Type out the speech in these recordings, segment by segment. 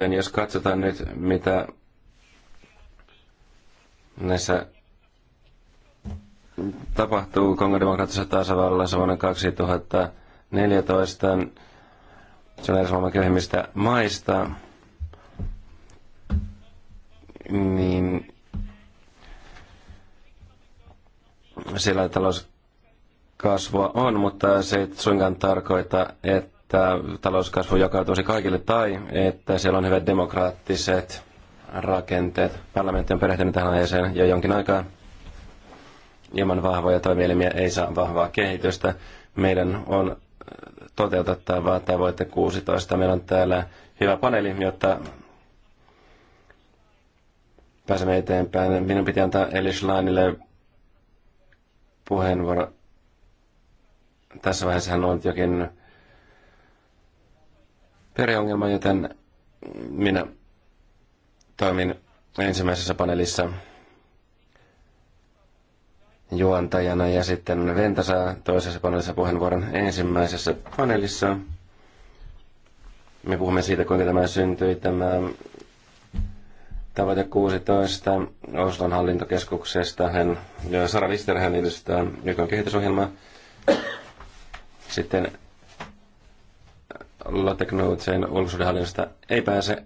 Niin jos katsotaan nyt, mitä näissä tapahtuu Kongon demokraattisessa tasavallassa vuonna 2014. Se on edes maailman köyhimmistä maista. Niin siellä talouskasvua on, mutta se ei suinkaan tarkoita, että että talouskasvu jakautuisi kaikille tai että siellä on hyvät demokraattiset rakenteet. Parlamentti on perehtynyt tähän aiheeseen jo jonkin aikaa. Ilman vahvoja toimielimiä ei saa vahvaa kehitystä. Meidän on toteutettava tavoite 16. Meillä on täällä hyvä paneeli, jotta pääsemme eteenpäin. Minun pitää antaa Elish Lainille puheenvuoro. Tässä vaiheessa hän on jokin perheongelma, joten minä toimin ensimmäisessä paneelissa juontajana ja sitten Venta saa toisessa paneelissa puheenvuoron ensimmäisessä paneelissa. Me puhumme siitä, kuinka tämä syntyi, tämä tavoite 16 Oslon hallintokeskuksesta. Hän, Sara Lister, hän edustaa YK kehitysohjelmaa. Sitten Lateknoutseen ulkosuudenhallinnosta ei pääse.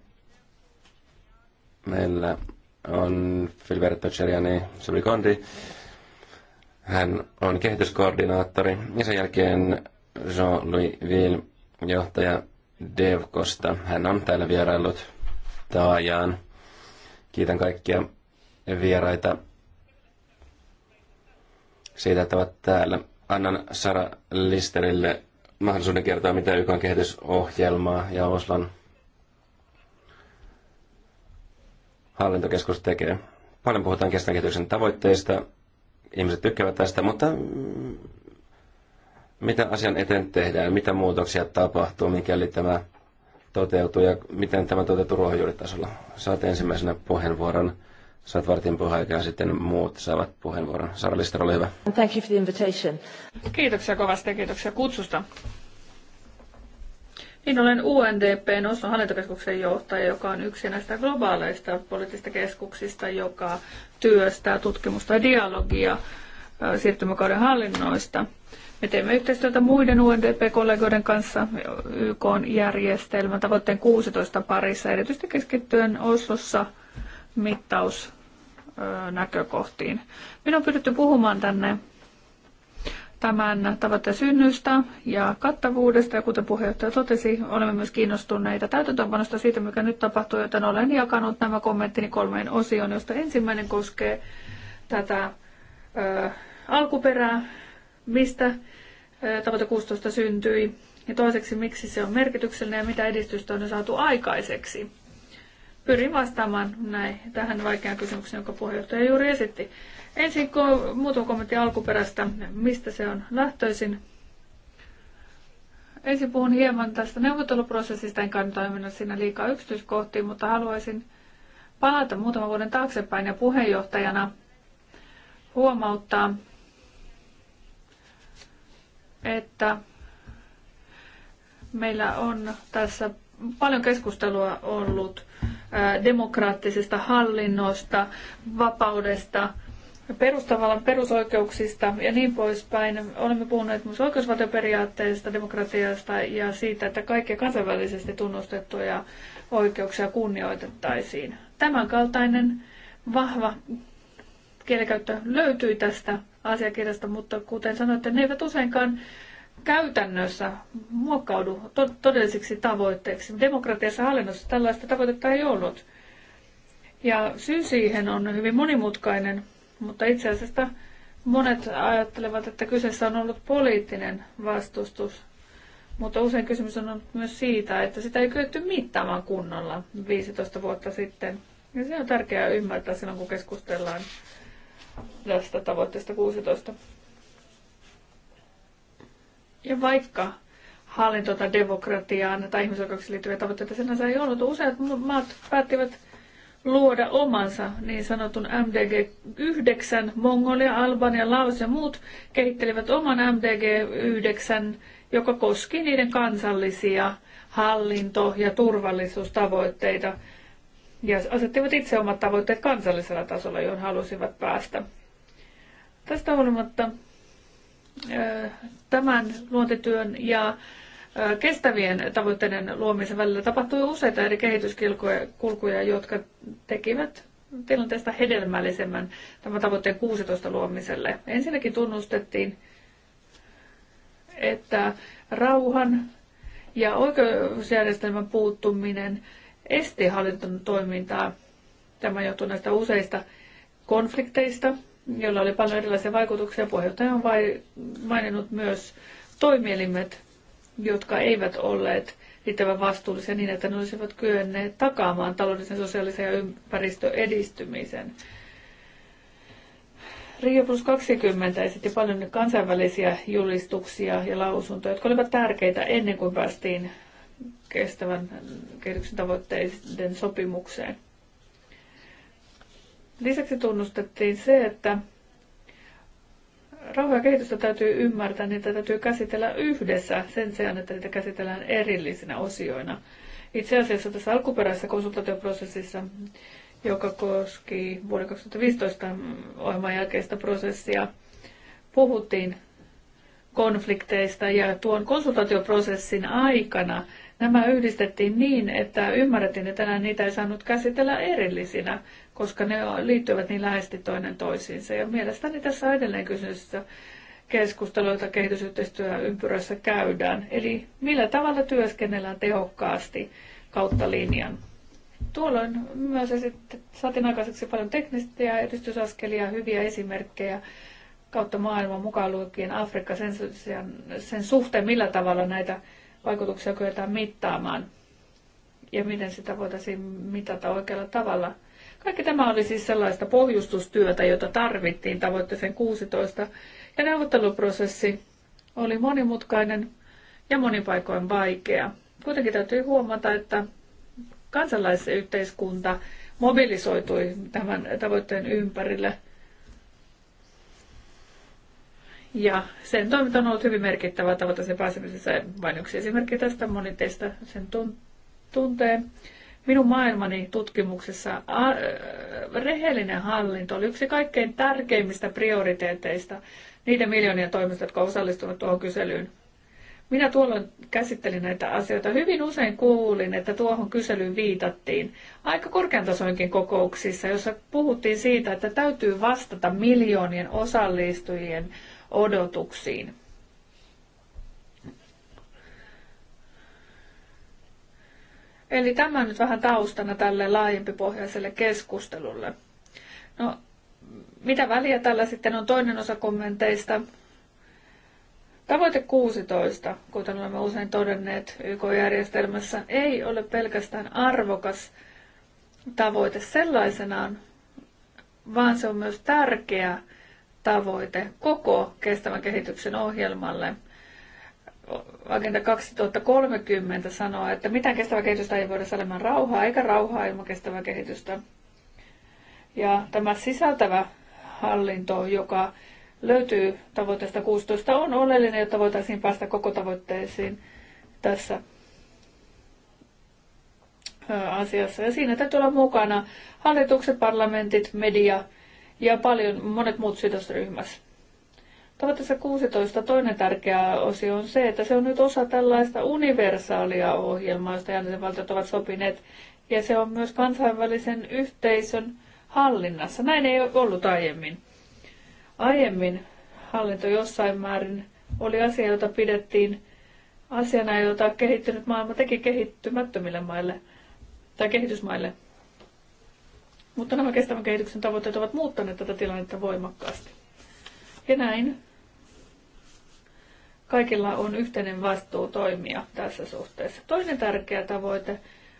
Meillä on Filberto Ceriani Subicondi. Hän on kehityskoordinaattori ja sen jälkeen Jean-Louis Ville, johtaja Devkosta. Hän on täällä vieraillut taajaan. Kiitän kaikkia vieraita siitä, että ovat täällä. Annan Sara Listerille mahdollisuuden kertoa, mitä YK kehitysohjelmaa ja Oslan hallintokeskus tekee. Paljon puhutaan kestävän kehityksen tavoitteista, ihmiset tykkäävät tästä, mutta mm, mitä asian eteen tehdään, mitä muutoksia tapahtuu, mikäli tämä toteutuu ja miten tämä toteutuu ruohonjuuritasolla. Saat ensimmäisenä puheenvuoron saat vartin puheenjohtaja sitten muut saavat puheenvuoron. Sara Lister, ole hyvä. Thank you for the invitation. Kiitoksia kovasti ja kiitoksia kutsusta. Niin olen UNDPn Oslon hallintokeskuksen johtaja, joka on yksi näistä globaaleista poliittisista keskuksista, joka työstää tutkimusta ja dialogia siirtymäkauden hallinnoista. Me teemme yhteistyötä muiden UNDP-kollegoiden kanssa YK-järjestelmän tavoitteen 16 parissa, erityisesti keskittyen Oslossa – mittausnäkökohtiin. Minun on pyydetty puhumaan tänne tämän tavoitteen synnystä ja kattavuudesta. Ja kuten puheenjohtaja totesi, olemme myös kiinnostuneita täytäntöönpanosta siitä, mikä nyt tapahtuu, joten olen jakanut nämä kommenttini kolmeen osioon, josta ensimmäinen koskee tätä ö, alkuperää, mistä ö, tavoite 16 syntyi, ja toiseksi, miksi se on merkityksellinen ja mitä edistystä on saatu aikaiseksi pyrin vastaamaan näin tähän vaikeaan kysymykseen, jonka puheenjohtaja juuri esitti. Ensin ko- muutama kommentti alkuperästä, mistä se on lähtöisin. Ensin puhun hieman tästä neuvotteluprosessista, enkä nyt mennä siinä liikaa yksityiskohtiin, mutta haluaisin palata muutaman vuoden taaksepäin ja puheenjohtajana huomauttaa, että meillä on tässä paljon keskustelua ollut demokraattisesta hallinnosta, vapaudesta, perustavalla perusoikeuksista ja niin poispäin. Olemme puhuneet myös oikeusvaltioperiaatteesta, demokratiasta ja siitä, että kaikkia kansainvälisesti tunnustettuja oikeuksia kunnioitettaisiin. Tämänkaltainen vahva kielikäyttö löytyi tästä asiakirjasta, mutta kuten sanoitte, ne eivät useinkaan käytännössä muokkaudu to- todellisiksi tavoitteiksi. Demokratiassa hallinnossa tällaista tavoitetta ei ollut. Ja syy siihen on hyvin monimutkainen, mutta itse asiassa monet ajattelevat, että kyseessä on ollut poliittinen vastustus. Mutta usein kysymys on ollut myös siitä, että sitä ei kyetty mittaamaan kunnolla 15 vuotta sitten. Ja se on tärkeää ymmärtää silloin, kun keskustellaan tästä tavoitteesta 16. Ja vaikka hallinto- tai demokratiaan tai ihmisoikeuksiin liittyviä tavoitteita sinänsä ei ollut, useat maat päättivät luoda omansa niin sanotun MDG 9. Mongolia, Albania, Laos ja muut kehittelivät oman MDG 9, joka koski niiden kansallisia hallinto- ja turvallisuustavoitteita ja asettivat itse omat tavoitteet kansallisella tasolla, johon halusivat päästä. Tästä huolimatta tämän luontityön ja kestävien tavoitteiden luomisen välillä tapahtui useita eri kehityskulkuja, jotka tekivät tilanteesta hedelmällisemmän tämän tavoitteen 16 luomiselle. Ensinnäkin tunnustettiin, että rauhan ja oikeusjärjestelmän puuttuminen esti hallinnon toimintaa. Tämä johtuu näistä useista konflikteista, jolla oli paljon erilaisia vaikutuksia. Puheenjohtaja on vai, maininnut myös toimielimet, jotka eivät olleet riittävän vastuullisia niin, että ne olisivat kyenneet takaamaan taloudellisen, sosiaalisen ja ympäristöedistymisen. Rio Plus 20 esitti paljon kansainvälisiä julistuksia ja lausuntoja, jotka olivat tärkeitä ennen kuin päästiin kestävän kehityksen tavoitteiden sopimukseen. Lisäksi tunnustettiin se, että rauha ja kehitystä täytyy ymmärtää, niitä täytyy käsitellä yhdessä sen sijaan, että niitä käsitellään erillisinä osioina. Itse asiassa tässä alkuperäisessä konsultaatioprosessissa, joka koski vuoden 2015 ohjelman jälkeistä prosessia, puhuttiin konflikteista ja tuon konsultaatioprosessin aikana nämä yhdistettiin niin, että ymmärrettiin, että niitä ei saanut käsitellä erillisinä koska ne liittyvät niin läheisesti toinen toisiinsa. Ja mielestäni tässä on edelleen kysymys keskusteluita kehitysyhteistyöympyrässä käydään. Eli millä tavalla työskennellään tehokkaasti kautta linjan. Tuolloin myös saatiin aikaiseksi paljon teknistä ja edistysaskelia, hyviä esimerkkejä kautta maailman mukaan lukien Afrikka sen, sen suhteen, millä tavalla näitä vaikutuksia kyetään mittaamaan ja miten sitä voitaisiin mitata oikealla tavalla – kaikki tämä oli siis sellaista pohjustustyötä, jota tarvittiin tavoitteeseen 16, ja neuvotteluprosessi oli monimutkainen ja monipaikoin vaikea. Kuitenkin täytyy huomata, että kansalaisyhteiskunta mobilisoitui tämän tavoitteen ympärille. Ja sen toiminta on ollut hyvin merkittävä tavoitteeseen pääsemisessä. Vain yksi esimerkki tästä, moni teistä sen tuntee minun maailmani tutkimuksessa äh, rehellinen hallinto oli yksi kaikkein tärkeimmistä prioriteeteista niiden miljoonien toimista, jotka osallistuivat tuohon kyselyyn. Minä tuolloin käsittelin näitä asioita. Hyvin usein kuulin, että tuohon kyselyyn viitattiin aika korkean tasoinkin kokouksissa, jossa puhuttiin siitä, että täytyy vastata miljoonien osallistujien odotuksiin. Eli tämä on nyt vähän taustana tälle laajempipohjaiselle keskustelulle. No, mitä väliä tällä sitten on toinen osa kommenteista? Tavoite 16, kuten olemme usein todenneet YK-järjestelmässä, ei ole pelkästään arvokas tavoite sellaisenaan, vaan se on myös tärkeä tavoite koko kestävän kehityksen ohjelmalle – Agenda 2030 sanoo, että mitään kestävää kehitystä ei voida saada rauhaa, eikä rauhaa ilman kestävää kehitystä. Ja tämä sisältävä hallinto, joka löytyy tavoitteesta 16, on oleellinen, jotta voitaisiin päästä koko tavoitteisiin tässä asiassa. Ja siinä täytyy olla mukana hallitukset, parlamentit, media ja paljon monet muut sidosryhmässä. Tavoitteessa 16 toinen tärkeä osio on se, että se on nyt osa tällaista universaalia ohjelmaa, josta jäsenvaltiot ovat sopineet, ja se on myös kansainvälisen yhteisön hallinnassa. Näin ei ole ollut aiemmin. Aiemmin hallinto jossain määrin oli asia, jota pidettiin asiana, jota kehittynyt maailma teki kehittymättömille maille tai kehitysmaille. Mutta nämä kestävän kehityksen tavoitteet ovat muuttaneet tätä tilannetta voimakkaasti. Ja näin Kaikilla on yhteinen vastuu toimia tässä suhteessa. Toinen tärkeä tavoite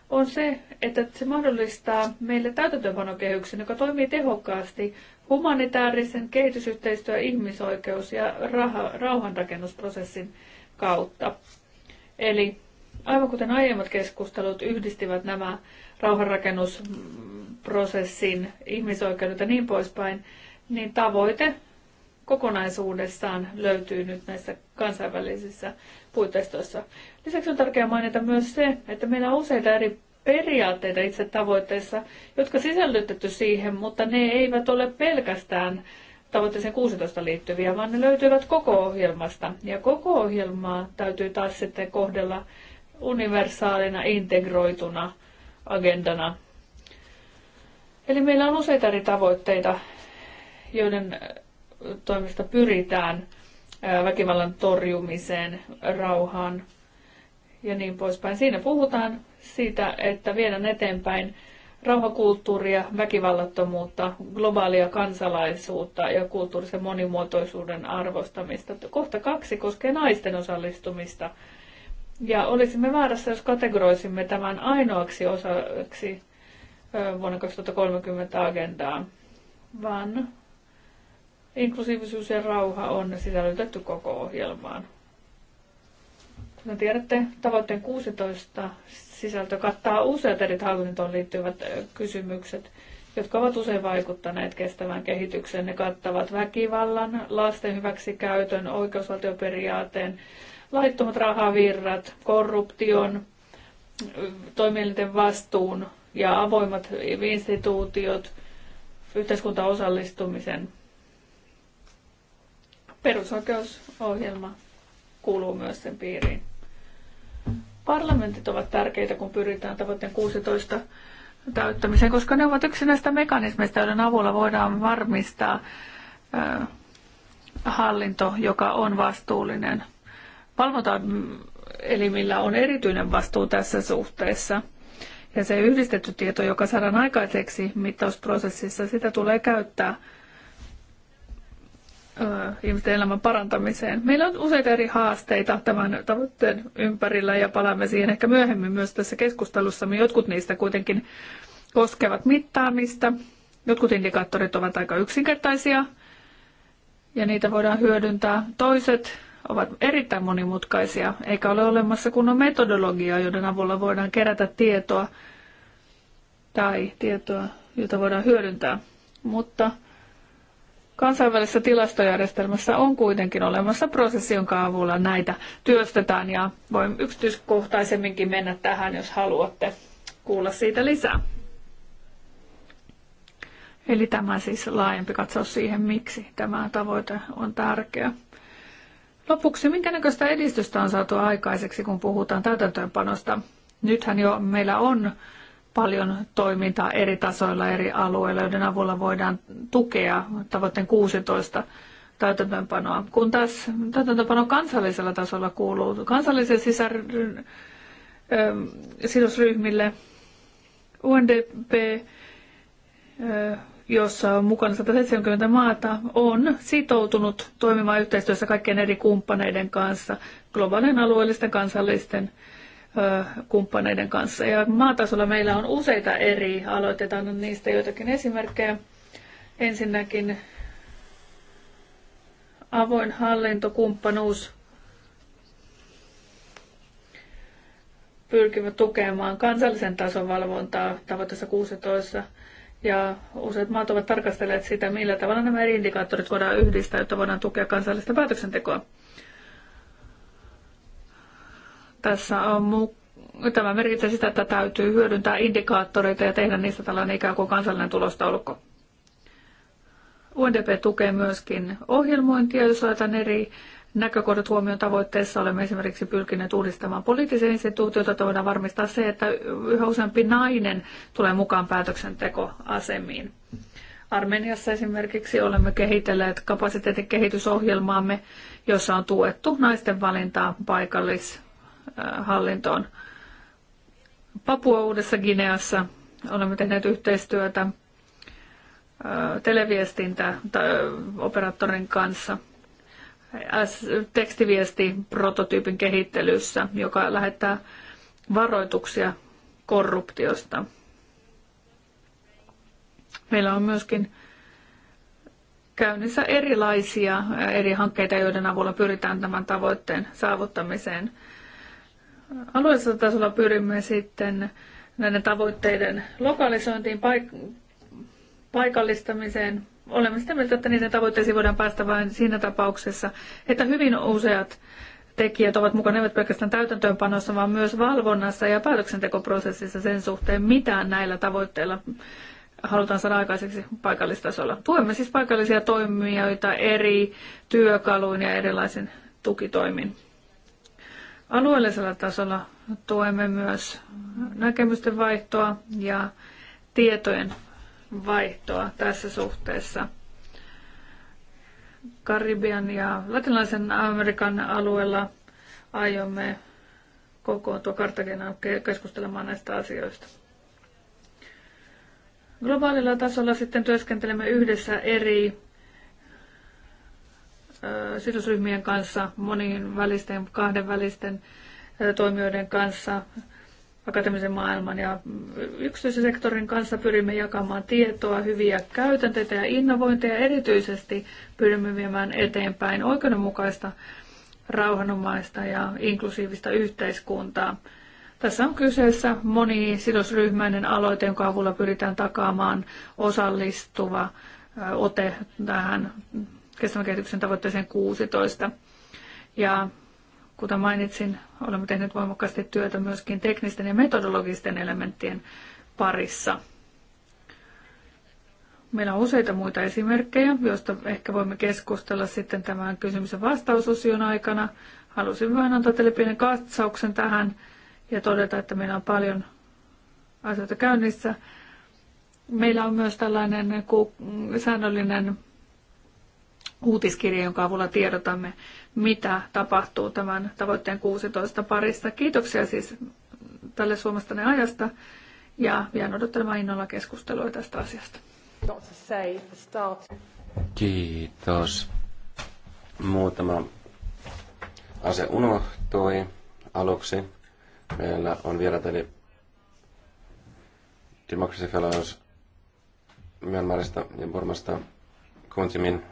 on se, että se mahdollistaa meille täytäntöönpanokehyksen, joka toimii tehokkaasti humanitaarisen kehitysyhteistyön ihmisoikeus- ja rauhanrakennusprosessin kautta. Eli aivan kuten aiemmat keskustelut yhdistivät nämä rauhanrakennusprosessin, ihmisoikeudet ja niin poispäin, niin tavoite kokonaisuudessaan löytyy nyt näissä kansainvälisissä puitteistoissa. Lisäksi on tärkeää mainita myös se, että meillä on useita eri periaatteita itse tavoitteissa, jotka sisällytetty siihen, mutta ne eivät ole pelkästään tavoitteeseen 16 liittyviä, vaan ne löytyvät koko ohjelmasta. Ja koko ohjelmaa täytyy taas sitten kohdella universaalina, integroituna agendana. Eli meillä on useita eri tavoitteita, joiden toimista pyritään väkivallan torjumiseen, rauhaan ja niin poispäin. Siinä puhutaan siitä, että viedään eteenpäin rauhakulttuuria, väkivallattomuutta, globaalia kansalaisuutta ja kulttuurisen monimuotoisuuden arvostamista. Kohta kaksi koskee naisten osallistumista. Ja olisimme väärässä, jos kategoroisimme tämän ainoaksi osaksi vuonna 2030 agendaa, vaan Inklusiivisuus ja rauha on sisällytetty koko ohjelmaan. Kuten tiedätte, tavoitteen 16 sisältö kattaa useat eri hallintoon liittyvät kysymykset, jotka ovat usein vaikuttaneet kestävään kehitykseen. Ne kattavat väkivallan, lasten hyväksikäytön, oikeusvaltioperiaatteen, laittomat rahavirrat, korruption, toimielinten vastuun ja avoimat instituutiot, yhteiskuntaosallistumisen Perusoikeusohjelma kuuluu myös sen piiriin. Parlamentit ovat tärkeitä, kun pyritään tavoitteen 16 täyttämiseen, koska ne ovat yksi näistä mekanismeista, joiden avulla voidaan varmistaa hallinto, joka on vastuullinen. Valvontaelimillä on erityinen vastuu tässä suhteessa. Ja se yhdistetty tieto, joka saadaan aikaiseksi mittausprosessissa, sitä tulee käyttää – ihmisten elämän parantamiseen. Meillä on useita eri haasteita tämän tavoitteen ympärillä ja palaamme siihen ehkä myöhemmin myös tässä keskustelussa. Jotkut niistä kuitenkin koskevat mittaamista. Jotkut indikaattorit ovat aika yksinkertaisia ja niitä voidaan hyödyntää. Toiset ovat erittäin monimutkaisia, eikä ole olemassa kunnon metodologiaa, joiden avulla voidaan kerätä tietoa tai tietoa, jota voidaan hyödyntää. Mutta Kansainvälisessä tilastojärjestelmässä on kuitenkin olemassa prosessi, jonka avulla näitä työstetään ja voin yksityiskohtaisemminkin mennä tähän, jos haluatte kuulla siitä lisää. Eli tämä siis laajempi katsaus siihen, miksi tämä tavoite on tärkeä. Lopuksi, minkä näköistä edistystä on saatu aikaiseksi, kun puhutaan täytäntöönpanosta? Nythän jo meillä on paljon toimintaa eri tasoilla, eri alueilla, joiden avulla voidaan tukea tavoitteen 16 täytäntöönpanoa. Kun taas täytäntöönpano kansallisella tasolla kuuluu kansallisen ähm, sidosryhmille, UNDP, äh, jossa on mukana 170 maata, on sitoutunut toimimaan yhteistyössä kaikkien eri kumppaneiden kanssa, globaalien, alueellisten, kansallisten kumppaneiden kanssa. Ja maatasolla meillä on useita eri aloitteita, niistä joitakin esimerkkejä. Ensinnäkin avoin hallintokumppanuus pyrkivät tukemaan kansallisen tason valvontaa tavoitteessa 16 ja useat maat ovat tarkastelleet sitä, millä tavalla nämä eri indikaattorit voidaan yhdistää, jotta voidaan tukea kansallista päätöksentekoa. Tässä on mu- Tämä merkitsee sitä, että täytyy hyödyntää indikaattoreita ja tehdä niistä tällainen ikään kuin kansallinen tulostaulukko. UNDP tukee myöskin ohjelmointia, jos laitan eri näkökohdat huomioon tavoitteessa. Olemme esimerkiksi pyrkineet uudistamaan poliittisia instituutioita, että voidaan varmistaa se, että yhä useampi nainen tulee mukaan päätöksentekoasemiin. Armeniassa esimerkiksi olemme kehitelleet kapasiteetin kehitysohjelmaamme, jossa on tuettu naisten valintaa paikallis- hallintoon. Papua Uudessa Gineassa olemme tehneet yhteistyötä televiestintäoperaattorin kanssa tekstiviesti prototyypin kehittelyssä, joka lähettää varoituksia korruptiosta. Meillä on myöskin käynnissä erilaisia eri hankkeita, joiden avulla pyritään tämän tavoitteen saavuttamiseen. Alueellisella tasolla pyrimme sitten näiden tavoitteiden lokalisointiin, paik- paikallistamiseen. Olemme sitä mieltä, että niiden tavoitteisiin voidaan päästä vain siinä tapauksessa, että hyvin useat tekijät ovat mukana eivät pelkästään täytäntöönpanossa, vaan myös valvonnassa ja päätöksentekoprosessissa sen suhteen, mitä näillä tavoitteilla halutaan saada aikaiseksi paikallistasolla. Tuemme siis paikallisia toimijoita eri työkaluin ja erilaisin tukitoimin. Alueellisella tasolla tuemme myös näkemysten vaihtoa ja tietojen vaihtoa tässä suhteessa. Karibian ja latinalaisen Amerikan alueella aiomme kokoontua Kartagenaan keskustelemaan näistä asioista. Globaalilla tasolla sitten työskentelemme yhdessä eri sidosryhmien kanssa, moniin välisten, kahden välisten toimijoiden kanssa, akateemisen maailman ja yksityisen sektorin kanssa pyrimme jakamaan tietoa, hyviä käytänteitä ja innovointeja. Erityisesti pyrimme viemään eteenpäin oikeudenmukaista, rauhanomaista ja inklusiivista yhteiskuntaa. Tässä on kyseessä sidosryhmäinen aloite, jonka avulla pyritään takaamaan osallistuva ote tähän kestävän kehityksen tavoitteeseen 16. Ja kuten mainitsin, olemme tehneet voimakkaasti työtä myöskin teknisten ja metodologisten elementtien parissa. Meillä on useita muita esimerkkejä, joista ehkä voimme keskustella sitten tämän kysymyksen vastausosion aikana. Halusin vain antaa teille pienen katsauksen tähän ja todeta, että meillä on paljon asioita käynnissä. Meillä on myös tällainen säännöllinen uutiskirja, jonka avulla tiedotamme, mitä tapahtuu tämän tavoitteen 16 parissa. Kiitoksia siis tälle suomastanne ajasta ja jään odottelemaan innolla keskustelua tästä asiasta. Kiitos. Muutama asia unohtui aluksi. Meillä on vielä tänne Democracy Fellows Myanmarista ja Burmasta Kuntimin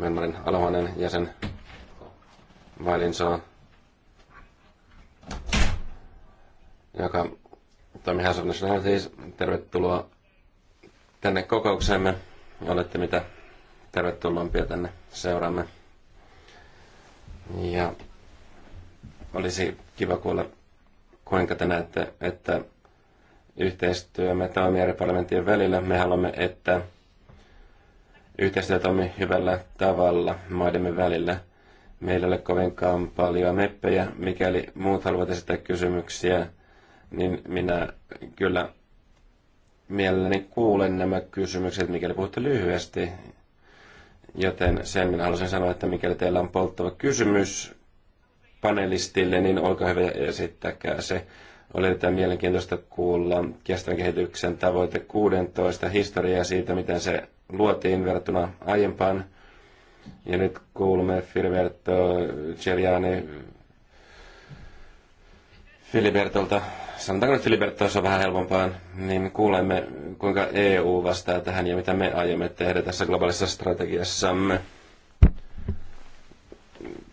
Vennarin alahuoneen jäsen saa. joka Tommy House of Nationalities. Tervetuloa tänne kokoukseemme. Olette mitä tervetulleempia tänne seuraamme. Ja olisi kiva kuulla, kuinka te näette, että yhteistyömme toimii eri parlamenttien välillä. Me haluamme, että yhteistyö toimi hyvällä tavalla maidemme välillä. Meillä ei ole kovinkaan paljon meppejä. Mikäli muut haluavat esittää kysymyksiä, niin minä kyllä mielelläni kuulen nämä kysymykset, mikäli puhutte lyhyesti. Joten sen minä haluaisin sanoa, että mikäli teillä on polttava kysymys panelistille, niin olkaa hyvä esittäkää se. Oli erittäin mielenkiintoista kuulla kestävän kehityksen tavoite 16 historiaa siitä, miten se luotiin verrattuna aiempaan. Ja nyt kuulumme Filiberto Ceriani Filibertolta, sanotaanko nyt Filiberto, se on vähän helpompaan, niin kuulemme, kuinka EU vastaa tähän ja mitä me aiomme tehdä tässä globaalissa strategiassamme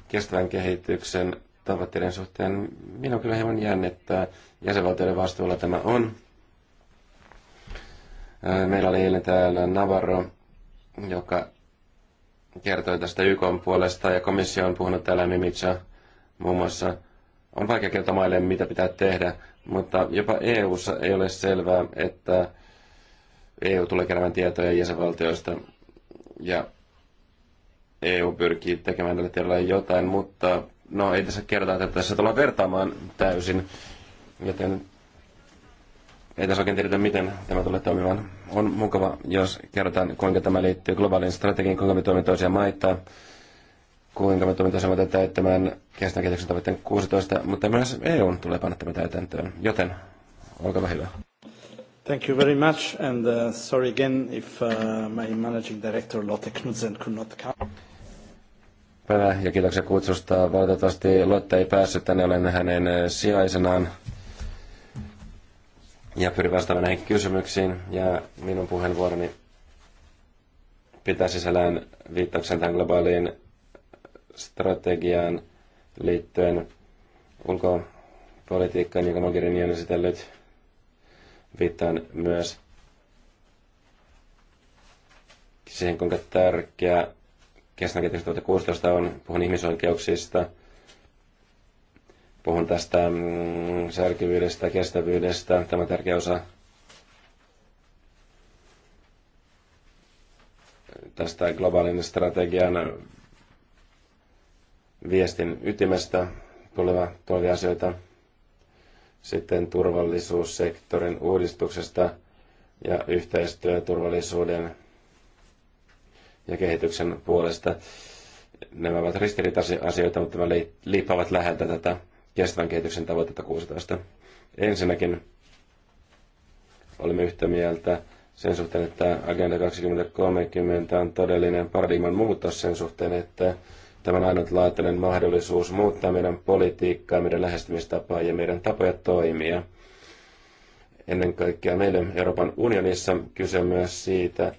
kestävän kehityksen tavoitteiden suhteen. Minua kyllä hieman jännittää jäsenvaltioiden vastuulla tämä on. Meillä oli eilen täällä Navarro, joka kertoi tästä YK puolesta ja komissio on puhunut täällä Mimitsa muun muassa. On vaikea kertoa maille, mitä pitää tehdä, mutta jopa EUssa ei ole selvää, että EU tulee keräämään tietoja jäsenvaltioista ja EU pyrkii tekemään tällä tiedolla jotain, mutta no ei tässä kertaa, että tässä tullaan vertaamaan täysin, joten ei tässä oikein tiedetä, miten tämä tulee toimimaan. On mukava, jos kerrotaan, kuinka tämä liittyy globaaliin strategiin, kuinka me toimimme toisia maita, kuinka me toimimme toisia maita täyttämään kestävän kehityksen tavoitteen 16, mutta myös EU tulee panna tämä täytäntöön. Joten, olkaa hyvä. Thank you very much, and uh, sorry again if uh, my managing director Lotte Knudsen could not come. Päivää ja kiitoksia kutsusta. Valitettavasti Lotte ei päässyt tänne, olen hänen sijaisenaan ja pyrin vastaamaan näihin kysymyksiin. Ja minun puheenvuoroni pitää sisällään viittauksen tämän globaaliin strategiaan liittyen ulkopolitiikkaan, jonka Mogherini on esitellyt. Viittaan myös siihen, kuinka tärkeä kestävän 2016 on. Puhun ihmisoikeuksista – Puhun tästä mm, särkyvyydestä, kestävyydestä. Tämä tärkeä osa tästä globaalin strategian viestin ytimestä tuleva, tulevia asioita. Sitten turvallisuussektorin uudistuksesta ja yhteistyö turvallisuuden ja kehityksen puolesta. Nämä ovat ristiriitaisia asioita, mutta ne liippaavat läheltä tätä kestävän kehityksen tavoitetta 16. Ensinnäkin olimme yhtä mieltä sen suhteen, että Agenda 2030 on todellinen paradigman muutos sen suhteen, että tämä on ainutlaatuinen mahdollisuus muuttaa meidän politiikkaa, meidän lähestymistapaa ja meidän tapoja toimia. Ennen kaikkea meille Euroopan unionissa kyse on myös siitä,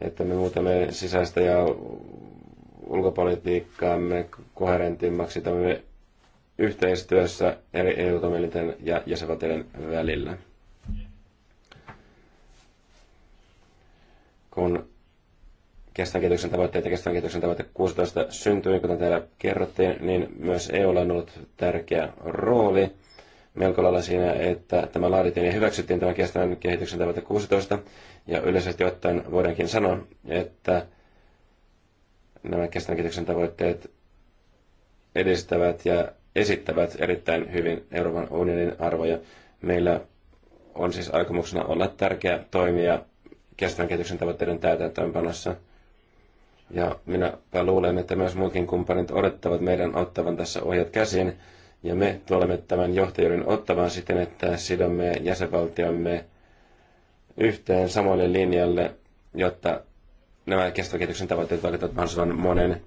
että me muutamme sisäistä ja ulkopolitiikkaamme koherentimmaksi, että me yhteistyössä eri EU-toimielinten ja jäsenvaltioiden välillä. Kun kestävän kehityksen tavoitteet ja kestävän kehityksen tavoitteet 16 syntyi, kuten täällä kerrottiin, niin myös EUlla on ollut tärkeä rooli melko lailla siinä, että tämä laadittiin ja hyväksyttiin tämän kestävän kehityksen tavoite 16. Ja yleisesti ottaen voidaankin sanoa, että nämä kestävän kehityksen tavoitteet edistävät ja esittävät erittäin hyvin Euroopan unionin arvoja. Meillä on siis aikomuksena olla tärkeä toimija kestävän kehityksen tavoitteiden täytäntöönpanossa. Ja minä luulen, että myös muutkin kumppanit odottavat meidän ottavan tässä ohjat käsiin, ja me tulemme tämän johtajuuden ottamaan siten, että sidomme jäsenvaltiomme yhteen samalle linjalle, jotta nämä kestävän kehityksen tavoitteet vaikuttavat mahdollisimman monen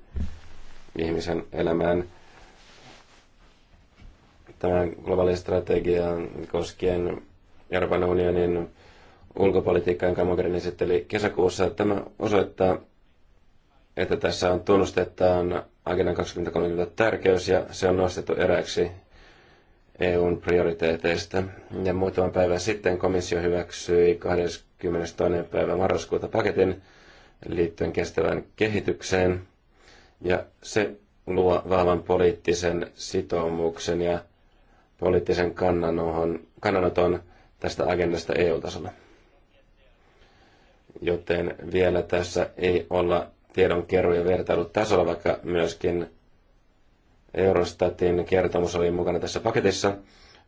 ihmisen elämään tämä globaali strategia koskien Euroopan unionin ulkopolitiikkaa, jonka Mogherini esitteli kesäkuussa. Tämä osoittaa, että tässä on tunnustetaan Agenda 2030 tärkeys ja se on nostettu eräksi EUn prioriteeteista. Ja muutaman päivän sitten komissio hyväksyi 22. päivä marraskuuta paketin liittyen kestävään kehitykseen. Ja se luo vahvan poliittisen sitoumuksen ja poliittisen kannanoton tästä agendasta EU-tasolla. Joten vielä tässä ei olla tiedonkeruu ja vertailutasolla, vaikka myöskin Eurostatin kertomus oli mukana tässä paketissa,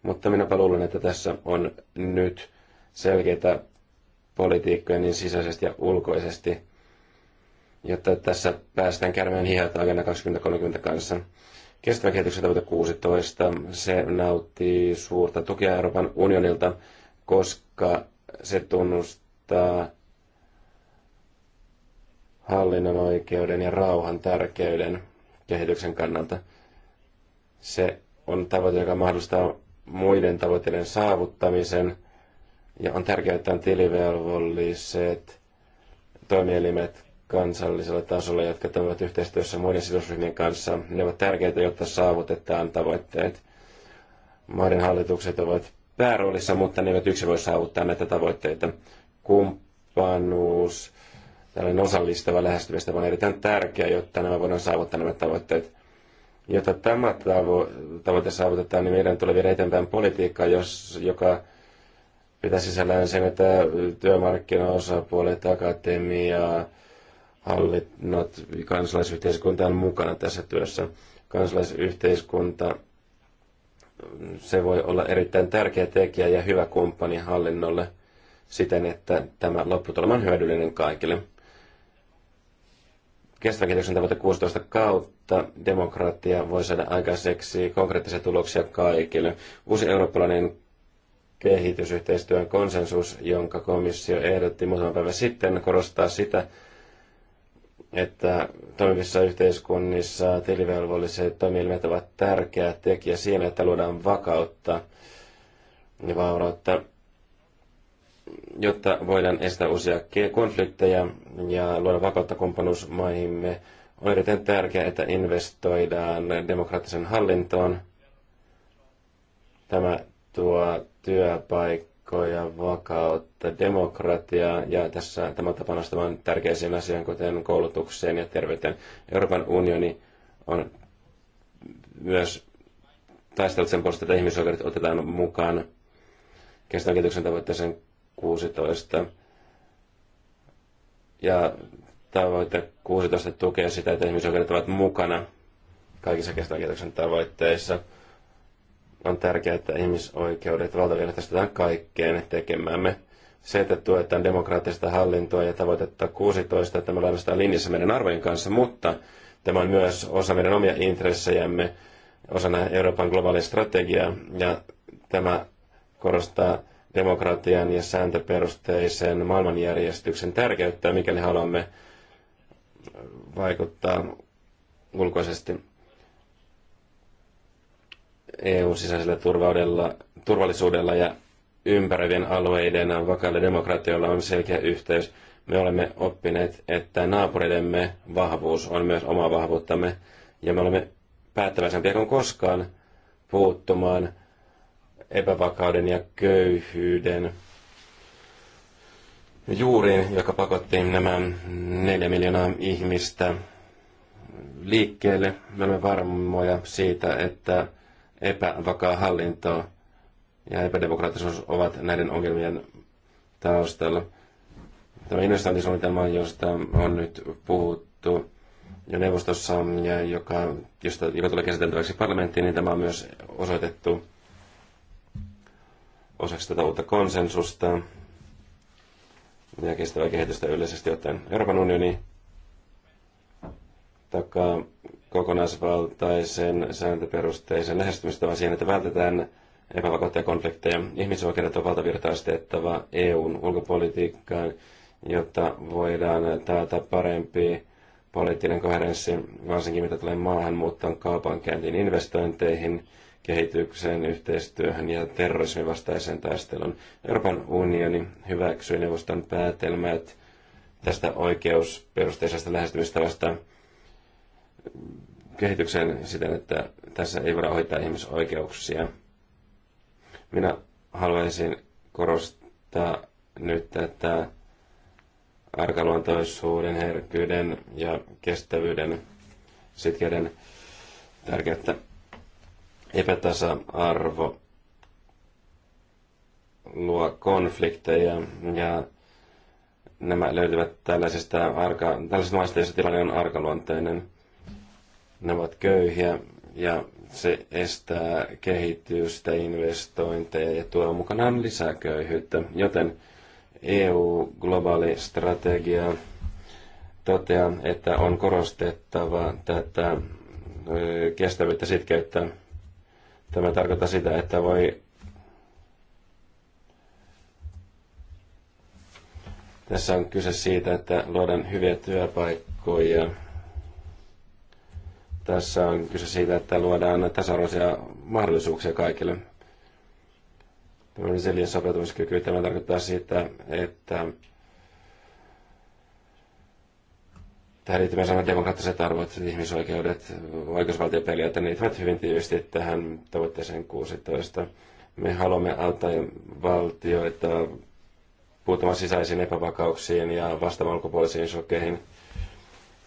mutta minäpä luulen, että tässä on nyt selkeitä politiikkoja niin sisäisesti ja ulkoisesti, jotta tässä päästään käymään hihat Agenda 2030 kanssa kestävän kehityksen tavoite 16, se nautti suurta tukea Euroopan unionilta, koska se tunnustaa hallinnon oikeuden ja rauhan tärkeyden kehityksen kannalta. Se on tavoite, joka mahdollistaa muiden tavoitteiden saavuttamisen ja on tärkeää, että on tilivelvolliset toimielimet kansallisella tasolla, jotka toimivat yhteistyössä muiden sidosryhmien kanssa. Ne ovat tärkeitä, jotta saavutetaan tavoitteet. Maiden hallitukset ovat pääroolissa, mutta ne eivät yksin voi saavuttaa näitä tavoitteita. Kumppanuus, tällainen osallistava lähestymistä on erittäin tärkeä, jotta nämä voidaan saavuttaa nämä tavoitteet. Jotta tämä tavo- tavoite saavutetaan, niin meidän tulee viedä eteenpäin politiikkaa, jos, joka pitää sisällään sen, että työmarkkinaosapuolet, akatemia, hallinnot, kansalaisyhteiskunta on mukana tässä työssä. Kansalaisyhteiskunta, se voi olla erittäin tärkeä tekijä ja hyvä kumppani hallinnolle siten, että tämä lopputulema on hyödyllinen kaikille. Kestävän kehityksen tavoite 16 kautta demokratia voi saada aikaiseksi konkreettisia tuloksia kaikille. Uusi eurooppalainen kehitysyhteistyön konsensus, jonka komissio ehdotti muutama päivä sitten, korostaa sitä, että toimivissa yhteiskunnissa tilivelvolliset toimielimet ovat tärkeä tekijä siinä, että luodaan vakautta ja vaurautta, jotta voidaan estää uusia konflikteja ja luoda vakautta kumppanuusmaihimme. On erittäin tärkeää, että investoidaan demokraattisen hallintoon. Tämä tuo työpaikka ja vakautta, demokratiaa ja tässä tämä on panostamaan tärkeisiin asiaan, kuten koulutukseen ja terveyteen. Euroopan unioni on myös taistellut sen puolesta, että ihmisoikeudet otetaan mukaan kestävän kehityksen tavoitteeseen 16. Ja tavoite 16 tukee sitä, että ihmisoikeudet ovat mukana kaikissa kestävän kehityksen tavoitteissa – on tärkeää, että ihmisoikeudet valtavirtaistetaan kaikkeen tekemäämme. Se, että tuetaan demokraattista hallintoa ja tavoitetta 16, tämä on ainoastaan linjassa meidän arvojen kanssa, mutta tämä on myös osa meidän omia intressejämme, osana Euroopan globaalia strategiaa, ja tämä korostaa demokratian ja sääntöperusteisen maailmanjärjestyksen tärkeyttä, mikäli haluamme vaikuttaa ulkoisesti EU-sisäisellä turvallisuudella ja ympäröivien alueiden vakaille demokratioilla on selkeä yhteys. Me olemme oppineet, että naapureidemme vahvuus on myös oma vahvuuttamme, ja me olemme päättäväisempiä kuin koskaan puuttumaan epävakauden ja köyhyyden juuriin, joka pakotti nämä neljä miljoonaa ihmistä liikkeelle. Me olemme varmoja siitä, että epävakaa hallinto ja epädemokraattisuus ovat näiden ongelmien taustalla. Tämä investointisuunnitelma, josta on nyt puhuttu jo neuvostossa ja joka, josta, joka tulee käsiteltäväksi parlamenttiin, niin tämä on myös osoitettu osaksi tätä uutta konsensusta ja kestävää kehitystä yleisesti ottaen Euroopan unioni takaa kokonaisvaltaisen sääntöperusteisen lähestymistavan siihen, että vältetään epävakautta ja konflikteja. Ihmisoikeudet on valtavirtaistettava EUn ulkopolitiikkaan, jotta voidaan taata parempi poliittinen koherenssi, varsinkin mitä tulee maahanmuuttoon, kaupankäyntiin, investointeihin, kehitykseen, yhteistyöhön ja terrorismin vastaiseen taisteluun. Euroopan unioni hyväksyi neuvoston päätelmät tästä oikeusperusteisesta lähestymistavasta kehityksen siten, että tässä ei voida hoitaa ihmisoikeuksia. Minä haluaisin korostaa nyt tätä arkaluontoisuuden, herkkyyden ja kestävyyden sitkeiden tärkeyttä epätasa-arvo luo konflikteja ja nämä löytyvät tällaisista, arka, tällaisista maista, joissa tilanne on arkaluonteinen. Ne ovat köyhiä ja se estää kehitystä, investointeja ja tuo mukanaan lisää köyhyyttä. Joten EU-globaali strategia toteaa, että on korostettava tätä kestävyyttä sitkeyttä. Tämä tarkoittaa sitä, että voi Tässä on kyse siitä, että luodaan hyviä työpaikkoja tässä on kyse siitä, että luodaan tasa-arvoisia mahdollisuuksia kaikille. Tämä on sopeutumiskyky. Tämä tarkoittaa sitä, että tähän liittyy myös demokraattiset arvot, ihmisoikeudet, oikeusvaltioperiaate, ne liittyvät hyvin tiivisti tähän tavoitteeseen 16. Me haluamme auttaa valtioita puuttumaan sisäisiin epävakauksiin ja vastaamaan ulkopuolisiin shokkeihin.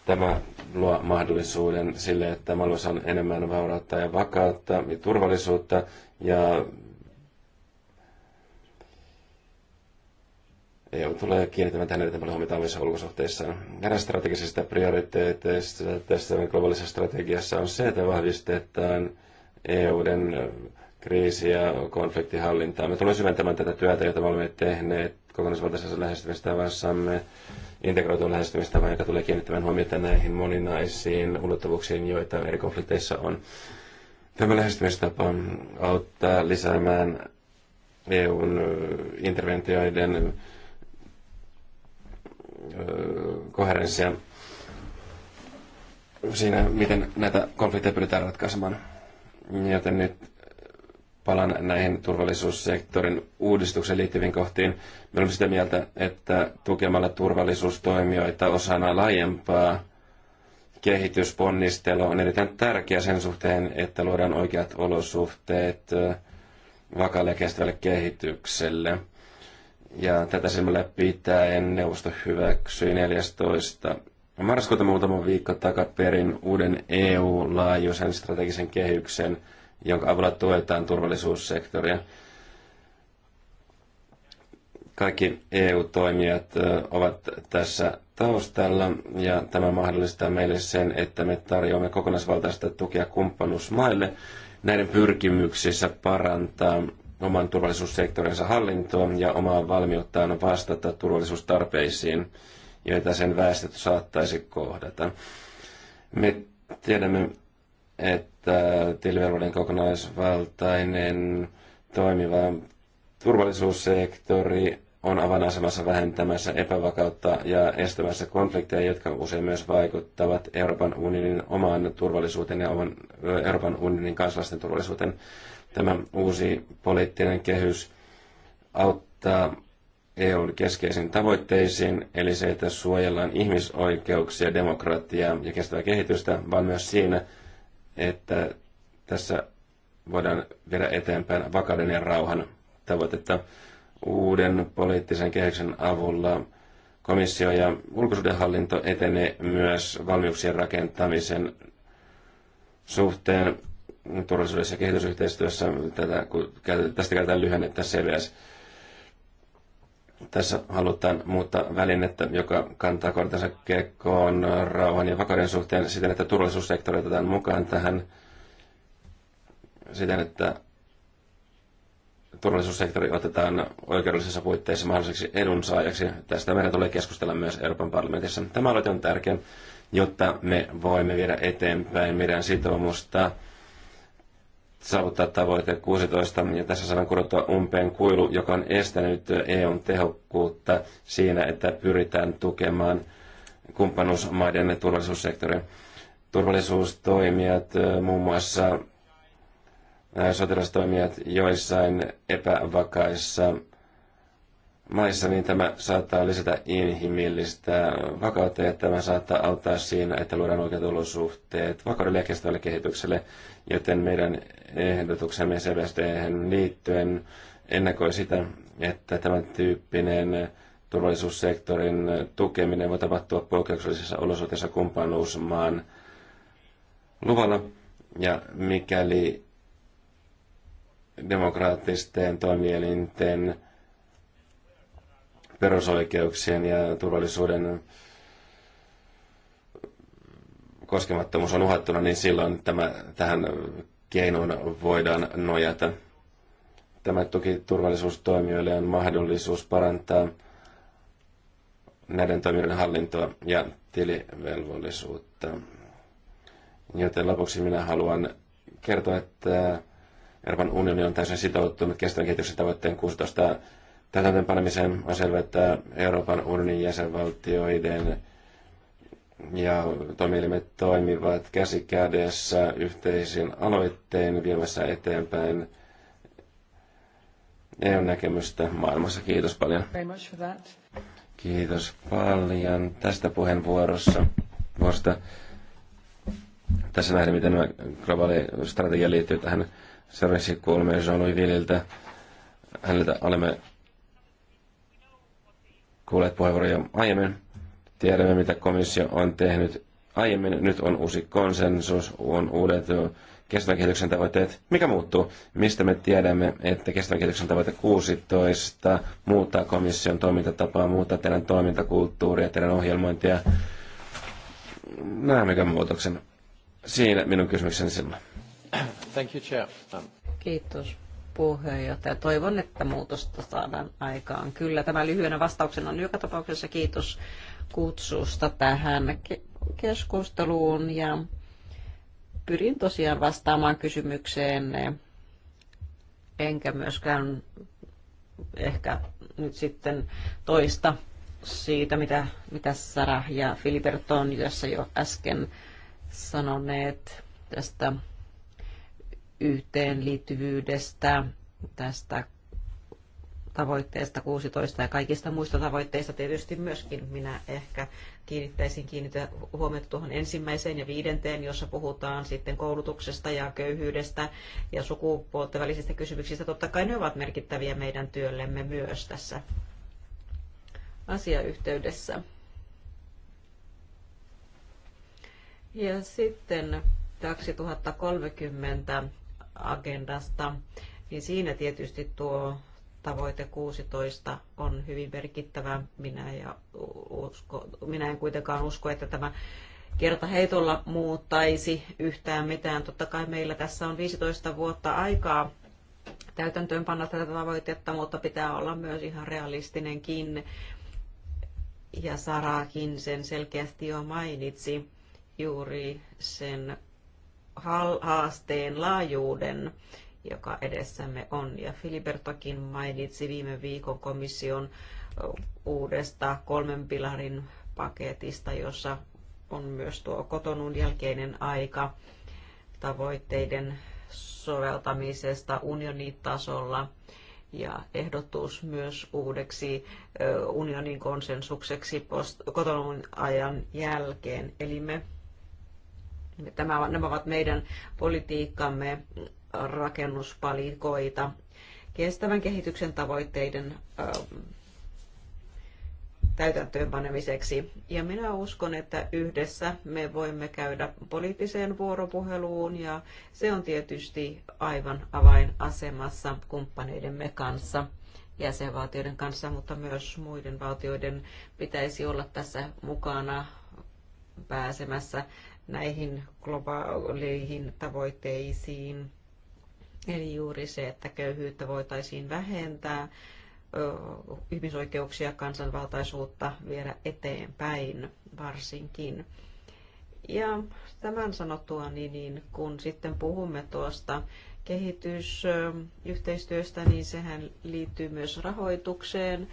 Tämä luo mahdollisuuden sille, että maailmassa on enemmän vaurautta ja vakautta ja turvallisuutta ja EU tulee kiinnittämään tähän erittäin paljon huomiota omissa ulkosuhteissa. Eräs strategisista prioriteeteista tässä globaalisessa strategiassa on se, että vahvistetaan EUn kriisi- ja konfliktihallintaa. Me tulemme syventämään tätä työtä, jota me olemme tehneet kokonaisvaltaisessa lähestymistavassamme integroitun lähestymistavan, joka tulee kiinnittämään huomiota näihin moninaisiin ulottuvuuksiin, joita eri konflikteissa on. Tämä lähestymistapa auttaa lisäämään EUn interventioiden koherenssia siinä, miten näitä konflikteja pyritään ratkaisemaan. Joten nyt palaan näihin turvallisuussektorin uudistukseen liittyviin kohtiin. Me olemme sitä mieltä, että tukemalla turvallisuustoimijoita osana laajempaa kehitysponnistelua, on erittäin tärkeä sen suhteen, että luodaan oikeat olosuhteet vakaalle ja kestävälle kehitykselle. Ja tätä silmällä pitäen neuvosto hyväksyi 14. marraskuuta muutama viikko takaperin uuden EU-laajuisen strategisen kehyksen – jonka avulla tuetaan turvallisuussektoria. Kaikki EU-toimijat ovat tässä taustalla ja tämä mahdollistaa meille sen, että me tarjoamme kokonaisvaltaista tukea kumppanuusmaille näiden pyrkimyksissä parantaa oman turvallisuussektorinsa hallintoa ja omaa valmiuttaan vastata turvallisuustarpeisiin, joita sen väestöt saattaisi kohdata. Me tiedämme että tilivelvollinen kokonaisvaltainen toimiva turvallisuussektori on avainasemassa vähentämässä epävakautta ja estämässä konflikteja, jotka usein myös vaikuttavat Euroopan unionin omaan turvallisuuteen ja oman Euroopan unionin kansalaisten turvallisuuteen. Tämä uusi poliittinen kehys auttaa EUn keskeisiin tavoitteisiin, eli se, että suojellaan ihmisoikeuksia, demokratiaa ja kestävää kehitystä, vaan myös siinä, että tässä voidaan viedä eteenpäin vakauden ja rauhan tavoitetta uuden poliittisen kehyksen avulla. Komissio ja ulkosuhdehallinto etenee myös valmiuksien rakentamisen suhteen turvallisuudessa ja kehitysyhteistyössä. Tätä, kun tästä käytetään lyhennettä CVS. Tässä halutaan muuttaa välinettä, joka kantaa kortensa kekkoon rauhan ja vakauden suhteen siten, että turvallisuussektori otetaan mukaan tähän siten, että turvallisuussektori otetaan oikeudellisessa puitteissa mahdolliseksi edunsaajaksi. Tästä meidän tulee keskustella myös Euroopan parlamentissa. Tämä aloite on tärkeä, jotta me voimme viedä eteenpäin meidän sitoumusta saavuttaa tavoite 16, ja tässä saadaan kurottua umpeen kuilu, joka on estänyt EUn tehokkuutta siinä, että pyritään tukemaan kumppanuusmaiden turvallisuussektoria. Turvallisuustoimijat, muun muassa sotilastoimijat joissain epävakaissa maissa, niin tämä saattaa lisätä inhimillistä vakautta ja tämä saattaa auttaa siinä, että luodaan oikeat olosuhteet vakaudelle ja kestävälle kehitykselle joten meidän ehdotuksemme cbsd liittyen ennakoi sitä, että tämän tyyppinen turvallisuussektorin tukeminen voi tapahtua poikkeuksellisissa olosuhteissa kumppanuusmaan luvalla. Ja mikäli demokraattisten toimielinten perusoikeuksien ja turvallisuuden koskemattomuus on uhattuna, niin silloin tämä, tähän keinoon voidaan nojata. Tämä tuki turvallisuustoimijoille on mahdollisuus parantaa näiden toimijoiden hallintoa ja tilivelvollisuutta. Joten lopuksi minä haluan kertoa, että Euroopan unioni on täysin sitoutunut kestävän kehityksen tavoitteen 16 täytäntöönpanemiseen. On selvää, että Euroopan unionin jäsenvaltioiden ja toimielimet toimivat käsi kädessä yhteisin aloitteen viemässä eteenpäin EU-näkemystä maailmassa. Kiitos paljon. Kiitos paljon tästä puheenvuorossa. Vuorosta. Tässä nähdään, miten tämä globaali strategia liittyy tähän. Seuraavaksi kuulemme Jean-Louis Villiltä. Häneltä olemme kuulleet puheenvuoroja aiemmin Tiedämme, mitä komissio on tehnyt aiemmin. Nyt on uusi konsensus, on uudet kestävän kehityksen tavoitteet. Mikä muuttuu? Mistä me tiedämme, että kestävän kehityksen tavoite 16 muuttaa komission toimintatapaa, muuttaa teidän toimintakulttuuria, teidän ohjelmointia? Näemmekö muutoksen? Siinä minun kysymykseni silloin. Thank you, Chair. Kiitos puheenjohtaja. Toivon, että muutosta saadaan aikaan. Kyllä, tämä lyhyenä vastauksena on joka tapauksessa. Kiitos kutsusta tähän keskusteluun ja pyrin tosiaan vastaamaan kysymykseen, enkä myöskään ehkä nyt sitten toista siitä, mitä, mitä Sara ja Filiberto on tässä jo äsken sanoneet tästä yhteenliittyvyydestä, tästä tavoitteesta 16 ja kaikista muista tavoitteista tietysti myöskin minä ehkä kiinnittäisin kiinnitä huomiota tuohon ensimmäiseen ja viidenteen, jossa puhutaan sitten koulutuksesta ja köyhyydestä ja sukupuolten välisistä kysymyksistä. Totta kai ne ovat merkittäviä meidän työllemme myös tässä asiayhteydessä. Ja sitten 2030 agendasta, niin siinä tietysti tuo tavoite 16 on hyvin merkittävä. Minä, ja usko, minä en kuitenkaan usko, että tämä kerta heitolla muuttaisi yhtään mitään. Totta kai meillä tässä on 15 vuotta aikaa täytäntöönpanna tätä tavoitetta, mutta pitää olla myös ihan realistinenkin. Ja Saraakin sen selkeästi jo mainitsi juuri sen haasteen laajuuden joka edessämme on. Ja Filibertokin mainitsi viime viikon komission uudesta kolmen pilarin paketista, jossa on myös tuo kotonun jälkeinen aika tavoitteiden soveltamisesta unionitasolla ja ehdotus myös uudeksi unionin konsensukseksi post- kotonun ajan jälkeen. Eli me Tämä, nämä ovat meidän politiikkamme rakennuspalikoita kestävän kehityksen tavoitteiden täytäntöönpanemiseksi. Ja minä uskon, että yhdessä me voimme käydä poliittiseen vuoropuheluun ja se on tietysti aivan avainasemassa kumppaneidemme kanssa jäsenvaltioiden kanssa, mutta myös muiden valtioiden pitäisi olla tässä mukana pääsemässä näihin globaaleihin tavoitteisiin Eli juuri se, että köyhyyttä voitaisiin vähentää, ihmisoikeuksia, kansanvaltaisuutta viedä eteenpäin varsinkin. Ja tämän sanottua, niin, niin kun sitten puhumme tuosta kehitysyhteistyöstä, niin sehän liittyy myös rahoitukseen.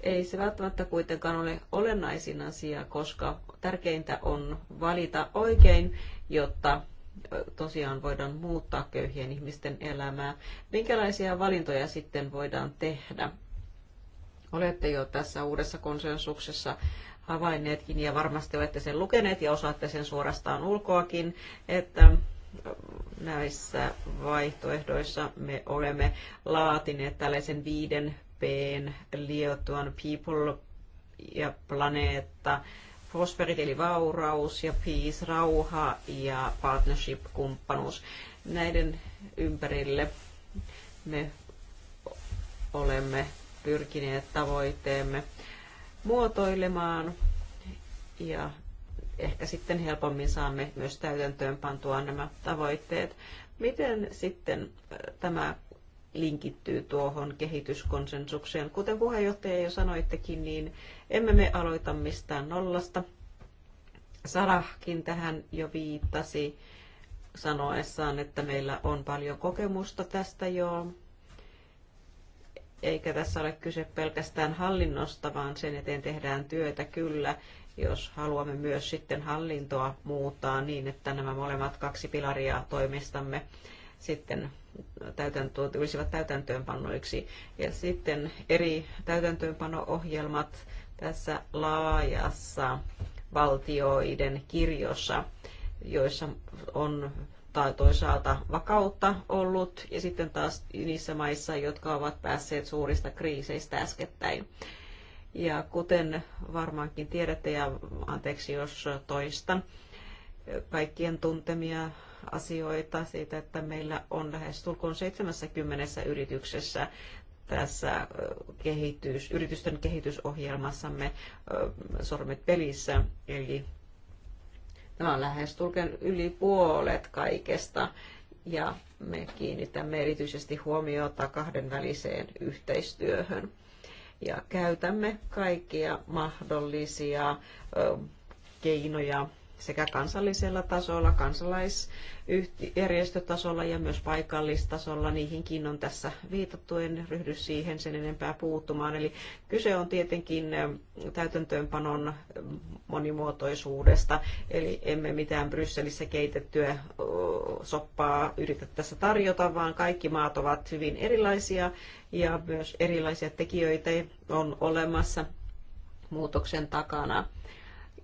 Ei se välttämättä kuitenkaan ole olennaisin asia, koska tärkeintä on valita oikein, jotta tosiaan voidaan muuttaa köyhien ihmisten elämää. Minkälaisia valintoja sitten voidaan tehdä? Olette jo tässä uudessa konsensuksessa havainneetkin ja varmasti olette sen lukeneet ja osaatte sen suorastaan ulkoakin, että näissä vaihtoehdoissa me olemme laatineet tällaisen viiden P Liotuan People ja planeetta prosperity eli vauraus ja peace, rauha ja partnership, kumppanuus. Näiden ympärille me olemme pyrkineet tavoitteemme muotoilemaan ja ehkä sitten helpommin saamme myös täytäntöön pantua nämä tavoitteet. Miten sitten tämä linkittyy tuohon kehityskonsensukseen? Kuten puheenjohtaja jo sanoittekin, niin emme me aloita mistään nollasta. Sarahkin tähän jo viittasi sanoessaan, että meillä on paljon kokemusta tästä jo. Eikä tässä ole kyse pelkästään hallinnosta, vaan sen eteen tehdään työtä kyllä, jos haluamme myös sitten hallintoa muuttaa niin, että nämä molemmat kaksi pilaria toimistamme sitten täytäntö, tulisivat täytäntöönpannoiksi. Ja sitten eri täytäntöönpano-ohjelmat tässä laajassa valtioiden kirjossa, joissa on tai toisaalta vakautta ollut, ja sitten taas niissä maissa, jotka ovat päässeet suurista kriiseistä äskettäin. Ja kuten varmaankin tiedätte, ja anteeksi jos toistan, kaikkien tuntemia asioita siitä, että meillä on lähes tulkoon 70 yrityksessä tässä kehitys, yritysten kehitysohjelmassamme sormet pelissä. Eli tämä on lähestulkeen yli puolet kaikesta ja me kiinnitämme erityisesti huomiota kahdenväliseen yhteistyöhön ja käytämme kaikkia mahdollisia keinoja sekä kansallisella tasolla, kansalaisjärjestötasolla ja myös paikallistasolla. Niihinkin on tässä viitattu, en ryhdy siihen sen enempää puuttumaan. Eli kyse on tietenkin täytäntöönpanon monimuotoisuudesta, eli emme mitään Brysselissä keitettyä soppaa yritä tässä tarjota, vaan kaikki maat ovat hyvin erilaisia ja myös erilaisia tekijöitä on olemassa muutoksen takana.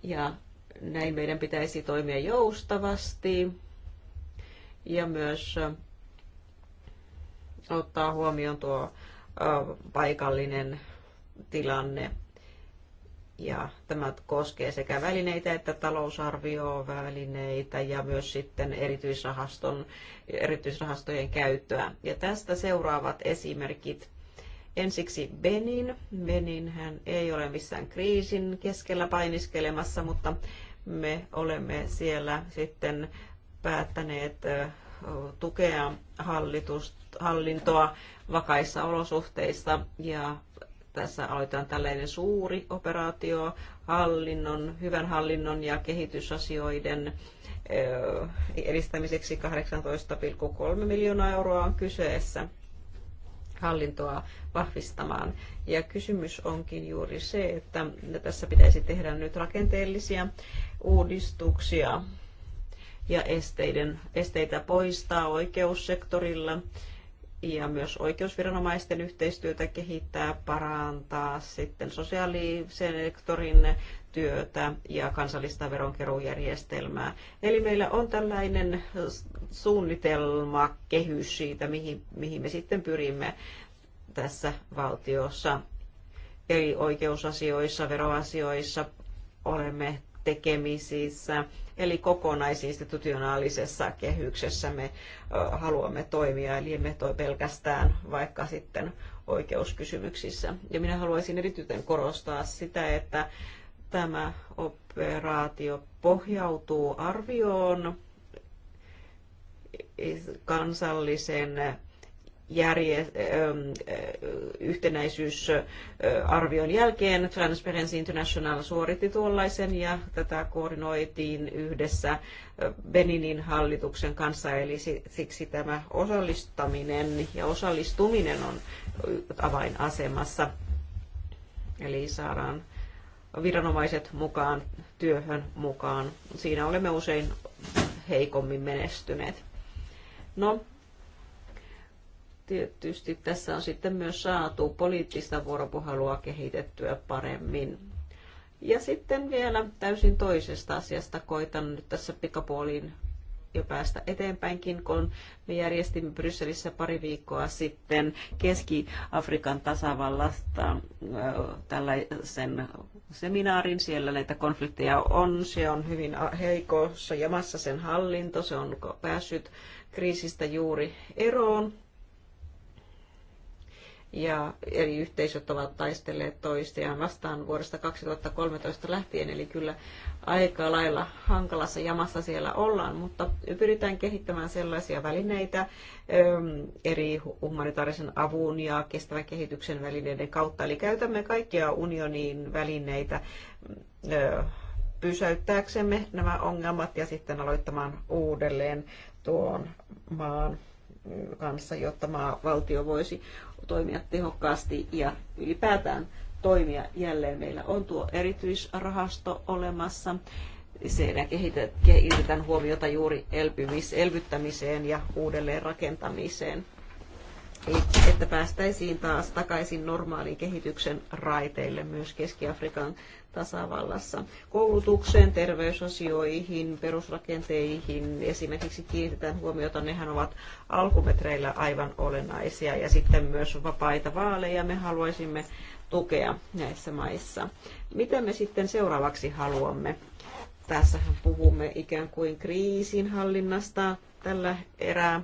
Ja näin meidän pitäisi toimia joustavasti ja myös ottaa huomioon tuo paikallinen tilanne. Ja tämä koskee sekä välineitä että talousarviovälineitä ja myös sitten erityisrahaston, erityisrahastojen käyttöä. Ja tästä seuraavat esimerkit. Ensiksi Benin. Benin hän ei ole missään kriisin keskellä painiskelemassa, mutta me olemme siellä sitten päättäneet tukea hallintoa vakaissa olosuhteissa ja tässä aloitetaan tällainen suuri operaatio hallinnon, hyvän hallinnon ja kehitysasioiden edistämiseksi 18,3 miljoonaa euroa on kyseessä hallintoa vahvistamaan. Ja kysymys onkin juuri se, että tässä pitäisi tehdä nyt rakenteellisia uudistuksia ja esteiden, esteitä poistaa oikeussektorilla ja myös oikeusviranomaisten yhteistyötä kehittää, parantaa sitten sosiaalisektorin työtä ja kansallista veronkeruujärjestelmää. Eli meillä on tällainen suunnitelma, kehys siitä, mihin, mihin me sitten pyrimme tässä valtiossa. Eli oikeusasioissa, veroasioissa olemme tekemisissä, eli kokonaisinstitutionaalisessa kehyksessä me haluamme toimia, eli emme toi pelkästään vaikka sitten oikeuskysymyksissä. Ja minä haluaisin erityisen korostaa sitä, että tämä operaatio pohjautuu arvioon kansallisen järje, ähm, äh, yhtenäisyysarvion jälkeen Transparency International suoritti tuollaisen ja tätä koordinoitiin yhdessä äh, Beninin hallituksen kanssa, eli siksi tämä osallistaminen ja osallistuminen on avainasemassa. Eli saadaan viranomaiset mukaan työhön mukaan. Siinä olemme usein heikommin menestyneet. No, tietysti tässä on sitten myös saatu poliittista vuoropuhelua kehitettyä paremmin. Ja sitten vielä täysin toisesta asiasta koitan nyt tässä pikapuoliin jo päästä eteenpäinkin, kun me järjestimme Brysselissä pari viikkoa sitten Keski-Afrikan tasavallasta äh, tällaisen seminaarin. Siellä näitä konflikteja on, se on hyvin heikossa jamassa sen hallinto, se on päässyt kriisistä juuri eroon ja eri yhteisöt ovat taistelleet toistiaan vastaan vuodesta 2013 lähtien, eli kyllä aika lailla hankalassa jamassa siellä ollaan, mutta pyritään kehittämään sellaisia välineitä eri humanitaarisen avun ja kestävän kehityksen välineiden kautta, eli käytämme kaikkia unionin välineitä pysäyttääksemme nämä ongelmat ja sitten aloittamaan uudelleen tuon maan kanssa, jotta maa, valtio voisi toimia tehokkaasti ja ylipäätään toimia jälleen. Meillä on tuo erityisrahasto olemassa. Siinä kehitetään huomiota juuri elpymis, elvyttämiseen ja uudelleen rakentamiseen että päästäisiin taas takaisin normaalin kehityksen raiteille myös Keski-Afrikan tasavallassa. Koulutukseen, terveysasioihin, perusrakenteihin esimerkiksi kiinnitetään huomiota, nehän ovat alkumetreillä aivan olennaisia ja sitten myös vapaita vaaleja me haluaisimme tukea näissä maissa. Mitä me sitten seuraavaksi haluamme? Tässähän puhumme ikään kuin kriisinhallinnasta tällä erää.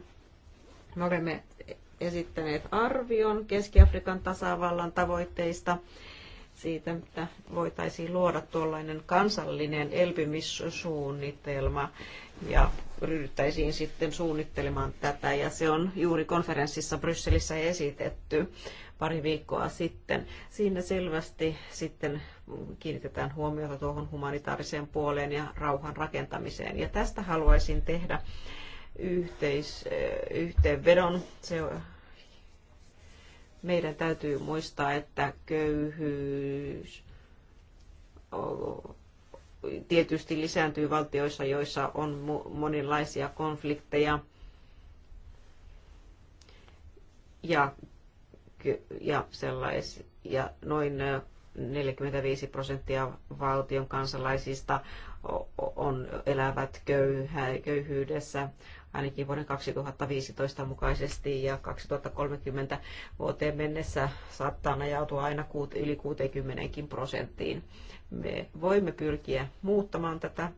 Me olemme esittäneet arvion Keski-Afrikan tasavallan tavoitteista siitä, että voitaisiin luoda tuollainen kansallinen elpymissuunnitelma ja ryhdyttäisiin sitten suunnittelemaan tätä ja se on juuri konferenssissa Brysselissä esitetty pari viikkoa sitten. Siinä selvästi sitten kiinnitetään huomiota tuohon humanitaariseen puoleen ja rauhan rakentamiseen ja tästä haluaisin tehdä yhteis, yhteenvedon meidän täytyy muistaa, että köyhyys tietysti lisääntyy valtioissa, joissa on monenlaisia konflikteja. Ja, ja, sellais, ja noin 45 prosenttia valtion kansalaisista on, elävät köyhä, köyhyydessä ainakin vuoden 2015 mukaisesti ja 2030 vuoteen mennessä saattaa ajautua aina yli 60 prosenttiin. Me voimme pyrkiä muuttamaan tätä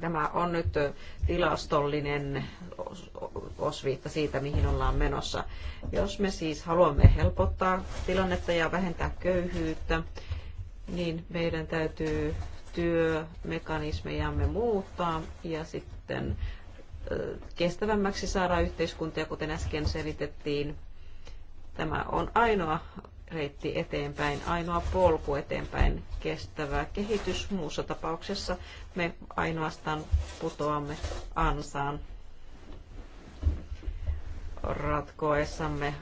tämä on nyt tilastollinen osviitta siitä, mihin ollaan menossa. Jos me siis haluamme helpottaa tilannetta ja vähentää köyhyyttä, niin meidän täytyy työmekanismejamme muuttaa ja sitten kestävämmäksi saada yhteiskuntia, kuten äsken selitettiin. Tämä on ainoa reitti eteenpäin, ainoa polku eteenpäin kestävää kehitys. Muussa tapauksessa me ainoastaan putoamme ansaan ratkoessamme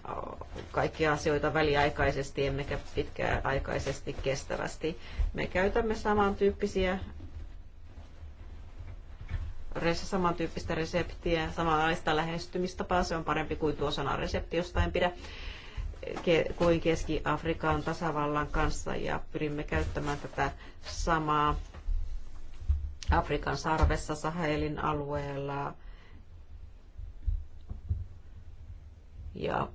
kaikkia asioita väliaikaisesti emmekä pitkäaikaisesti kestävästi. Me käytämme samantyyppisiä samantyyppistä reseptiä, samanlaista lähestymistapaa. Se on parempi kuin tuo sana resepti, josta en pidä kuin Keski-Afrikan tasavallan kanssa ja pyrimme käyttämään tätä samaa Afrikan sarvessa Sahelin alueella ja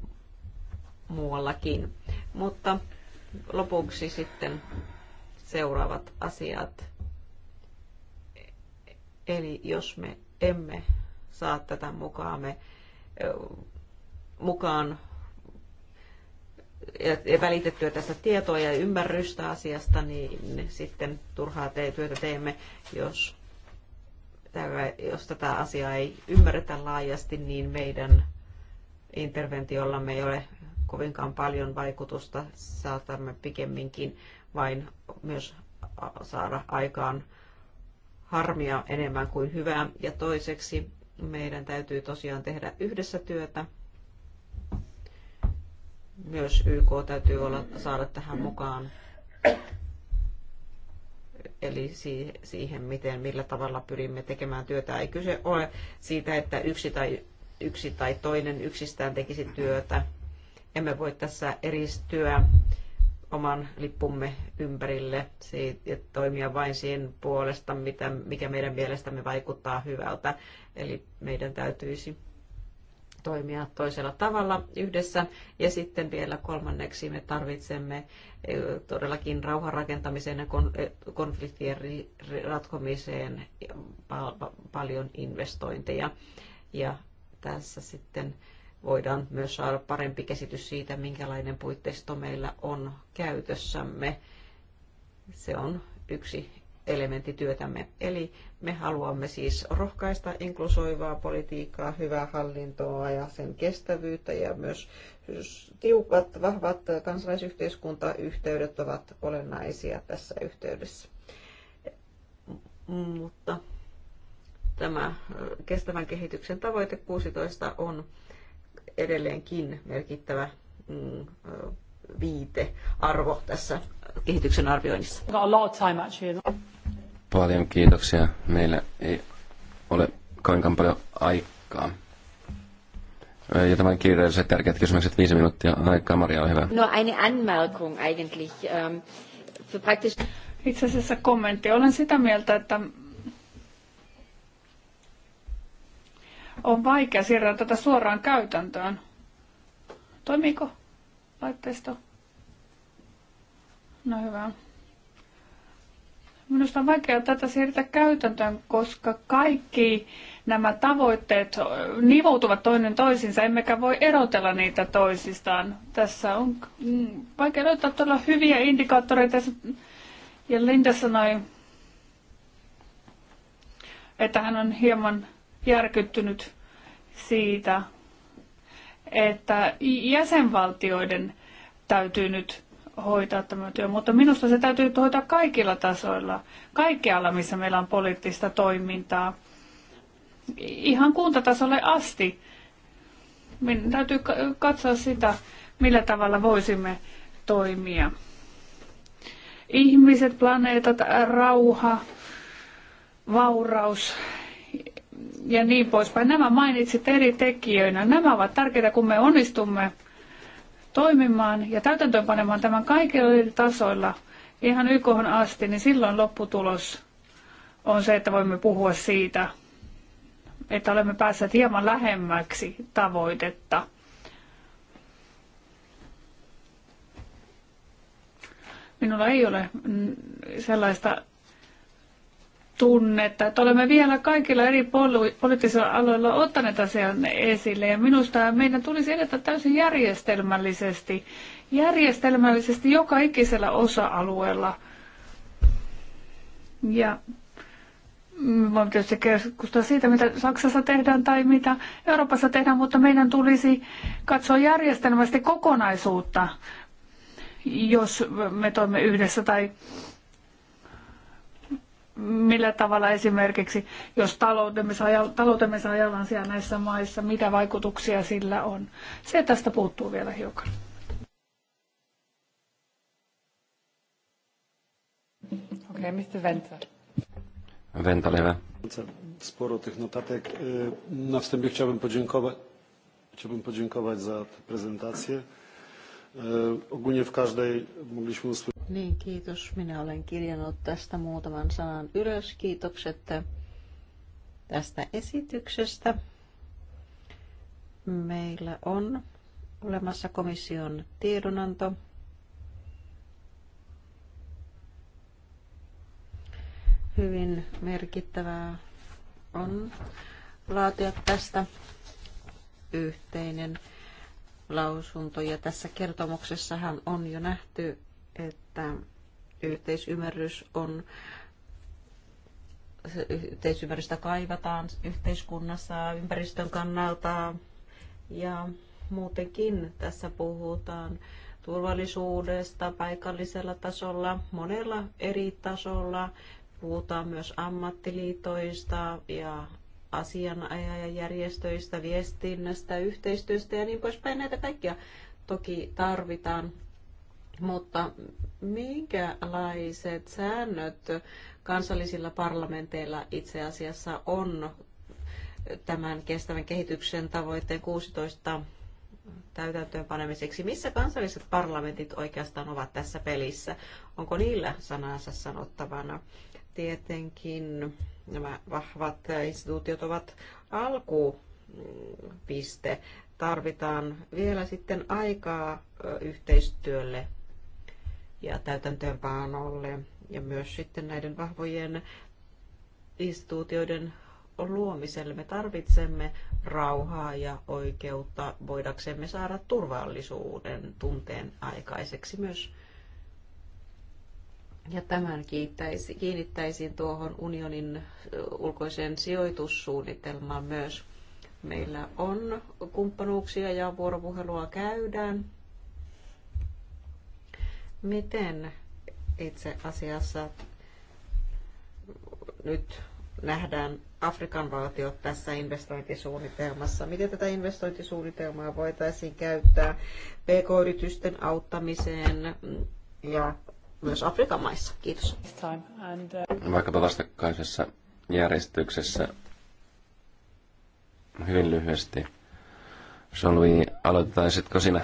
muuallakin. Mutta lopuksi sitten seuraavat asiat. Eli jos me emme saa tätä mukaamme, mukaan ja välitettyä tästä tietoa ja ymmärrystä asiasta, niin sitten turhaa te- työtä teemme, jos, tämä, jos tätä asiaa ei ymmärretä laajasti, niin meidän interventiollamme ei ole kovinkaan paljon vaikutusta. Saatamme pikemminkin vain myös saada aikaan harmia enemmän kuin hyvää. Ja toiseksi meidän täytyy tosiaan tehdä yhdessä työtä. Myös YK täytyy olla, saada tähän mukaan. Eli siihen, miten, millä tavalla pyrimme tekemään työtä. Ei kyse ole siitä, että yksi tai, yksi tai toinen yksistään tekisi työtä. Emme voi tässä eristyä oman lippumme ympärille ja toimia vain sen puolesta, mitä, mikä meidän mielestämme vaikuttaa hyvältä. Eli meidän täytyisi toimia toisella tavalla yhdessä. Ja sitten vielä kolmanneksi me tarvitsemme eh, todellakin rauhan rakentamiseen ja eh, konfliktien ratkomiseen paljon investointeja. Ja tässä sitten voidaan myös saada parempi käsitys siitä, minkälainen puitteisto meillä on käytössämme. Se on yksi elementti työtämme. Eli me haluamme siis rohkaista inklusoivaa politiikkaa, hyvää hallintoa ja sen kestävyyttä ja myös tiukat, vahvat kansalaisyhteiskuntayhteydet ovat olennaisia tässä yhteydessä. Mutta tämä kestävän kehityksen tavoite 16 on edelleenkin merkittävä mm, viitearvo tässä kehityksen arvioinnissa. Paljon kiitoksia. Meillä ei ole kovinkaan paljon aikaa. Ja tämän kirjalliset tärkeät kysymykset, viisi minuuttia aikaa. Maria, ole hyvä. No, eine Anmerkung eigentlich. Ähm, für praktisch... Itse asiassa kommentti. Olen sitä mieltä, että on vaikea siirtää tätä suoraan käytäntöön. Toimiiko laitteisto? No hyvä. Minusta on vaikea tätä siirtää käytäntöön, koska kaikki nämä tavoitteet nivoutuvat toinen toisinsa, emmekä voi erotella niitä toisistaan. Tässä on mm, vaikea löytää todella hyviä indikaattoreita. Ja Linda sanoi, että hän on hieman järkyttynyt siitä, että jäsenvaltioiden täytyy nyt hoitaa tämä työ, mutta minusta se täytyy hoitaa kaikilla tasoilla, kaikkialla missä meillä on poliittista toimintaa, ihan kuntatasolle asti. Minun täytyy katsoa sitä, millä tavalla voisimme toimia. Ihmiset, planeetat, rauha, vauraus, ja niin poispäin. Nämä mainitsit eri tekijöinä. Nämä ovat tärkeitä, kun me onnistumme toimimaan ja täytäntöönpanemaan tämän kaikilla tasoilla ihan YK asti, niin silloin lopputulos on se, että voimme puhua siitä, että olemme päässeet hieman lähemmäksi tavoitetta. Minulla ei ole sellaista tunnetta, että olemme vielä kaikilla eri poliittisilla aloilla ottaneet asian esille ja minusta meidän tulisi edetä täysin järjestelmällisesti, järjestelmällisesti joka ikisellä osa-alueella. Ja mm, voin tietysti keskustella siitä, mitä Saksassa tehdään tai mitä Euroopassa tehdään, mutta meidän tulisi katsoa järjestelmästi kokonaisuutta, jos me toimme yhdessä tai millä tavalla esimerkiksi, jos taloutemme saa, taloutemme saa jalansia näissä maissa, mitä vaikutuksia sillä on. Se tästä puuttuu vielä hiukan. Okei, okay, Mr. Venta. Venta, lewe. Sporo tych notatek. Na wstępie chciałbym podziękować, chciałbym podziękować za tę prezentację. Ogólnie w każdej mogliśmy usłyszeć. Niin, kiitos. Minä olen kirjannut tästä muutaman sanan ylös. Kiitokset tästä esityksestä. Meillä on olemassa komission tiedonanto. Hyvin merkittävää on laatia tästä yhteinen lausunto. Ja tässä kertomuksessahan on jo nähty, että yhteisymmärrys on yhteisymmärrystä kaivataan yhteiskunnassa ympäristön kannalta ja muutenkin tässä puhutaan turvallisuudesta paikallisella tasolla, monella eri tasolla. Puhutaan myös ammattiliitoista ja asianajajärjestöistä, viestinnästä, yhteistyöstä ja niin poispäin. Näitä kaikkia toki tarvitaan. Mutta minkälaiset säännöt kansallisilla parlamenteilla itse asiassa on tämän kestävän kehityksen tavoitteen 16 täytäntöön panemiseksi. Missä kansalliset parlamentit oikeastaan ovat tässä pelissä? Onko niillä sanansa sanottavana? Tietenkin Nämä vahvat instituutiot ovat alkupiste. Tarvitaan vielä sitten aikaa yhteistyölle ja täytäntöönpanolle ja myös sitten näiden vahvojen instituutioiden luomiselle me tarvitsemme rauhaa ja oikeutta voidaksemme saada turvallisuuden tunteen aikaiseksi myös ja tämän kiittäisi, kiinnittäisin tuohon unionin ulkoiseen sijoitussuunnitelmaan myös. Meillä on kumppanuuksia ja vuoropuhelua käydään. Miten itse asiassa nyt nähdään Afrikan valtiot tässä investointisuunnitelmassa? Miten tätä investointisuunnitelmaa voitaisiin käyttää pk-yritysten auttamiseen ja myös Afrikan maissa. Kiitos. Vaikkapa vastakkaisessa järjestyksessä hyvin lyhyesti. Solvi, aloittaisitko sinä?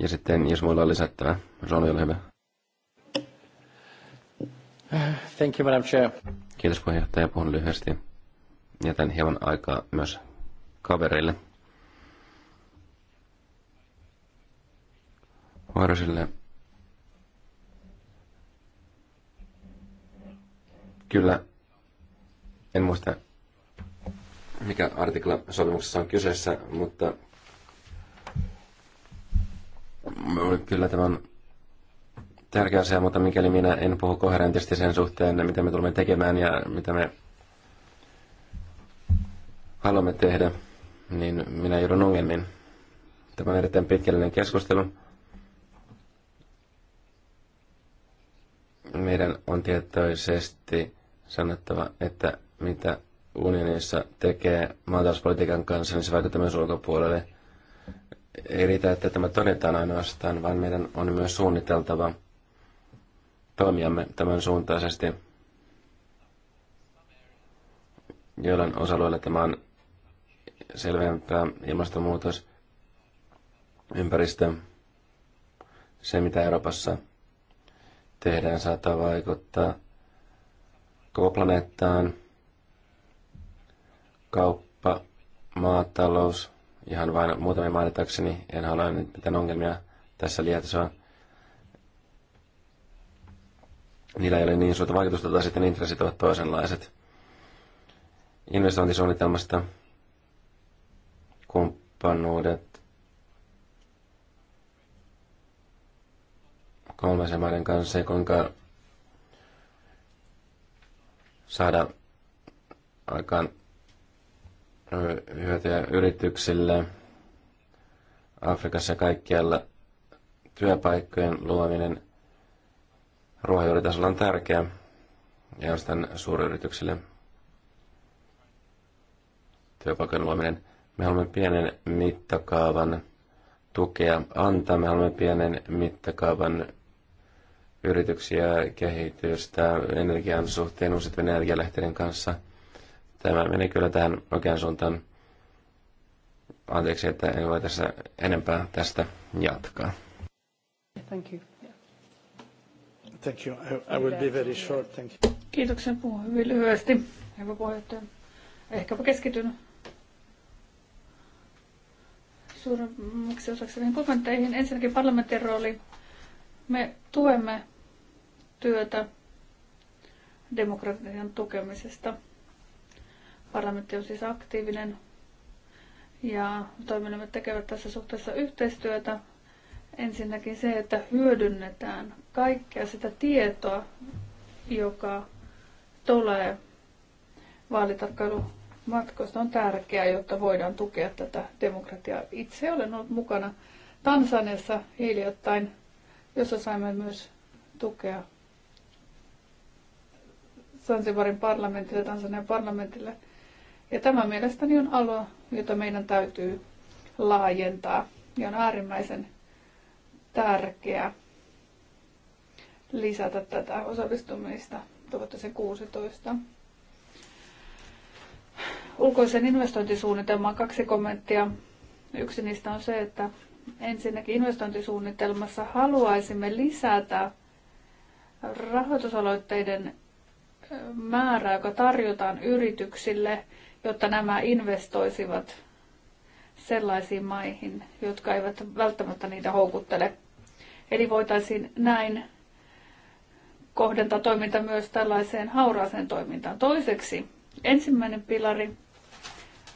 Ja sitten, jos muilla on lisättävää, Solvi, ole hyvä. Thank you, Madam Chair. Kiitos puheenjohtaja, puhun lyhyesti. Jätän hieman aikaa myös kavereille. varsille. Kyllä, en muista mikä artikla sopimuksessa on kyseessä, mutta kyllä tämä on tärkeä asia, mutta mikäli minä en puhu koherentisti sen suhteen, mitä me tulemme tekemään ja mitä me haluamme tehdä, niin minä joudun ongelmiin. Tämä on erittäin pitkällinen keskustelu. meidän on tietoisesti sanottava, että mitä unionissa tekee maatalouspolitiikan kanssa, niin se vaikuttaa myös ulkopuolelle. Ei riitä, että tämä todetaan ainoastaan, vaan meidän on myös suunniteltava toimiamme tämän suuntaisesti. Joillain osa-alueilla tämä on selvempää ilmastonmuutos, ympäristö, se mitä Euroopassa – tehdään saattaa vaikuttaa koko planeettaan. Kauppa, maatalous, ihan vain muutamia mainitakseni, en halua nyt mitään ongelmia tässä lietsoa. Niillä ei ole niin suurta vaikutusta, tai sitten intressit ovat toisenlaiset. Investointisuunnitelmasta kumppanuudet kolmansien maiden kanssa ja kuinka saada aikaan hyötyä yrityksille Afrikassa kaikkialla työpaikkojen luominen ruohonjuuritasolla on tärkeä ja on suuryrityksille työpaikkojen luominen. Me haluamme pienen mittakaavan tukea antaa, me haluamme pienen mittakaavan yrityksiä kehitystä energian suhteen uusiutuvien energialähteiden kanssa. Tämä meni kyllä tähän oikean suuntaan. Anteeksi, että en voi tässä enempää tästä jatkaa. Thank you. Thank you. I, will be very short. Thank you. Kiitoksen puhun hyvin lyhyesti. Hyvä puheenjohtaja. Ehkäpä keskityn suuremmaksi osaksi näihin kommentteihin. Ensinnäkin parlamentin rooli me tuemme työtä demokratian tukemisesta. Parlamentti on siis aktiivinen ja toimimme tekevät tässä suhteessa yhteistyötä. Ensinnäkin se, että hyödynnetään kaikkea sitä tietoa, joka tulee vaalitarkkailumatkoista, on tärkeää, jotta voidaan tukea tätä demokratiaa. Itse olen ollut mukana Tansaniassa hiljattain jossa saimme myös tukea Sansivarin parlamentille, Tansanian parlamentille. Ja tämä mielestäni on alue, jota meidän täytyy laajentaa ja on äärimmäisen tärkeää lisätä tätä osallistumista 2016. Ulkoisen investointisuunnitelman kaksi kommenttia. Yksi niistä on se, että Ensinnäkin investointisuunnitelmassa haluaisimme lisätä rahoitusaloitteiden määrää, joka tarjotaan yrityksille, jotta nämä investoisivat sellaisiin maihin, jotka eivät välttämättä niitä houkuttele. Eli voitaisiin näin kohdentaa toiminta myös tällaiseen hauraaseen toimintaan. Toiseksi ensimmäinen pilari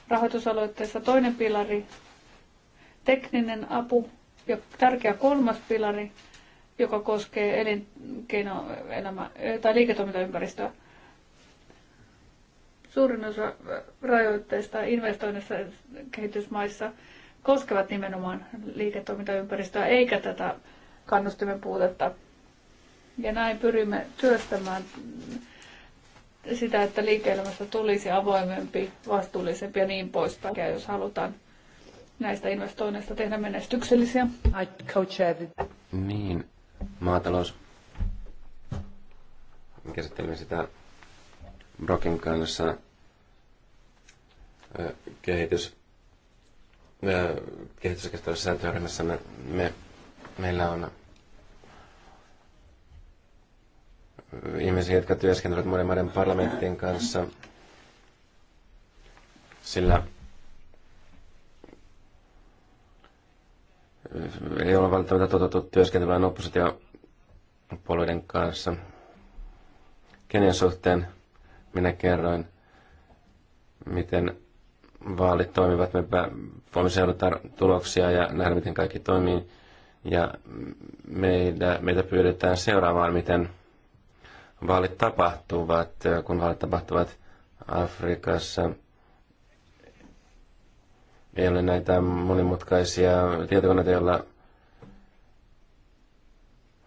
rahoitusaloitteessa, toinen pilari tekninen apu ja tärkeä kolmas pilari, joka koskee elinkeinoelämä tai liiketoimintaympäristöä. Suurin osa rajoitteista investoinnissa kehitysmaissa koskevat nimenomaan liiketoimintaympäristöä eikä tätä kannustimen puutetta. Ja näin pyrimme työstämään sitä, että liike-elämästä tulisi avoimempi, vastuullisempi ja niin poispäin, jos halutaan näistä investoinneista tehdä menestyksellisiä. I co-chair Niin, maatalous. Käsittelimme sitä Brokin kanssa kehitys, kehitysyhteistyössä työryhmässä me, me, meillä on ihmisiä, jotka työskentelevät muiden maiden parlamenttien kanssa, sillä ei ole välttämättä totuttu työskentelemään oppositiopuolueiden kanssa. Kenen suhteen minä kerroin, miten vaalit toimivat. Me voimme seurata tuloksia ja nähdä, miten kaikki toimii. Ja meitä, meitä pyydetään seuraamaan, miten vaalit tapahtuvat, kun vaalit tapahtuvat Afrikassa – ei ole näitä monimutkaisia tietokoneita, joilla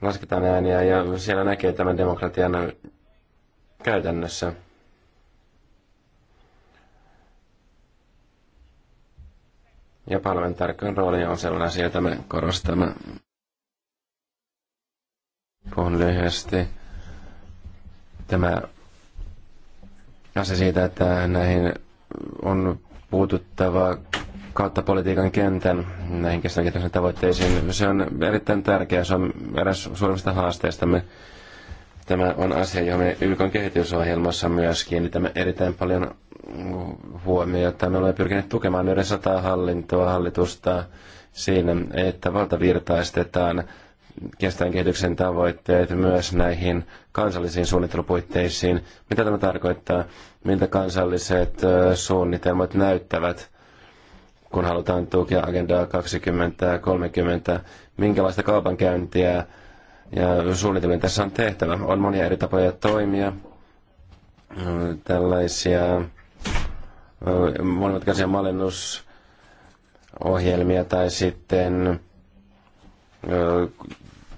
lasketaan ääniä ja siellä näkee tämän demokratian käytännössä. Ja parlamentaarikon rooli on sellainen asia, jota me korostamme. Puhun lyhyesti. Tämä asia siitä, että näihin on puututtava kautta politiikan kentän näihin kestävän tavoitteisiin. Se on erittäin tärkeää, se on eräs suurimmista haasteistamme. Tämä on asia, johon me YK kehitysohjelmassa myös kiinnitämme erittäin paljon huomiota. Me olemme pyrkineet tukemaan yhden sataa hallintoa, hallitusta siinä, että valtavirtaistetaan kestävän kehityksen tavoitteet myös näihin kansallisiin suunnittelupuitteisiin. Mitä tämä tarkoittaa? Miltä kansalliset suunnitelmat näyttävät? kun halutaan tukea agendaa 2030, minkälaista kaupankäyntiä ja suunnitelmia tässä on tehtävä. On monia eri tapoja toimia, tällaisia monimutkaisia mallinnusohjelmia tai sitten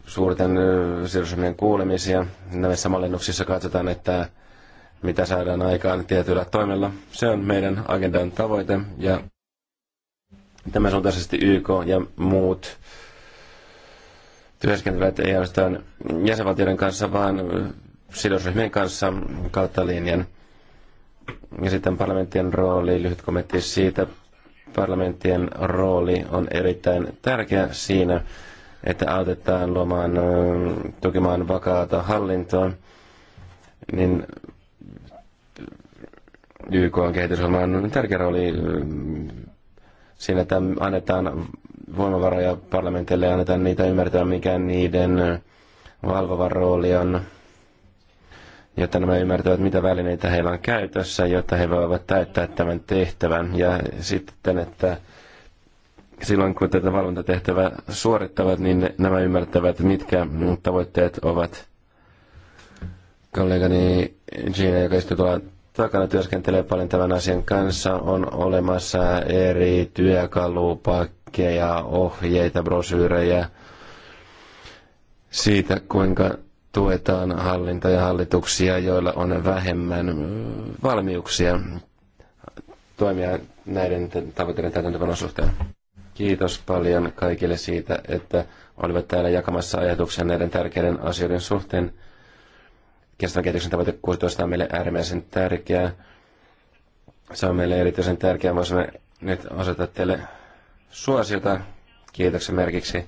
suurten sidosryhmien kuulemisia. Näissä mallinnuksissa katsotaan, että mitä saadaan aikaan tietyillä toimilla. Se on meidän agendan tavoite ja Tämä on suuntaisesti YK ja muut työskentelevät ei ainoastaan jäsenvaltioiden kanssa, vaan sidosryhmien kanssa kautta linjan. Ja sitten parlamenttien rooli, lyhyt kommentti siitä. Parlamenttien rooli on erittäin tärkeä siinä, että autetaan luomaan, tukemaan vakaata hallintoa, niin YK on kehitysohjelman tärkeä rooli siinä, että annetaan voimavaroja parlamentille ja annetaan niitä ymmärtää, mikä niiden valvova rooli on, jotta nämä ymmärtävät, mitä välineitä heillä on käytössä, jotta he voivat täyttää tämän tehtävän. Ja sitten, että silloin kun tätä valvontatehtävää suorittavat, niin nämä ymmärtävät, mitkä tavoitteet ovat. Kollegani Gina, joka istuu tuolla takana työskentelee paljon tämän asian kanssa. On olemassa eri työkalupakkeja, ohjeita, brosyyrejä siitä, kuinka tuetaan hallinta ja hallituksia, joilla on vähemmän valmiuksia toimia näiden tavoitteiden täytäntöpanon suhteen. Kiitos paljon kaikille siitä, että olivat täällä jakamassa ajatuksia näiden tärkeiden asioiden suhteen kestävän kehityksen tavoite 16 on meille äärimmäisen tärkeää. Se on meille erityisen tärkeää. Voisimme nyt osoittaa teille suosiota. Kiitoksen merkiksi.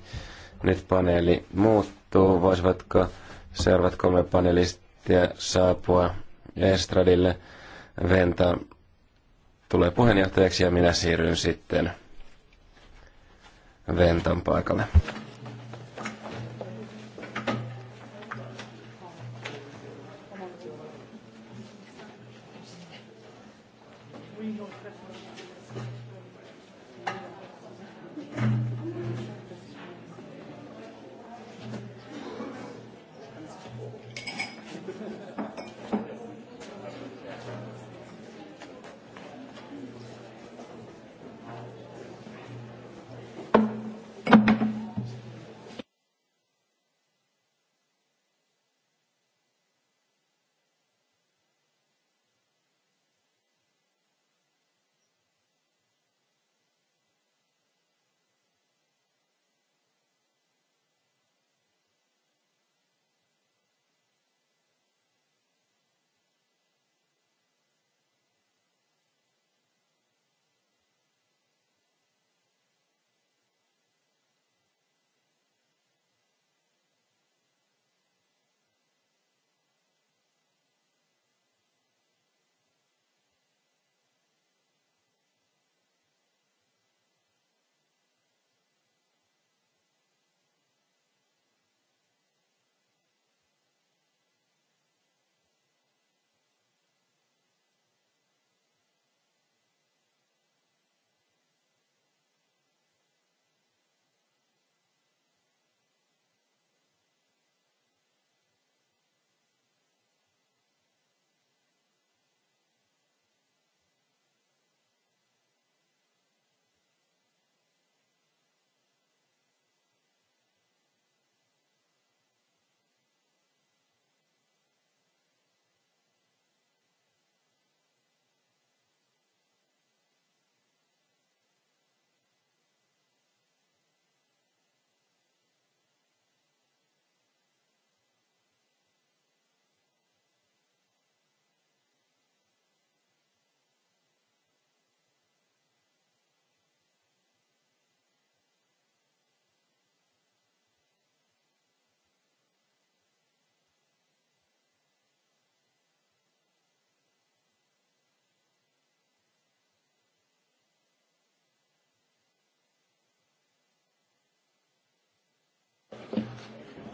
Nyt paneeli muuttuu. Voisivatko seuraavat kolme panelistia saapua Estradille? Venta tulee puheenjohtajaksi ja minä siirryn sitten Ventan paikalle.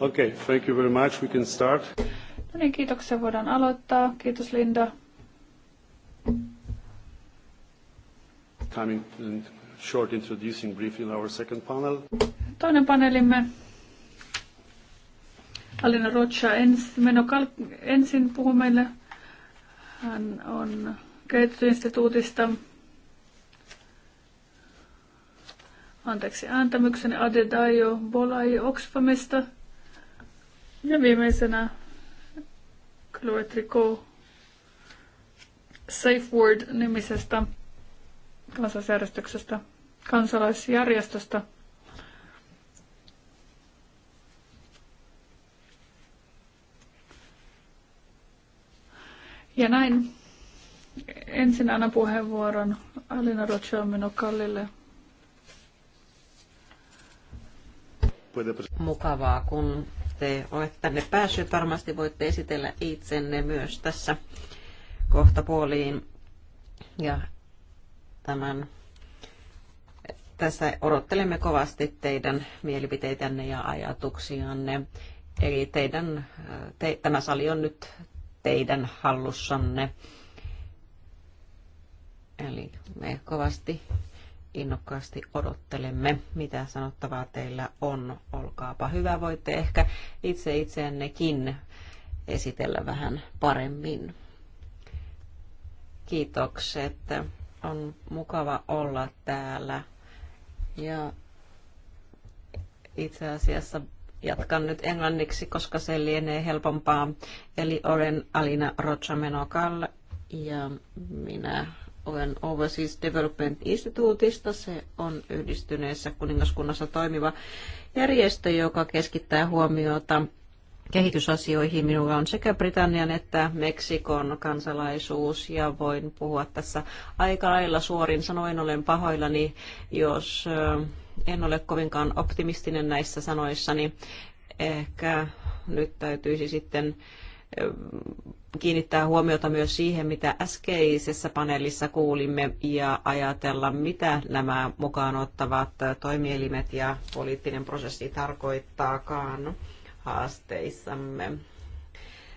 Okay, thank you very much. We can start. No niin, kiitoksia. Voidaan aloittaa. Kiitos Linda. Coming in short introducing briefly our second panel. Toinen paneelimme. Alina Rocha meno ensin puhuu meille. Hän on kehitysinstituutista. Anteeksi ääntämykseni Adedayo Bolai Oxfamista – ja viimeisenä Chloe Tricot Safe Word-nimisestä kansalaisjärjestöksestä, kansalaisjärjestöstä. Ja näin ensin aina puheenvuoron Alina Rochamino Kallille. Mukavaa, kun te olette tänne päässyt. Varmasti voitte esitellä itsenne myös tässä kohta puoliin. Ja tämän, tässä odottelemme kovasti teidän mielipiteitänne ja ajatuksianne. Eli teidän, te, tämä sali on nyt teidän hallussanne. Eli me kovasti innokkaasti odottelemme, mitä sanottavaa teillä on. Olkaapa hyvä, voitte ehkä itse itseännekin esitellä vähän paremmin. Kiitokset. On mukava olla täällä. Ja itse asiassa jatkan nyt englanniksi, koska se lienee helpompaa. Eli olen Alina Rochameno ja minä olen Overseas Development Instituutista. Se on yhdistyneessä kuningaskunnassa toimiva järjestö, joka keskittää huomiota kehitysasioihin. Minulla on sekä Britannian että Meksikon kansalaisuus ja voin puhua tässä aika lailla suorin sanoin. Olen pahoillani, jos eh, en ole kovinkaan optimistinen näissä sanoissani. Ehkä nyt täytyisi sitten eh, kiinnittää huomiota myös siihen, mitä äskeisessä paneelissa kuulimme ja ajatella, mitä nämä mukaan ottavat toimielimet ja poliittinen prosessi tarkoittaakaan haasteissamme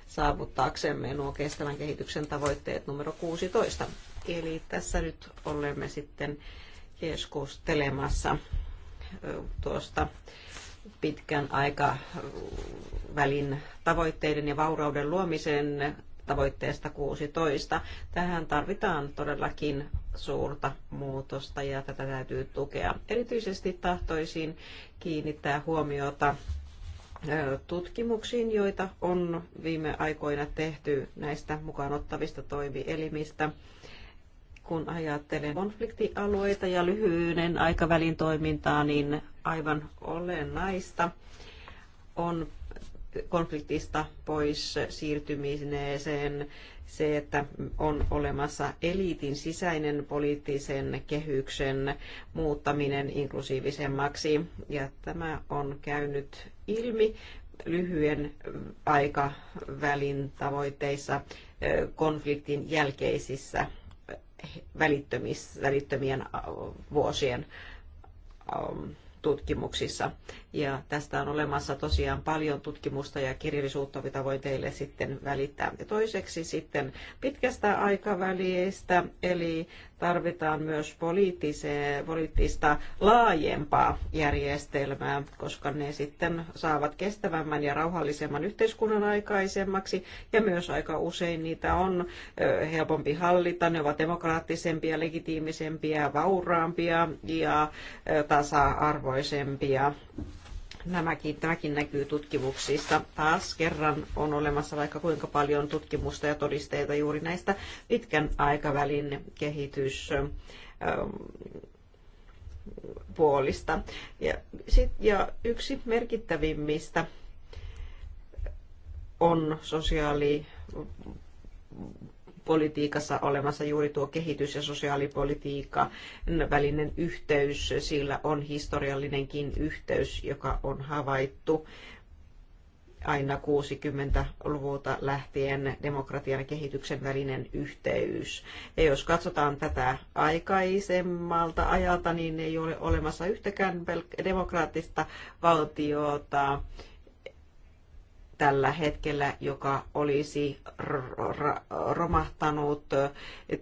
saavuttaaksemme nuo kestävän kehityksen tavoitteet numero 16. Eli tässä nyt olemme sitten keskustelemassa tuosta pitkän aikavälin tavoitteiden ja vaurauden luomisen tavoitteesta 16. Tähän tarvitaan todellakin suurta muutosta ja tätä täytyy tukea. Erityisesti tahtoisin kiinnittää huomiota tutkimuksiin, joita on viime aikoina tehty näistä mukaan ottavista toimielimistä kun ajattelen konfliktialueita ja lyhyinen aikavälin toimintaa, niin aivan olennaista on konfliktista pois siirtymiseen se, että on olemassa eliitin sisäinen poliittisen kehyksen muuttaminen inklusiivisemmaksi. Ja tämä on käynyt ilmi lyhyen aikavälin tavoitteissa konfliktin jälkeisissä välittömien äh, vuosien ähm, tutkimuksissa. Ja tästä on olemassa tosiaan paljon tutkimusta ja kirjallisuutta, mitä voi teille sitten välittää. Ja toiseksi sitten pitkästä aikavälistä, eli tarvitaan myös poliittista laajempaa järjestelmää, koska ne sitten saavat kestävämmän ja rauhallisemman yhteiskunnan aikaisemmaksi ja myös aika usein niitä on helpompi hallita, ne ovat demokraattisempia, legitiimisempiä, vauraampia ja tasa-arvoisempia Nämäkin, tämäkin näkyy tutkimuksista. Taas kerran on olemassa vaikka kuinka paljon tutkimusta ja todisteita juuri näistä pitkän aikavälin kehitys ähm, puolista. Ja, sit, ja yksi merkittävimmistä on sosiaali politiikassa olemassa juuri tuo kehitys- ja sosiaalipolitiikka välinen yhteys. Sillä on historiallinenkin yhteys, joka on havaittu aina 60-luvulta lähtien demokratian kehityksen välinen yhteys. Ja jos katsotaan tätä aikaisemmalta ajalta, niin ei ole olemassa yhtäkään demokraattista valtiota, tällä hetkellä, joka olisi romahtanut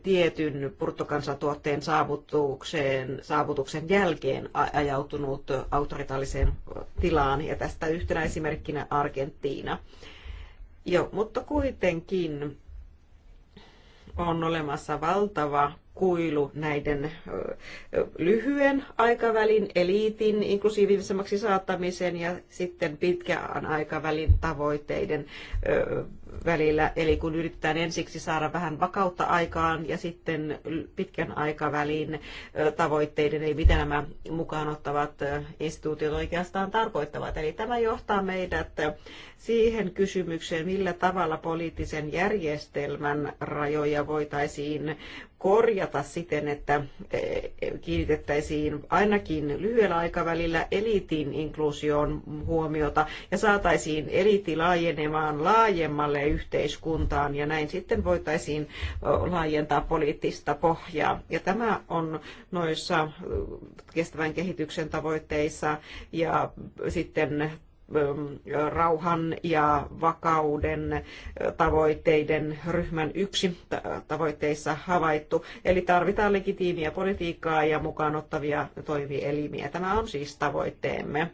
tietyn bruttokansantuotteen saavutuksen, saavutuksen jälkeen ajautunut autoritaaliseen tilaan. Ja tästä yhtenä esimerkkinä Argentiina. Jo, mutta kuitenkin on olemassa valtava kuilu näiden lyhyen aikavälin eliitin inklusiivisemmaksi saattamisen ja sitten pitkän aikavälin tavoitteiden välillä, eli kun yritetään ensiksi saada vähän vakautta aikaan ja sitten pitkän aikavälin tavoitteiden, eli mitä nämä mukaan ottavat instituutiot oikeastaan tarkoittavat. Eli tämä johtaa meidät siihen kysymykseen, millä tavalla poliittisen järjestelmän rajoja voitaisiin korjata siten, että e, kiinnitettäisiin ainakin lyhyellä aikavälillä eliitin inkluusioon huomiota ja saataisiin eliitti laajenemaan laajemmalle tulee yhteiskuntaan ja näin sitten voitaisiin laajentaa poliittista pohjaa. Ja tämä on noissa kestävän kehityksen tavoitteissa ja sitten rauhan ja vakauden tavoitteiden ryhmän yksi tavoitteissa havaittu. Eli tarvitaan legitiimiä politiikkaa ja ottavia toimielimiä. Tämä on siis tavoitteemme.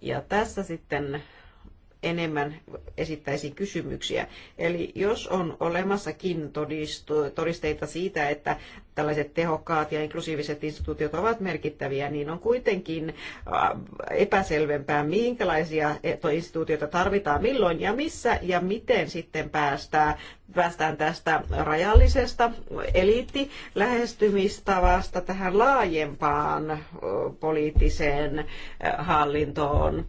Ja tässä sitten enemmän esittäisin kysymyksiä. Eli jos on olemassakin todistu, todisteita siitä, että tällaiset tehokkaat ja inklusiiviset instituutiot ovat merkittäviä, niin on kuitenkin äh, epäselvempää, minkälaisia e-, instituutioita tarvitaan milloin ja missä ja miten sitten päästään, päästään tästä rajallisesta eliittilähestymistavasta tähän laajempaan poliittiseen hallintoon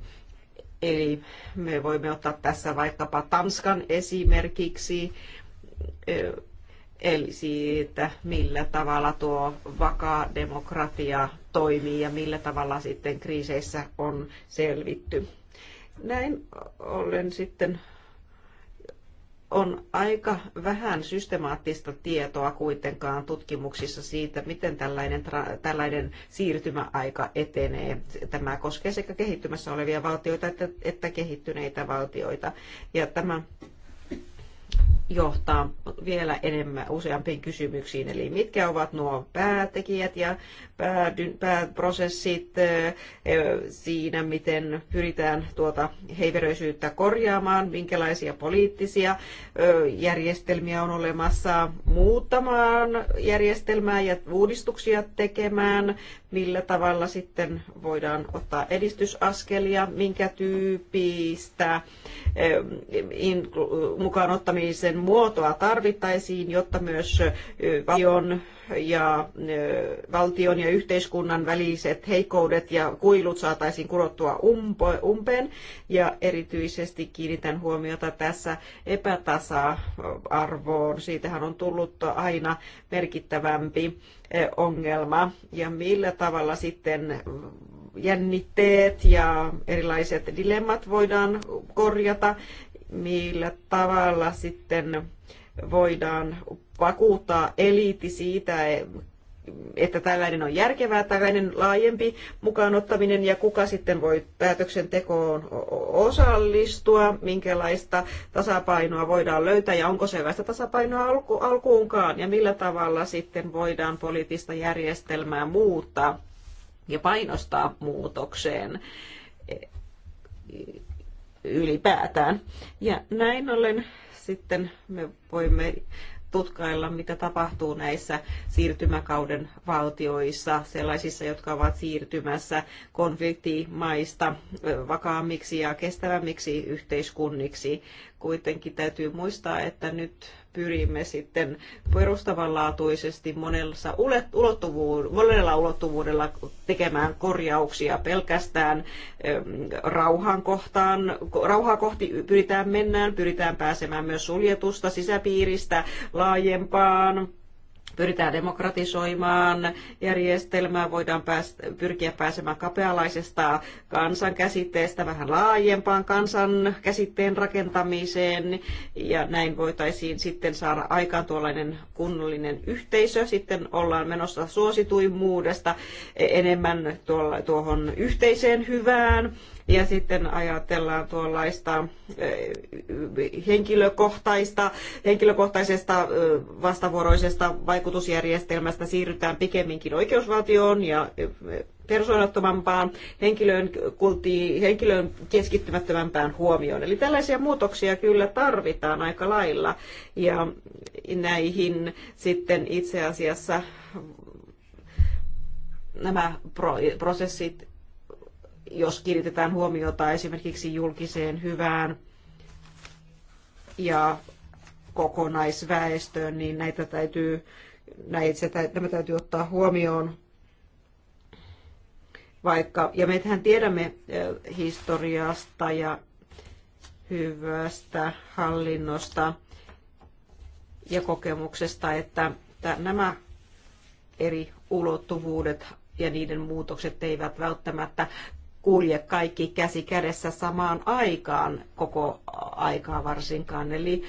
Eli me voimme ottaa tässä vaikkapa Tanskan esimerkiksi, eli siitä, millä tavalla tuo vakaa demokratia toimii ja millä tavalla sitten kriiseissä on selvitty. Näin ollen sitten on aika vähän systemaattista tietoa kuitenkaan tutkimuksissa siitä, miten tällainen, tällainen siirtymäaika etenee. Tämä koskee sekä kehittymässä olevia valtioita että, että kehittyneitä valtioita. Ja tämä johtaa vielä enemmän useampiin kysymyksiin, eli mitkä ovat nuo päätekijät ja pääprosessit siinä, miten pyritään tuota heiveröisyyttä korjaamaan, minkälaisia poliittisia järjestelmiä on olemassa muuttamaan järjestelmää ja uudistuksia tekemään, millä tavalla sitten voidaan ottaa edistysaskelia, minkä tyyppistä mukaan ottamisen muotoa tarvittaisiin, jotta myös valtion ja valtion ja yhteiskunnan väliset heikkoudet ja kuilut saataisiin kurottua umpeen. Ja erityisesti kiinnitän huomiota tässä epätasa-arvoon. Siitähän on tullut aina merkittävämpi ongelma ja millä tavalla sitten jännitteet ja erilaiset dilemmat voidaan korjata, millä tavalla sitten voidaan vakuuttaa eliitti siitä, että tällainen on järkevää, tällainen laajempi mukaanottaminen ja kuka sitten voi päätöksentekoon osallistua, minkälaista tasapainoa voidaan löytää ja onko sellaista tasapainoa alku, alkuunkaan ja millä tavalla sitten voidaan poliittista järjestelmää muuttaa ja painostaa muutokseen ylipäätään. Ja näin ollen sitten me voimme tutkailla, mitä tapahtuu näissä siirtymäkauden valtioissa, sellaisissa, jotka ovat siirtymässä konfliktimaista vakaammiksi ja kestävämmiksi yhteiskunniksi. Kuitenkin täytyy muistaa, että nyt pyrimme sitten perustavanlaatuisesti monella ulottuvuudella tekemään korjauksia pelkästään rauhan kohtaan. Rauhaa kohti pyritään mennään, pyritään pääsemään myös suljetusta sisäpiiristä laajempaan pyritään demokratisoimaan järjestelmää, voidaan pääst- pyrkiä pääsemään kapealaisesta kansankäsitteestä vähän laajempaan kansan käsitteen rakentamiseen ja näin voitaisiin sitten saada aikaan tuollainen kunnollinen yhteisö. Sitten ollaan menossa suosituimmuudesta enemmän tuolla, tuohon yhteiseen hyvään ja sitten ajatellaan tuollaista eh, henkilökohtaista, henkilökohtaisesta eh, vastavuoroisesta vaikutusjärjestelmästä siirrytään pikemminkin oikeusvaltioon ja eh, persoonattomampaan, henkilöön, kulttiin, henkilöön keskittymättömämpään huomioon. Eli tällaisia muutoksia kyllä tarvitaan aika lailla ja näihin sitten itse asiassa nämä prosessit jos kiinnitetään huomiota esimerkiksi julkiseen hyvään ja kokonaisväestöön, niin näitä täytyy, näitä, nämä täytyy ottaa huomioon. Vaikka, ja mehän tiedämme historiasta ja hyvästä hallinnosta ja kokemuksesta, että nämä eri ulottuvuudet ja niiden muutokset eivät välttämättä kulje kaikki käsi kädessä samaan aikaan koko aikaa varsinkaan. Eli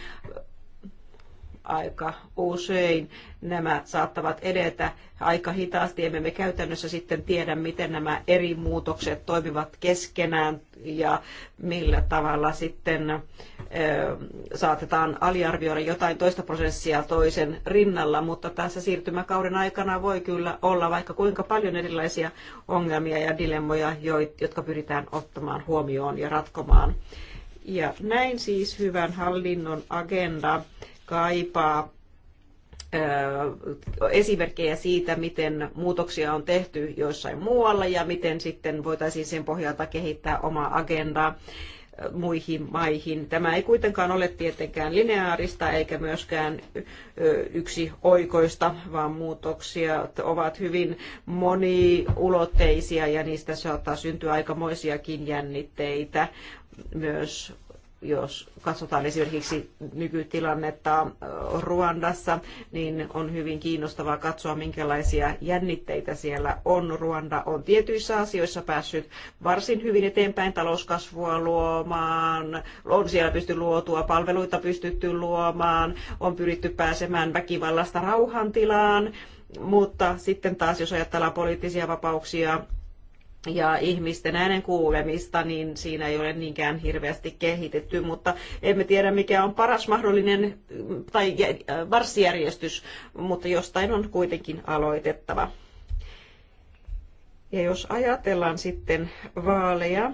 aika usein nämä saattavat edetä aika hitaasti, emme me käytännössä sitten tiedä, miten nämä eri muutokset toimivat keskenään ja millä tavalla sitten saatetaan aliarvioida jotain toista prosessia toisen rinnalla, mutta tässä siirtymäkauden aikana voi kyllä olla vaikka kuinka paljon erilaisia ongelmia ja dilemmoja, jotka pyritään ottamaan huomioon ja ratkomaan. Ja näin siis hyvän hallinnon agenda kaipaa esimerkkejä siitä, miten muutoksia on tehty joissain muualla ja miten sitten voitaisiin sen pohjalta kehittää omaa agendaa muihin maihin. Tämä ei kuitenkaan ole tietenkään lineaarista eikä myöskään yksi oikoista, vaan muutoksia ovat hyvin moniulotteisia ja niistä saattaa syntyä aikamoisiakin jännitteitä myös jos katsotaan esimerkiksi nykytilannetta Ruandassa, niin on hyvin kiinnostavaa katsoa, minkälaisia jännitteitä siellä on. Ruanda on tietyissä asioissa päässyt varsin hyvin eteenpäin talouskasvua luomaan, on siellä pysty luotua, palveluita pystytty luomaan, on pyritty pääsemään väkivallasta rauhantilaan, mutta sitten taas jos ajatellaan poliittisia vapauksia, ja ihmisten äänen kuulemista, niin siinä ei ole niinkään hirveästi kehitetty, mutta emme tiedä mikä on paras mahdollinen mm, tai äh, varsijärjestys, mutta jostain on kuitenkin aloitettava. Ja jos ajatellaan sitten vaaleja,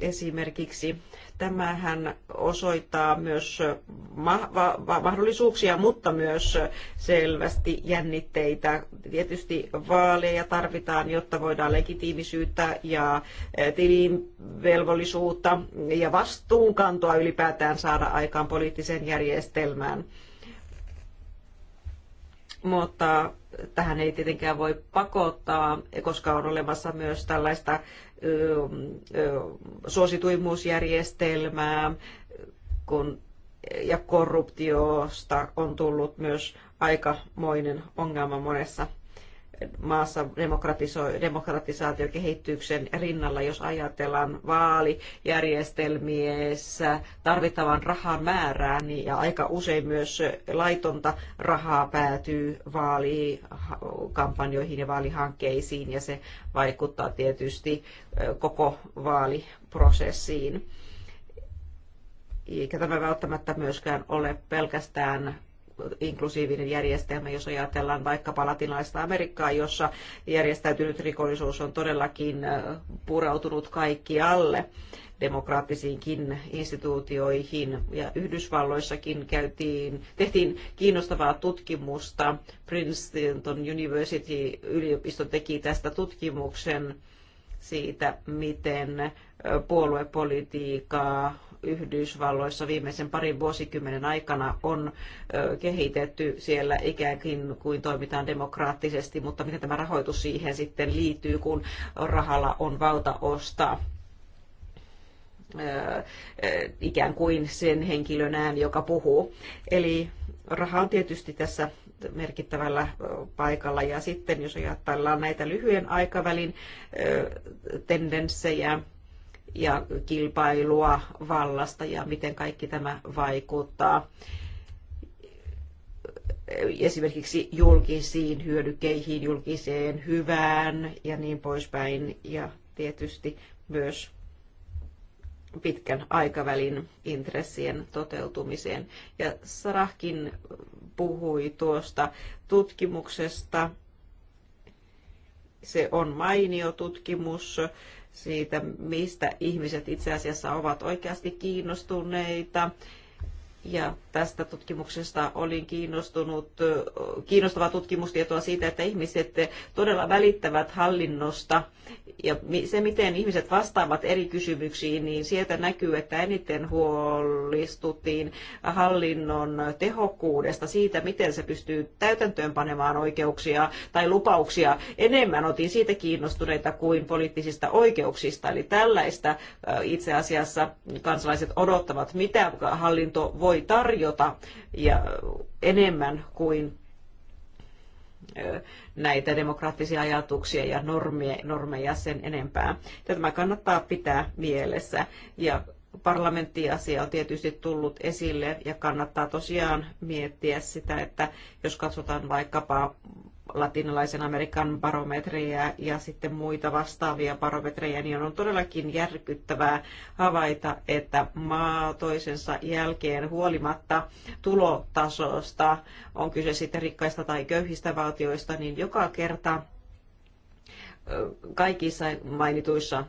esimerkiksi Tämähän osoittaa myös mahdollisuuksia, mutta myös selvästi jännitteitä. Tietysti vaaleja tarvitaan, jotta voidaan legitiimisyyttä ja eh, tilinvelvollisuutta ja vastuunkantoa ylipäätään saada aikaan poliittiseen järjestelmään mutta tähän ei tietenkään voi pakottaa, koska on olemassa myös tällaista suosituimuusjärjestelmää, kun ja korruptiosta on tullut myös aikamoinen ongelma monessa maassa demokratisaatiokehityksen rinnalla, jos ajatellaan vaalijärjestelmiessä tarvittavan rahan määrää, niin ja aika usein myös laitonta rahaa päätyy vaalikampanjoihin ja vaalihankkeisiin, ja se vaikuttaa tietysti koko vaaliprosessiin. Eikä tämä välttämättä myöskään ole pelkästään inklusiivinen järjestelmä, jos ajatellaan vaikkapa latinalaista Amerikkaa, jossa järjestäytynyt rikollisuus on todellakin purautunut kaikkialle demokraattisiinkin instituutioihin. Ja Yhdysvalloissakin käytiin, tehtiin kiinnostavaa tutkimusta. Princeton University-yliopisto teki tästä tutkimuksen siitä, miten puoluepolitiikkaa Yhdysvalloissa viimeisen parin vuosikymmenen aikana on kehitetty siellä ikäänkin kuin toimitaan demokraattisesti, mutta miten tämä rahoitus siihen sitten liittyy, kun rahalla on valta ostaa ikään kuin sen henkilön ään, joka puhuu. Eli raha on tietysti tässä merkittävällä paikalla. Ja sitten jos ajatellaan näitä lyhyen aikavälin tendenssejä, ja kilpailua vallasta ja miten kaikki tämä vaikuttaa esimerkiksi julkisiin hyödykkeihin, julkiseen hyvään ja niin poispäin. Ja tietysti myös pitkän aikavälin intressien toteutumiseen. Ja Sarahkin puhui tuosta tutkimuksesta. Se on mainio tutkimus siitä, mistä ihmiset itse asiassa ovat oikeasti kiinnostuneita ja tästä tutkimuksesta olin kiinnostunut, kiinnostavaa tutkimustietoa siitä, että ihmiset todella välittävät hallinnosta ja se, miten ihmiset vastaavat eri kysymyksiin, niin sieltä näkyy, että eniten huolistuttiin hallinnon tehokkuudesta siitä, miten se pystyy täytäntöön panemaan oikeuksia tai lupauksia. Enemmän otin siitä kiinnostuneita kuin poliittisista oikeuksista, eli tällaista itse asiassa kansalaiset odottavat, mitä hallinto voi voi tarjota ja enemmän kuin näitä demokraattisia ajatuksia ja normeja, normeja sen enempää. Tämä kannattaa pitää mielessä. Ja parlamenttiasia on tietysti tullut esille ja kannattaa tosiaan miettiä sitä, että jos katsotaan vaikkapa latinalaisen Amerikan barometrejä ja sitten muita vastaavia barometrejä, niin on todellakin järkyttävää havaita, että maa toisensa jälkeen huolimatta tulotasosta, on kyse sitten rikkaista tai köyhistä valtioista, niin joka kerta kaikissa mainituissa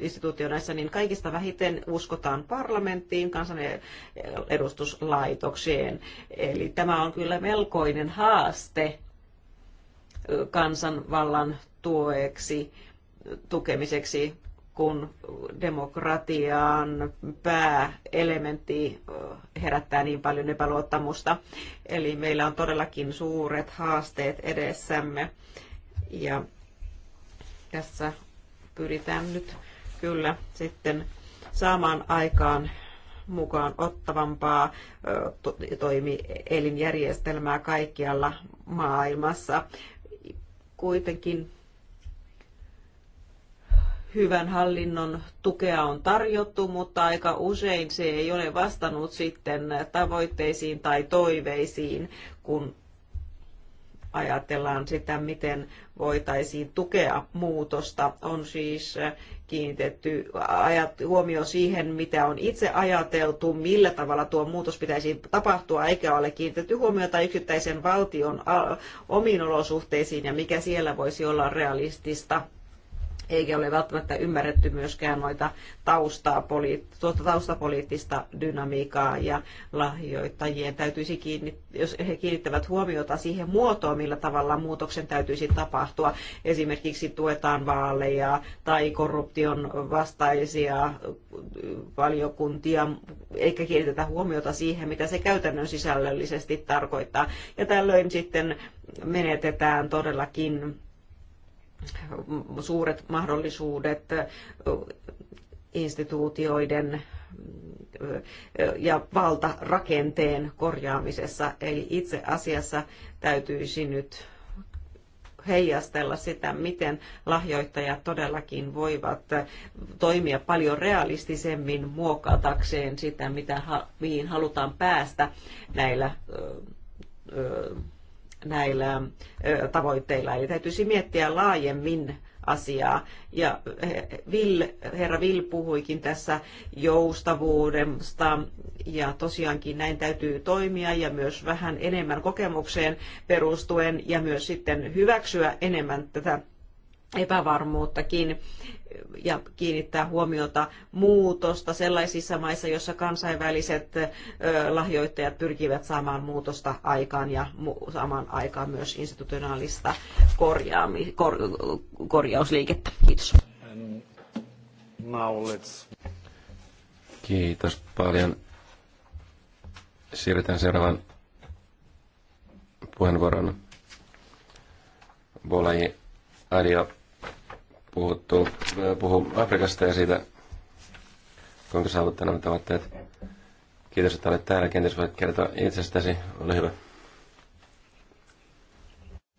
instituutioissa, niin kaikista vähiten uskotaan parlamenttiin, kansanedustuslaitokseen. Eli tämä on kyllä melkoinen haaste kansanvallan tueksi, tukemiseksi, kun demokratian pääelementti herättää niin paljon epäluottamusta. Eli meillä on todellakin suuret haasteet edessämme ja tässä pyritään nyt kyllä sitten saamaan aikaan mukaan ottavampaa toimielinjärjestelmää kaikkialla maailmassa. Kuitenkin hyvän hallinnon tukea on tarjottu, mutta aika usein se ei ole vastannut sitten tavoitteisiin tai toiveisiin, kun ajatellaan sitä, miten voitaisiin tukea muutosta, on siis äh, kiinnitetty huomio siihen, mitä on itse ajateltu, millä tavalla tuo muutos pitäisi tapahtua, eikä ole kiinnitetty huomiota yksittäisen valtion äh, omiin olosuhteisiin ja mikä siellä voisi olla realistista eikä ole välttämättä ymmärretty myöskään noita taustapoli, tuota taustapoliittista dynamiikkaa ja lahjoittajien täytyisi kiinnittää, jos he kiinnittävät huomiota siihen muotoon, millä tavalla muutoksen täytyisi tapahtua. Esimerkiksi tuetaan vaaleja tai korruption vastaisia valiokuntia, eikä kiinnitetä huomiota siihen, mitä se käytännön sisällöllisesti tarkoittaa. Ja tällöin sitten menetetään todellakin suuret mahdollisuudet instituutioiden ja valtarakenteen korjaamisessa. Eli itse asiassa täytyisi nyt heijastella sitä, miten lahjoittajat todellakin voivat toimia paljon realistisemmin muokatakseen sitä, mitä, mihin halutaan päästä näillä näillä tavoitteilla. Eli täytyisi miettiä laajemmin asiaa. Ja Will, herra vil puhuikin tässä joustavuudesta ja tosiaankin näin täytyy toimia ja myös vähän enemmän kokemukseen perustuen ja myös sitten hyväksyä enemmän tätä epävarmuuttakin ja kiinnittää huomiota muutosta sellaisissa maissa, joissa kansainväliset lahjoittajat pyrkivät saamaan muutosta aikaan ja saamaan aikaan myös institutionaalista korjaami, kor, korjausliikettä. Kiitos. Kiitos paljon. Siirrytään seuraavaan puheenvuoron. Bolai Adio puhuttu, äh, puhu Afrikasta ja siitä, kuinka saavuttaa nämä tavoitteet. Kiitos, että olet täällä. Kenties voit kertoa itsestäsi. Ole hyvä.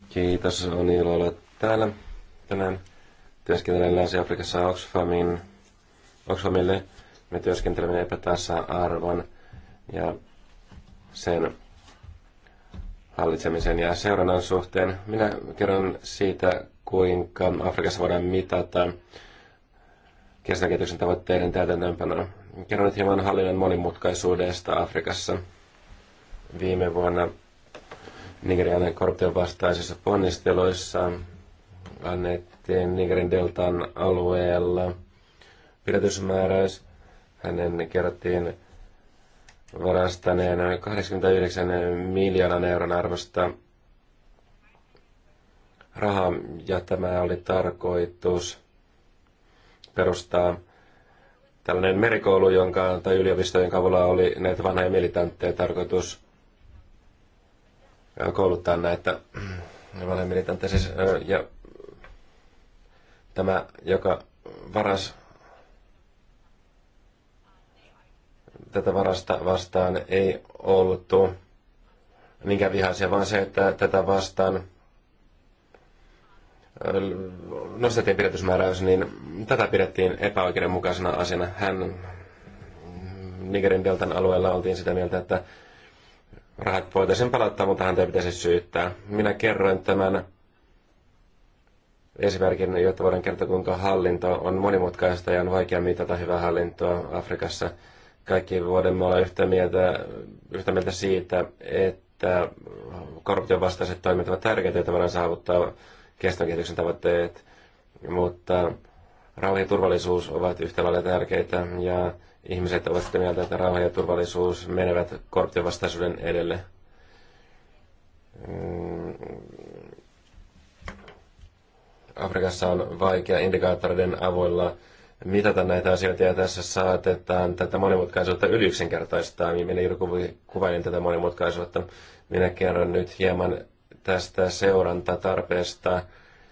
Kiitos, on ilo olla täällä tänään. Työskentelen Länsi-Afrikassa Oxfamin, Oxfamille. Me työskentelemme epätasa-arvon ja sen hallitsemisen ja seurannan suhteen. Minä kerron siitä, kuinka Afrikassa voidaan mitata kestävän kehityksen tavoitteiden täytäntöönpanoa. Kerron nyt hieman hallinnon monimutkaisuudesta Afrikassa. Viime vuonna Nigerian korruption vastaisissa ponnisteluissa annettiin Nigerin deltan alueella pidätysmääräys. Hänen kerrottiin varastaneen 89 miljoonan euron arvosta rahaa, ja tämä oli tarkoitus perustaa tällainen merikoulu, jonka, tai yliopisto, jonka avulla oli näitä vanhoja militantteja tarkoitus kouluttaa näitä vanhoja militantteja. Siis, ja tämä, joka varas tätä varasta vastaan ei oltu niinkään vihaisia, vaan se, että tätä vastaan nostettiin pidätysmääräys, niin tätä pidettiin epäoikeudenmukaisena asiana. Hän Nigerin deltan alueella oltiin sitä mieltä, että rahat voitaisiin palauttaa, mutta häntä ei pitäisi syyttää. Minä kerroin tämän esimerkin, jotta voidaan kertoa, kuinka hallinto on monimutkaista ja on vaikea mitata hyvää hallintoa Afrikassa – kaikki voimme olla yhtä mieltä, yhtä mieltä siitä, että korruption vastaiset toimet ovat tärkeitä, että voidaan saavuttaa kestävän kehityksen tavoitteet, mutta rauha ja turvallisuus ovat yhtä lailla tärkeitä ja ihmiset ovat sitä mieltä, että rauha ja turvallisuus menevät korruption vastaisuuden edelle. Mm. Afrikassa on vaikea indikaattoreiden avulla mitata näitä asioita ja tässä saatetaan tätä monimutkaisuutta yli yksinkertaistaa. Minä joku kuvailin tätä monimutkaisuutta. Minä kerron nyt hieman tästä seurantatarpeesta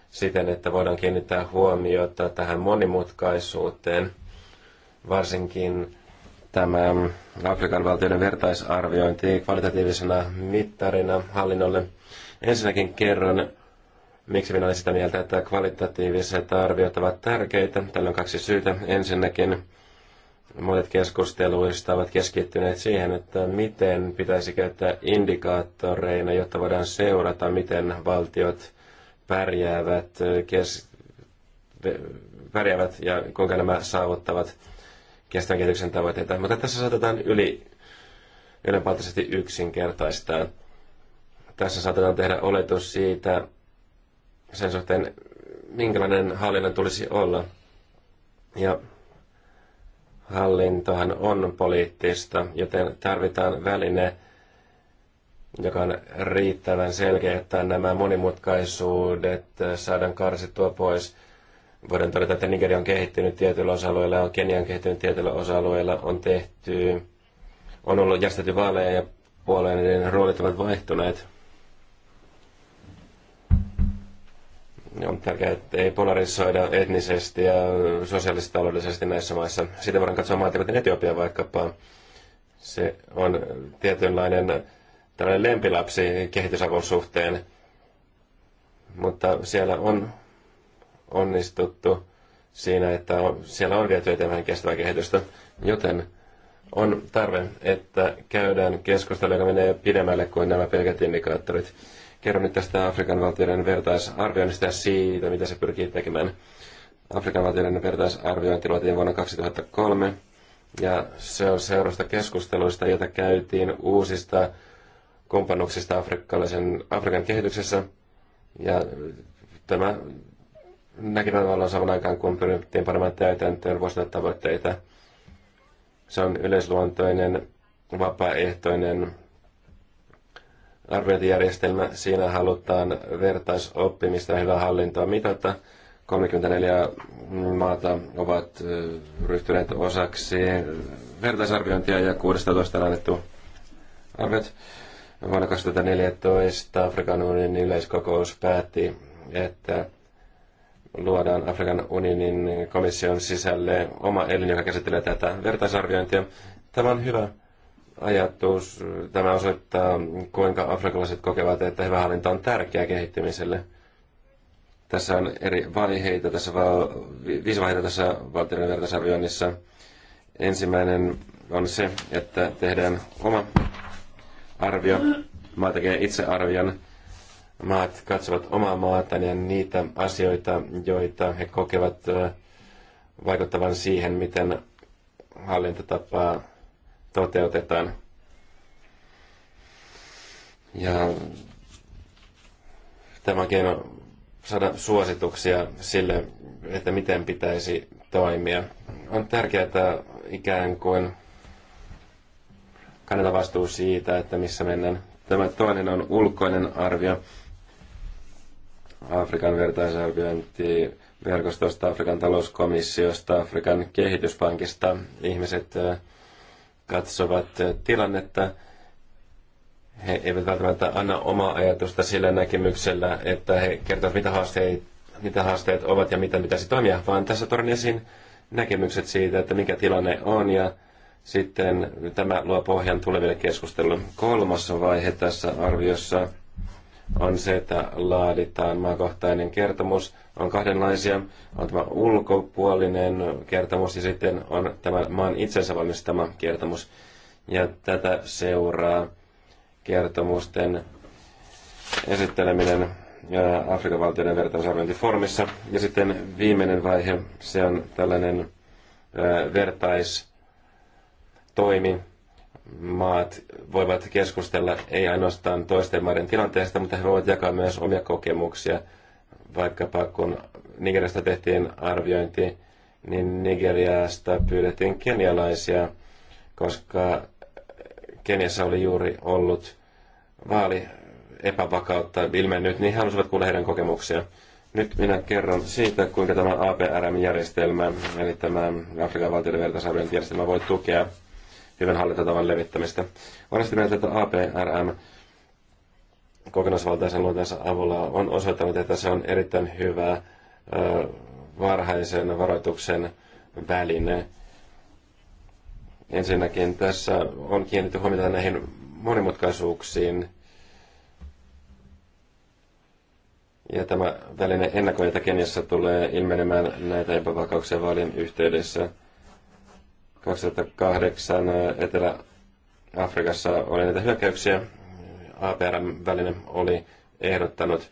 siten, että voidaan kiinnittää huomiota tähän monimutkaisuuteen, varsinkin tämä Afrikan valtioiden vertaisarviointi kvalitatiivisena mittarina hallinnolle. Ensinnäkin kerron Miksi minä olen sitä mieltä, että kvalitatiiviset arviot ovat tärkeitä? Tällä on kaksi syytä. Ensinnäkin monet keskusteluista ovat keskittyneet siihen, että miten pitäisi käyttää indikaattoreina, jotta voidaan seurata, miten valtiot pärjäävät, kes, pärjäävät ja kuinka nämä saavuttavat kestävän kehityksen tavoitteita. Mutta tässä saatetaan yli, ylenpaltaisesti yksinkertaistaa. Tässä saatetaan tehdä oletus siitä, sen suhteen, minkälainen hallinnon tulisi olla. Ja hallintohan on poliittista, joten tarvitaan väline, joka on riittävän selkeä, että nämä monimutkaisuudet saadaan karsittua pois. Voidaan todeta, että Nigeria on kehittynyt tietyillä osa-alueilla, on Kenia on kehittynyt tietyillä osa-alueilla, on tehty, on ollut järjestetty vaaleja ja puolueiden roolit ovat vaihtuneet. Niin on tärkeää, että ei polarisoida etnisesti ja sosiaalisesti taloudellisesti näissä maissa. Sitä voidaan katsoa maata kuten Etiopia vaikkapa. Se on tietynlainen tällainen lempilapsi kehitysavun suhteen, mutta siellä on onnistuttu siinä, että siellä on viety eteenpäin kestävää kehitystä, joten on tarve, että käydään keskustelua, joka menee pidemmälle kuin nämä pelkät indikaattorit kerro nyt tästä Afrikan valtioiden vertaisarvioinnista ja siitä, mitä se pyrkii tekemään. Afrikan valtioiden vertaisarviointi luotiin vuonna 2003, ja se on seurasta keskusteluista, joita käytiin uusista kumppanuksista afrikkalaisen, Afrikan kehityksessä. Ja tämä näki tavallaan saman aikaan, kun pyrittiin paremmin täytäntöön vuosina tavoitteita. Se on yleisluontoinen, vapaaehtoinen arviointijärjestelmä. Siinä halutaan vertaisoppimista ja hyvää hallintoa mitata. 34 maata ovat ryhtyneet osaksi vertaisarviointia ja 16 on annettu arviot. Vuonna 2014 Afrikan unionin yleiskokous päätti, että luodaan Afrikan unionin komission sisälle oma elin, joka käsittelee tätä vertaisarviointia. Tämä on hyvä ajatus. Tämä osoittaa, kuinka afrikalaiset kokevat, että hyvä hallinta on tärkeä kehittymiselle. Tässä on eri vaiheita, tässä va- viisi vaiheita tässä valtioiden vertaisarvioinnissa. Ensimmäinen on se, että tehdään oma arvio. Maa tekee itse arvion. Maat katsovat omaa maata ja niitä asioita, joita he kokevat vaikuttavan siihen, miten hallintotapaa toteutetaan. Ja tämä keino saada suosituksia sille, että miten pitäisi toimia. On tärkeää että ikään kuin kannella vastuu siitä, että missä mennään. Tämä toinen on ulkoinen arvio. Afrikan vertaisarviointi verkostosta, Afrikan talouskomissiosta, Afrikan kehityspankista. Ihmiset äh, katsovat eh, tilannetta, he eivät välttämättä anna omaa ajatusta sillä näkemyksellä, että he kertovat, mitä haasteet, mitä haasteet ovat ja mitä pitäisi toimia, vaan tässä tuon esiin näkemykset siitä, että mikä tilanne on ja sitten tämä luo pohjan tuleville keskustelulle. Kolmas vaihe tässä arviossa on se, että laaditaan maakohtainen kertomus. On kahdenlaisia. On tämä ulkopuolinen kertomus ja sitten on tämä maan itsensä valmistama kertomus. Ja tätä seuraa kertomusten esitteleminen Afrikan valtioiden vertaisarviointiformissa. Ja sitten viimeinen vaihe, se on tällainen vertaistoimi, maat voivat keskustella ei ainoastaan toisten maiden tilanteesta, mutta he voivat jakaa myös omia kokemuksia. Vaikkapa kun Nigeriasta tehtiin arviointi, niin Nigeriasta pyydettiin kenialaisia, koska Keniassa oli juuri ollut vaali epävakautta ilmennyt, niin he halusivat kuulla heidän kokemuksia. Nyt minä kerron siitä, kuinka tämä APRM-järjestelmä, eli tämä Afrikan valtioiden vertaisarviointijärjestelmä, voi tukea hyvän hallintotavan levittämistä. On sitä mieltä, että APRM kokonaisvaltaisen luonteensa avulla on osoittanut, että se on erittäin hyvä varhaisen varoituksen väline. Ensinnäkin tässä on kiinnitetty huomiota näihin monimutkaisuuksiin, Ja tämä väline ennakoi, että Keniassa tulee ilmenemään näitä epävakauksia vaalien yhteydessä. 2008 Etelä-Afrikassa oli näitä hyökkäyksiä. APR-väline oli ehdottanut,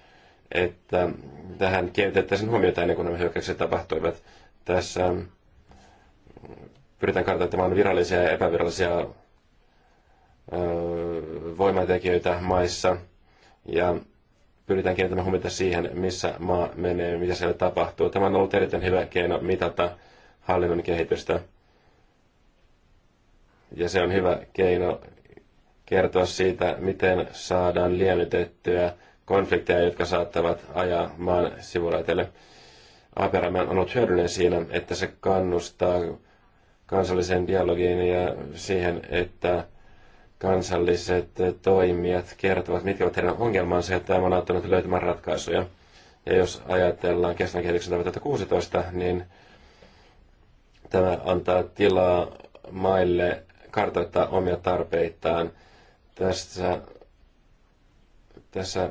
että tähän kiinnitettäisiin huomiota ennen kuin nämä hyökkäykset tapahtuivat. Tässä pyritään kartoittamaan virallisia ja epävirallisia voimatekijöitä maissa ja pyritään kiinnittämään huomiota siihen, missä maa menee, mitä siellä tapahtuu. Tämä on ollut erittäin hyvä keino mitata hallinnon kehitystä. Ja se on hyvä keino kertoa siitä, miten saadaan liennytettyä konflikteja, jotka saattavat ajaa maan sivuraiteille. APRM on ollut hyödyllinen siinä, että se kannustaa kansalliseen dialogiin ja siihen, että kansalliset toimijat kertovat, mitkä ovat heidän ongelmansa, ja tämä on auttanut löytämään ratkaisuja. Ja jos ajatellaan kestävän kehityksen tavoitteita 16, niin tämä antaa tilaa maille kartoittaa omia tarpeitaan. Tässä, tässä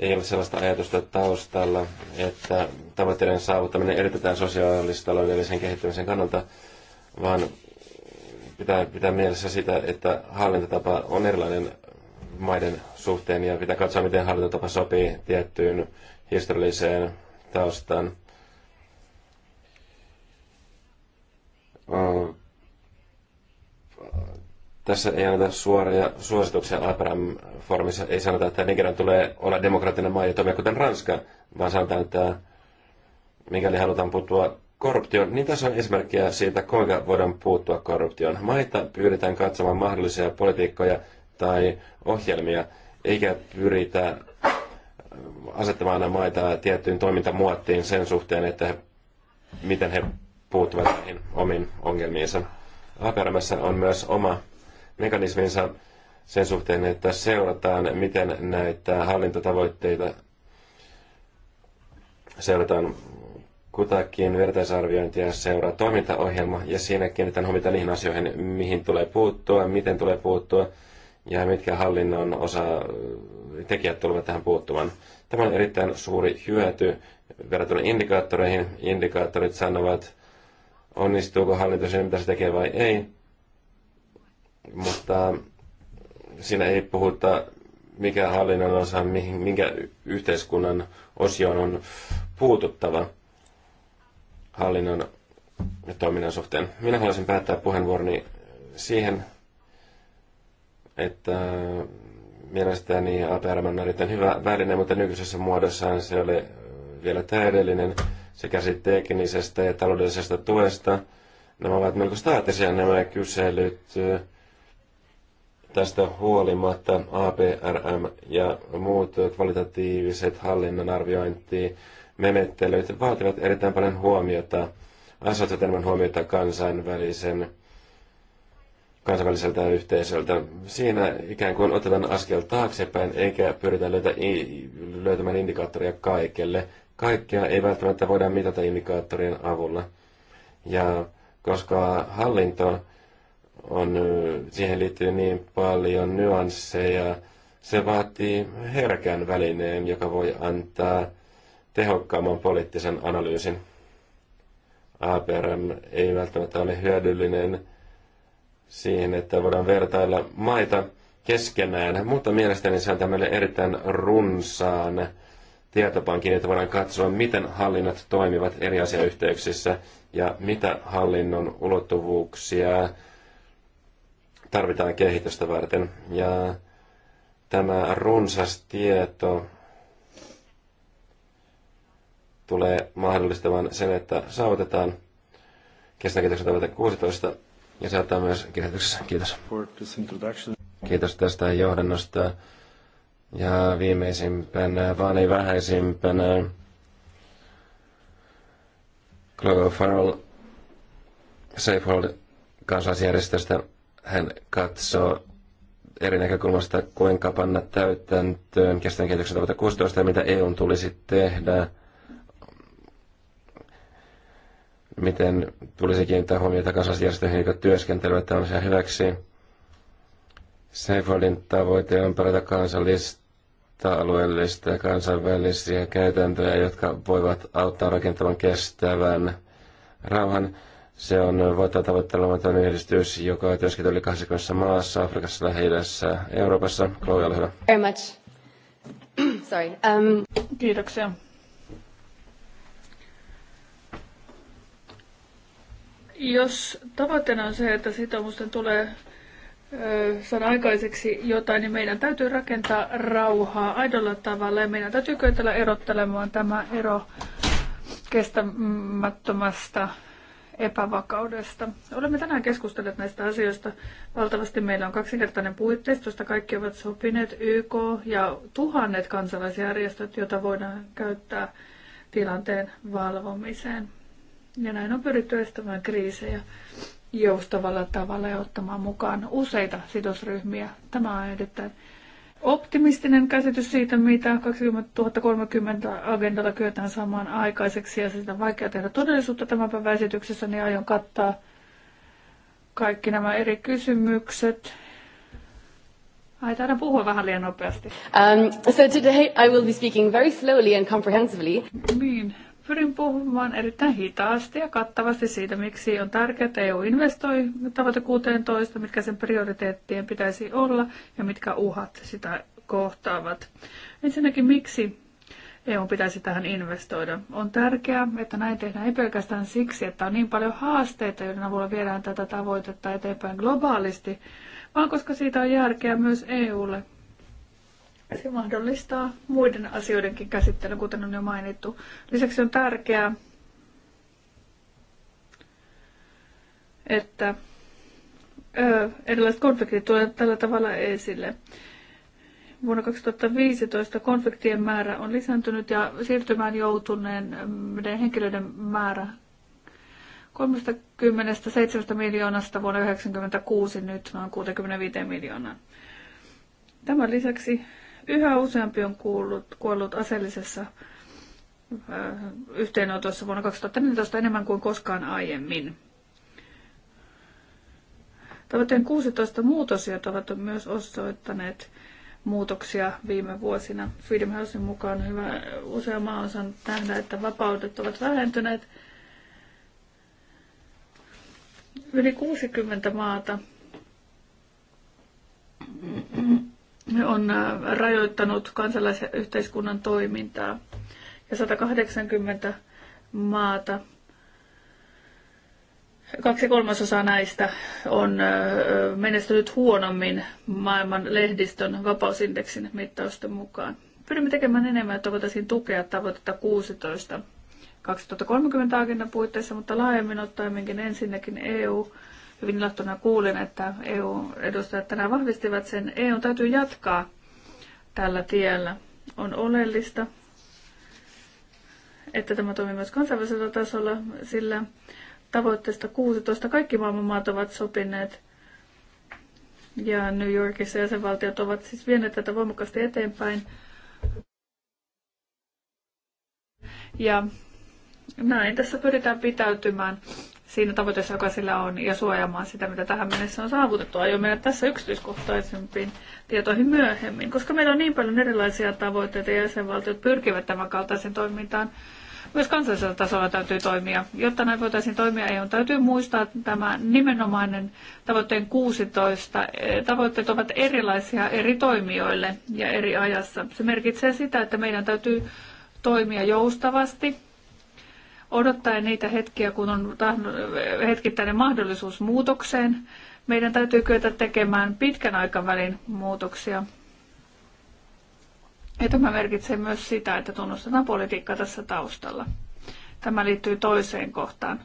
ei ole sellaista ajatusta taustalla, että tavoitteiden saavuttaminen sosiaalista sosiaalistaloudellisen kehittämisen kannalta, vaan pitää pitää mielessä sitä, että hallintotapa on erilainen maiden suhteen ja pitää katsoa, miten hallintotapa sopii tiettyyn historialliseen taustaan. tässä ei anneta suoria suosituksia Abraham-formissa. Ei sanota, että Nigerian tulee olla demokraattinen maa ja toimia kuten Ranska, vaan sanotaan, että mikäli halutaan puuttua korruptioon, niin tässä on esimerkkiä siitä, kuinka voidaan puuttua korruptioon. Maita pyydetään katsomaan mahdollisia politiikkoja tai ohjelmia, eikä pyritä äh, asettamaan maita tiettyyn toimintamuottiin sen suhteen, että he, miten he puuttuvat näihin omiin ongelmiinsa. APRMssä on myös oma mekanisminsa sen suhteen, että seurataan, miten näitä hallintotavoitteita seurataan kutakin vertaisarviointia seuraa toimintaohjelma ja siinä kiinnitän huomiota niihin asioihin, mihin tulee puuttua, miten tulee puuttua ja mitkä hallinnon osa tekijät tulevat tähän puuttumaan. Tämä on erittäin suuri hyöty verrattuna indikaattoreihin. Indikaattorit sanovat, onnistuuko hallitus siinä, mitä se tekee vai ei. Mutta siinä ei puhuta, mikä hallinnon osa, minkä yhteiskunnan osioon on puututtava hallinnon ja toiminnan suhteen. Minä haluaisin päättää puheenvuoroni siihen, että mielestäni APRM on erittäin hyvä väline, mutta nykyisessä muodossaan se oli vielä täydellinen sekä teknisestä ja taloudellisesta tuesta. Nämä ovat melko staattisia nämä kyselyt. Eh, tästä huolimatta APRM ja muut kvalitatiiviset hallinnan arviointimenettelyt vaativat erittäin paljon huomiota, ansaitsevat enemmän huomiota kansainvälisen kansainväliseltä yhteisöltä. Siinä ikään kuin otetaan askel taaksepäin eikä pyritä löytä, löytämään indikaattoria kaikelle. Kaikkea ei välttämättä voida mitata indikaattorien avulla. Ja koska hallinto on, siihen liittyy niin paljon nyansseja, se vaatii herkän välineen, joka voi antaa tehokkaamman poliittisen analyysin. APRM ei välttämättä ole hyödyllinen siihen, että voidaan vertailla maita keskenään, mutta mielestäni se antaa meille erittäin runsaan tietopankin, että voidaan katsoa, miten hallinnot toimivat eri asiayhteyksissä ja mitä hallinnon ulottuvuuksia tarvitaan kehitystä varten. Ja tämä runsas tieto tulee mahdollistamaan sen, että saavutetaan kestävän kehityksen tavoite 16 ja se auttaa myös kehityksessä. Kiitos. Kiitos tästä johdannosta. Ja viimeisimpänä, vaan ei vähäisimpänä, Clover Farrell World kansalaisjärjestöstä. Hän katsoo eri näkökulmasta, kuinka panna täytäntöön kestävän kehityksen tavoite 16 ja mitä EUn tulisi tehdä. Miten tulisi kiinnittää huomiota kansalaisjärjestöihin, jotka työskentelevät tämmöisiä hyväksi. Safeholdin tavoite on pelata kansallista noudattaa ja kansainvälisiä käytäntöjä, jotka voivat auttaa rakentamaan kestävän rauhan. Se on voittaa tavoittelematon yhdistys, joka työskentelee 20 maassa, Afrikassa, lähi Euroopassa. Chloe, ole hyvä. Very much. Sorry. Um... Kiitoksia. Jos tavoitteena on se, että sitoumusten tulee saada aikaiseksi jotain, niin meidän täytyy rakentaa rauhaa aidolla tavalla ja meidän täytyy kyetä erottelemaan tämä ero kestämättömästä epävakaudesta. Olemme tänään keskustelleet näistä asioista. Valtavasti meillä on kaksinkertainen puitteisto, josta kaikki ovat sopineet, YK ja tuhannet kansalaisjärjestöt, joita voidaan käyttää tilanteen valvomiseen. Ja näin on pyritty estämään kriisejä joustavalla tavalla ja ottamaan mukaan useita sidosryhmiä. Tämä on erittäin optimistinen käsitys siitä, mitä 2030 agendalla kyetään saamaan aikaiseksi ja sitä on vaikea tehdä todellisuutta tämän päivän esityksessä, niin aion kattaa kaikki nämä eri kysymykset. Aitaan puhua vähän liian nopeasti. Um, so today I will be speaking very slowly and comprehensively. Niin, Pyrin puhumaan erittäin hitaasti ja kattavasti siitä, miksi on tärkeää, että EU investoi tavoite 16, mitkä sen prioriteettien pitäisi olla ja mitkä uhat sitä kohtaavat. Ensinnäkin, miksi EU pitäisi tähän investoida. On tärkeää, että näin tehdään ei pelkästään siksi, että on niin paljon haasteita, joiden avulla viedään tätä tavoitetta eteenpäin globaalisti, vaan koska siitä on järkeä myös EUlle se mahdollistaa muiden asioidenkin käsittelyn, kuten on jo mainittu. Lisäksi on tärkeää, että erilaiset konfliktit tulevat tällä tavalla esille. Vuonna 2015 konfliktien määrä on lisääntynyt ja siirtymään joutuneen henkilöiden määrä 37 miljoonasta vuonna 1996 nyt noin 65 miljoonaa. Tämän lisäksi Yhä useampi on kuullut, kuollut aseellisessa yhteenotossa vuonna 2014 enemmän kuin koskaan aiemmin. Tavoitteen 16 muutosjat ovat myös osoittaneet muutoksia viime vuosina. Freedom Housein mukaan hyvä, usea on saanut nähdä, että vapaudet ovat vähentyneet. Yli 60 maata on äh, rajoittanut kansalaisyhteiskunnan toimintaa. Ja 180 maata, kaksi kolmasosaa näistä on äh, menestynyt huonommin maailman lehdistön vapausindeksin mittausten mukaan. Pyrimme tekemään enemmän, että voitaisiin tukea tavoitetta 16 2030 agendan puitteissa, mutta laajemmin ottaen ensinnäkin EU Hyvin ilahtuna kuulin, että EU-edustajat tänään vahvistivat sen. EU täytyy jatkaa tällä tiellä. On oleellista, että tämä toimii myös kansainvälisellä tasolla, sillä tavoitteesta 16 kaikki maailman maat ovat sopineet ja New Yorkissa jäsenvaltiot ovat siis vieneet tätä voimakkaasti eteenpäin. Ja näin tässä pyritään pitäytymään siinä tavoitteessa, joka sillä on, ja suojaamaan sitä, mitä tähän mennessä on saavutettu. Aion mennä tässä yksityiskohtaisempiin tietoihin myöhemmin, koska meillä on niin paljon erilaisia tavoitteita ja jäsenvaltiot pyrkivät tämän kaltaisen toimintaan. Myös kansallisella tasolla täytyy toimia. Jotta näin voitaisiin toimia, ei on täytyy muistaa että tämä nimenomainen tavoitteen 16. E, tavoitteet ovat erilaisia eri toimijoille ja eri ajassa. Se merkitsee sitä, että meidän täytyy toimia joustavasti odottaen niitä hetkiä, kun on hetkittäinen mahdollisuus muutokseen. Meidän täytyy kyetä tekemään pitkän aikavälin muutoksia. Ja tämä merkitsee myös sitä, että tunnustetaan politiikka tässä taustalla. Tämä liittyy toiseen kohtaan.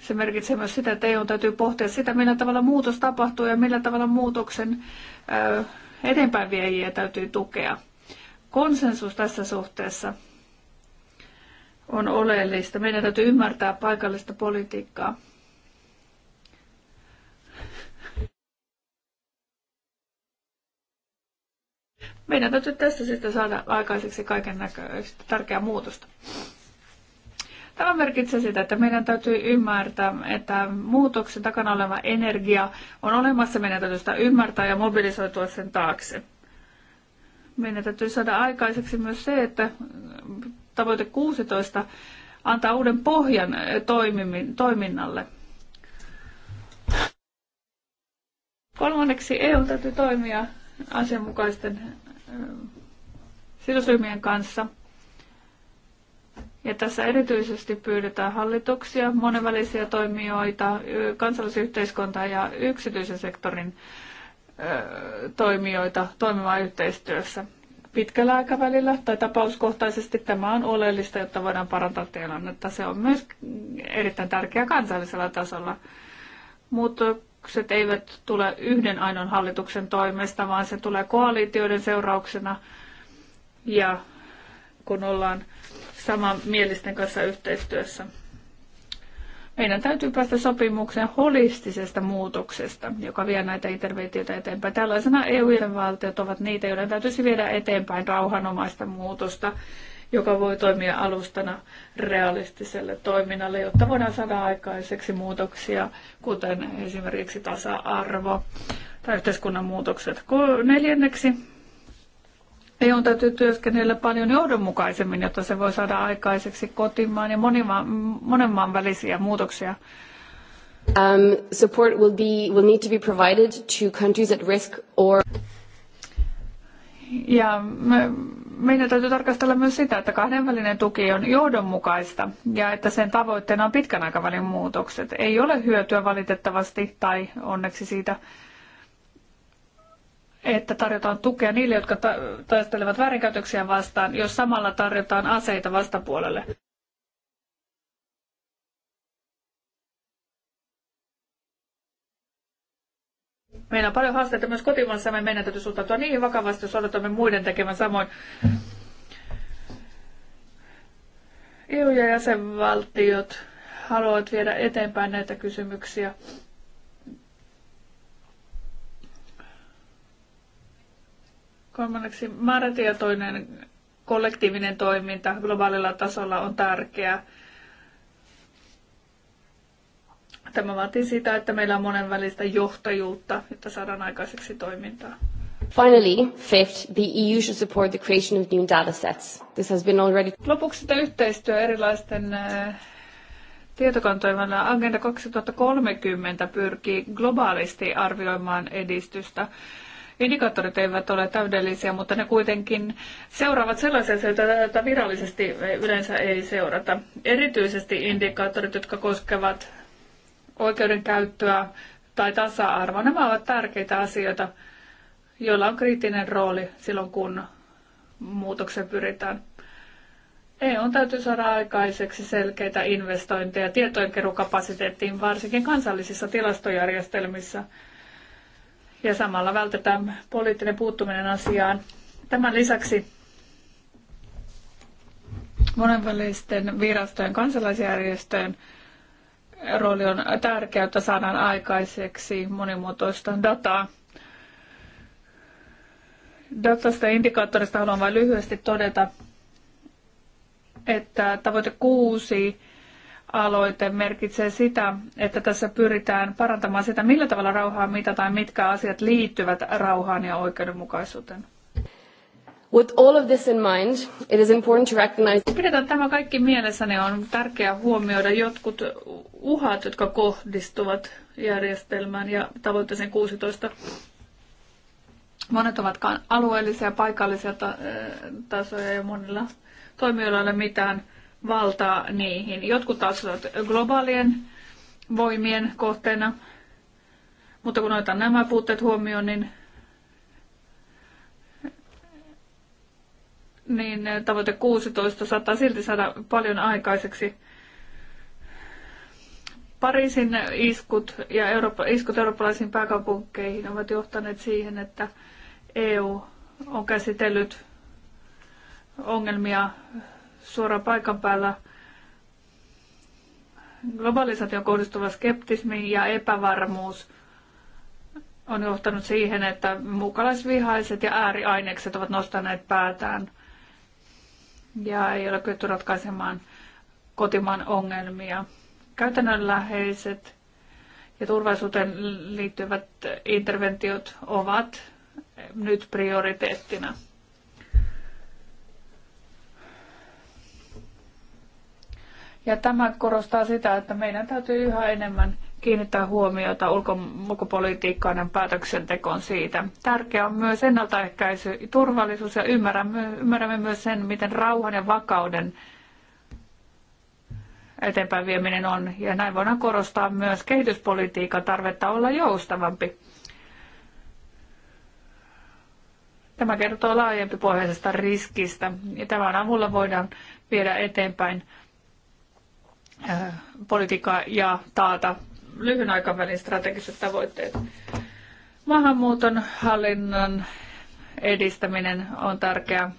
Se merkitsee myös sitä, että EU täytyy pohtia sitä, millä tavalla muutos tapahtuu ja millä tavalla muutoksen eteenpäinviejiä täytyy tukea. Konsensus tässä suhteessa on oleellista. Meidän täytyy ymmärtää paikallista politiikkaa. Meidän täytyy tästä syystä saada aikaiseksi kaiken näköistä tärkeää muutosta. Tämä merkitsee sitä, että meidän täytyy ymmärtää, että muutoksen takana oleva energia on olemassa, meidän täytyy sitä ymmärtää ja mobilisoitua sen taakse. Meidän täytyy saada aikaiseksi myös se, että tavoite 16 antaa uuden pohjan eh, toiminnalle. Kolmanneksi EU täytyy toimia asianmukaisten eh, sidosryhmien kanssa. Ja tässä erityisesti pyydetään hallituksia, monenvälisiä toimijoita, kansallisyhteiskuntaa ja yksityisen sektorin eh, toimijoita toimimaan yhteistyössä pitkällä aikavälillä tai tapauskohtaisesti tämä on oleellista, jotta voidaan parantaa tilannetta. Se on myös erittäin tärkeää kansallisella tasolla. Muutokset eivät tule yhden ainoan hallituksen toimesta, vaan se tulee koalitioiden seurauksena ja kun ollaan samanmielisten kanssa yhteistyössä. Meidän täytyy päästä sopimukseen holistisesta muutoksesta, joka vie näitä interventioita eteenpäin. Tällaisena EU-jäsenvaltiot ovat niitä, joiden täytyisi viedä eteenpäin rauhanomaista muutosta, joka voi toimia alustana realistiselle toiminnalle, jotta voidaan saada aikaiseksi muutoksia, kuten esimerkiksi tasa-arvo tai yhteiskunnan muutokset. Neljänneksi EUn täytyy työskennellä paljon johdonmukaisemmin, jotta se voi saada aikaiseksi kotimaan ja monima- monen maan välisiä muutoksia. Um, support will, be, will need to be provided to countries at risk or... Ja me, meidän täytyy tarkastella myös sitä, että kahdenvälinen tuki on johdonmukaista ja että sen tavoitteena on pitkän aikavälin muutokset. Ei ole hyötyä valitettavasti tai onneksi siitä että tarjotaan tukea niille, jotka ta- taistelevat väärinkäytöksiä vastaan, jos samalla tarjotaan aseita vastapuolelle. Meillä on paljon haasteita myös kotimaassamme. Meidän täytyy suhtautua niihin vakavasti, jos odotamme muiden tekemään samoin. EU ja jäsenvaltiot haluavat viedä eteenpäin näitä kysymyksiä. Kolmanneksi määrätietoinen kollektiivinen toiminta globaalilla tasolla on tärkeää. Tämä vaatii sitä, että meillä on monenvälistä johtajuutta, jotta saadaan aikaiseksi toimintaa. Finally, fifth, the EU should support the creation of new data sets. This has been already... Lopuksi yhteistyö erilaisten äh, tietokantojen välillä. Agenda 2030 pyrkii globaalisti arvioimaan edistystä Indikaattorit eivät ole täydellisiä, mutta ne kuitenkin seuraavat sellaisia asioita, joita virallisesti yleensä ei seurata. Erityisesti indikaattorit, jotka koskevat oikeudenkäyttöä tai tasa-arvoa, nämä ovat tärkeitä asioita, joilla on kriittinen rooli silloin, kun muutokseen pyritään. EUn täytyy saada aikaiseksi selkeitä investointeja tietojenkeruukapasiteettiin, varsinkin kansallisissa tilastojärjestelmissä – ja samalla vältetään poliittinen puuttuminen asiaan. Tämän lisäksi monenvälisten virastojen kansalaisjärjestöjen rooli on tärkeä, että saadaan aikaiseksi monimuotoista dataa. Datasta ja indikaattorista haluan vain lyhyesti todeta, että tavoite kuusi aloite merkitsee sitä, että tässä pyritään parantamaan sitä, millä tavalla rauhaa mitataan, mitkä asiat liittyvät rauhaan ja oikeudenmukaisuuteen. With all of this in mind, it is important to recognize... Pidetään tämä kaikki mielessä, niin on tärkeää huomioida jotkut uhat, jotka kohdistuvat järjestelmään ja tavoitteeseen 16. Monet ovat alueellisia, paikallisia eh, tasoja ja monilla toimijoilla ei ole mitään valtaa niihin. Jotkut taas ovat globaalien voimien kohteena, mutta kun otetaan nämä puutteet huomioon, niin, niin tavoite 16 saattaa silti saada paljon aikaiseksi. Pariisin iskut ja Eurooppa, iskut eurooppalaisiin pääkaupunkkeihin ovat johtaneet siihen, että EU on käsitellyt ongelmia suoraan paikan päällä globalisaation kohdistuva skeptismi ja epävarmuus on johtanut siihen, että muukalaisvihaiset ja ääriainekset ovat nostaneet päätään ja ei ole kyetty ratkaisemaan kotimaan ongelmia. Käytännönläheiset ja turvallisuuteen liittyvät interventiot ovat nyt prioriteettina. Ja tämä korostaa sitä, että meidän täytyy yhä enemmän kiinnittää huomiota ulkopolitiikkaan ja päätöksentekoon siitä. Tärkeää on myös ennaltaehkäisy, turvallisuus ja ymmärrämme, ymmärrämme myös sen, miten rauhan ja vakauden eteenpäin vieminen on. Ja näin voidaan korostaa myös kehityspolitiikan tarvetta olla joustavampi. Tämä kertoo laajempi pohjaisesta riskistä ja tämän avulla voidaan viedä eteenpäin Äh, politiikkaa ja taata lyhyen aikavälin strategiset tavoitteet. Maahanmuuton hallinnan edistäminen on tärkeää.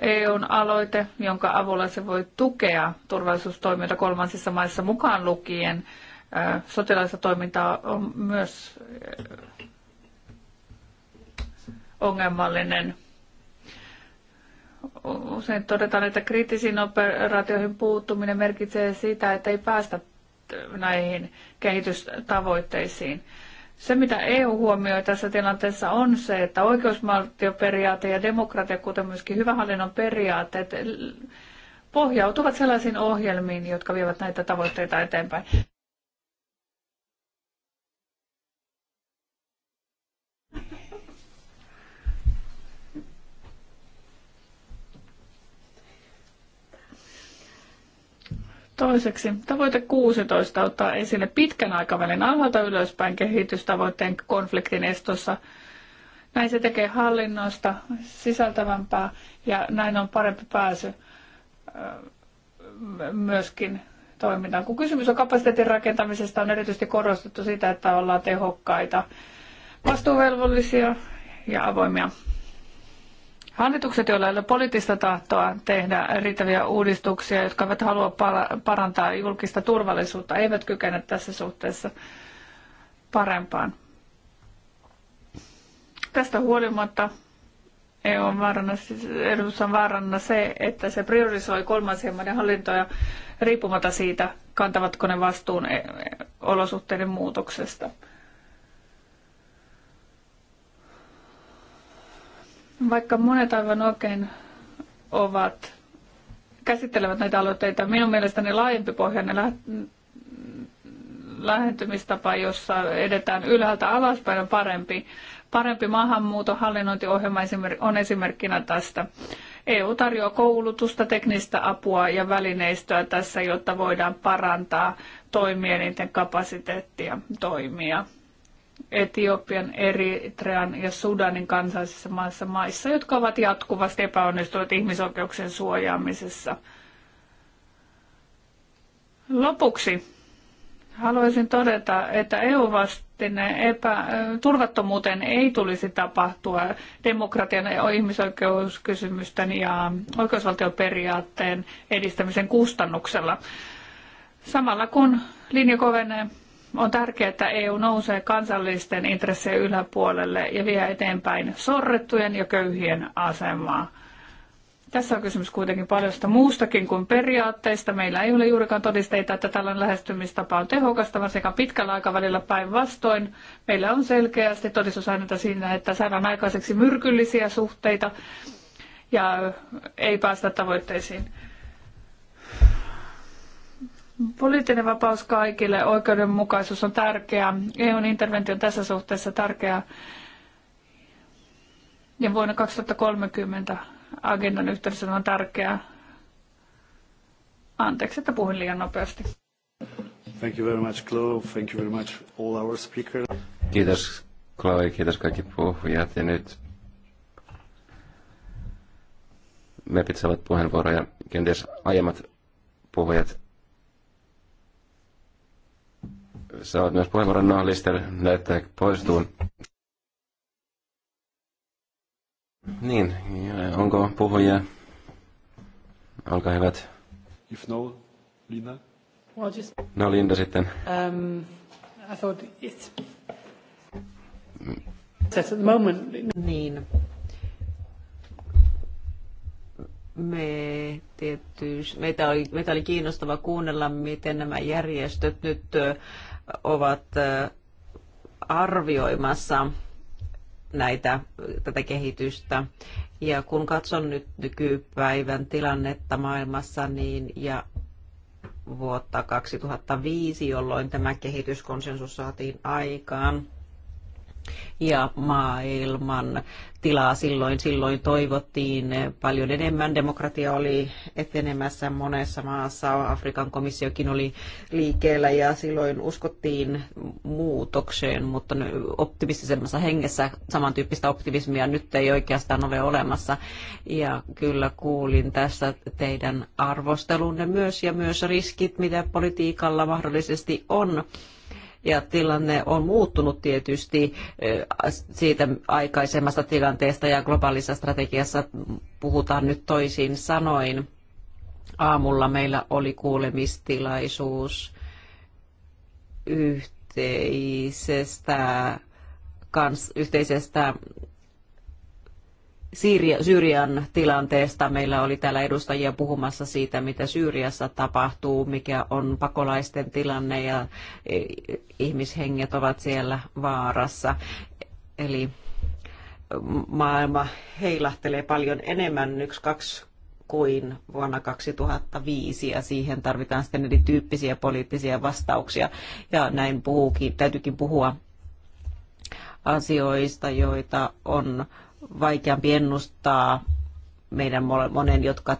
EUn aloite, jonka avulla se voi tukea turvallisuustoiminta kolmansissa maissa mukaan lukien äh, sotilaista toimintaa on myös äh, ongelmallinen usein todetaan, että kriittisiin operaatioihin puuttuminen merkitsee sitä, että ei päästä näihin kehitystavoitteisiin. Se, mitä EU huomioi tässä tilanteessa, on se, että oikeusvaltioperiaate ja demokratia, kuten myöskin hyvähallinnon periaatteet, pohjautuvat sellaisiin ohjelmiin, jotka vievät näitä tavoitteita eteenpäin. Toiseksi tavoite 16 ottaa esille pitkän aikavälin alhaalta ylöspäin kehitystavoitteen konfliktin estossa. Näin se tekee hallinnosta sisältävämpää ja näin on parempi pääsy myöskin toimintaan. Kun kysymys on kapasiteetin rakentamisesta, on erityisesti korostettu sitä, että ollaan tehokkaita, vastuuvelvollisia ja avoimia. Hallitukset, joilla ei ole poliittista tahtoa tehdä riittäviä uudistuksia, jotka eivät halua parantaa julkista turvallisuutta, eivät kykene tässä suhteessa parempaan. Tästä huolimatta EU on vaarana, edussa on vaarana se, että se priorisoi kolmansien maiden hallintoja riippumatta siitä, kantavatko ne vastuun e- e- olosuhteiden muutoksesta. Vaikka monet aivan oikein ovat käsittelevät näitä aloitteita, minun mielestäni laajempi pohjainen lähentymistapa, jossa edetään ylhäältä alaspäin on parempi. Parempi maahanmuuton hallinnointiohjelma on esimerkkinä tästä. EU tarjoaa koulutusta, teknistä apua ja välineistöä tässä, jotta voidaan parantaa toimielinten kapasiteettia toimia. Etiopian, Eritrean ja Sudanin kansallisissa maissa maissa, jotka ovat jatkuvasti epäonnistuneet ihmisoikeuksien suojaamisessa. Lopuksi haluaisin todeta, että EU-vastinen epä, turvattomuuteen ei tulisi tapahtua demokratian ja ihmisoikeuskysymysten ja oikeusvaltioperiaatteen edistämisen kustannuksella. Samalla kun linja kovenee, on tärkeää, että EU nousee kansallisten intressien yläpuolelle ja vie eteenpäin sorrettujen ja köyhien asemaa. Tässä on kysymys kuitenkin paljosta muustakin kuin periaatteista. Meillä ei ole juurikaan todisteita, että tällainen lähestymistapa on tehokasta, sekä pitkällä aikavälillä päinvastoin. Meillä on selkeästi todistusaineita siinä, että saadaan aikaiseksi myrkyllisiä suhteita ja ei päästä tavoitteisiin. Poliittinen vapaus kaikille, oikeudenmukaisuus on tärkeää. EUn interventio on tässä suhteessa tärkeää. Ja vuonna 2030 agendan yhteydessä on tärkeää. Anteeksi, että puhuin liian nopeasti. Thank you very much, Chloe. Thank you very much, all our speakers. Kiitos, Chloe. Kiitos kaikki puhujat. Ja nyt mepit saavat puheenvuoroja. Kenties aiemmat puhujat Saat myös puheenvuoron Nahlistel, no, näyttää poistuun. Niin, onko puhujia? Olkaa hyvät. If no, Linda. Well, just... No Linda sitten. Um, I thought it's... At the moment. Niin. Me tietysti, meitä oli, meitä oli kiinnostava kuunnella, miten nämä järjestöt nyt ovat arvioimassa näitä, tätä kehitystä. Ja kun katson nyt nykypäivän tilannetta maailmassa niin, ja vuotta 2005, jolloin tämä kehityskonsensus saatiin aikaan, ja maailman tilaa silloin, silloin toivottiin paljon enemmän. Demokratia oli etenemässä monessa maassa, Afrikan komissiokin oli liikkeellä ja silloin uskottiin muutokseen, mutta optimistisemmassa hengessä samantyyppistä optimismia nyt ei oikeastaan ole olemassa. Ja kyllä kuulin tässä teidän arvostelunne myös ja myös riskit, mitä politiikalla mahdollisesti on ja tilanne on muuttunut tietysti siitä aikaisemmasta tilanteesta ja globaalissa strategiassa puhutaan nyt toisin sanoin. Aamulla meillä oli kuulemistilaisuus yhteisestä kans, yhteisestä Syyrian tilanteesta. Meillä oli täällä edustajia puhumassa siitä, mitä Syyriassa tapahtuu, mikä on pakolaisten tilanne ja e, ihmishenget ovat siellä vaarassa. Eli maailma heilahtelee paljon enemmän yksi, kaksi kuin vuonna 2005 ja siihen tarvitaan sitten erityyppisiä poliittisia vastauksia ja näin puhuukin, täytyykin puhua asioista, joita on vaikeampi ennustaa meidän monen, jotka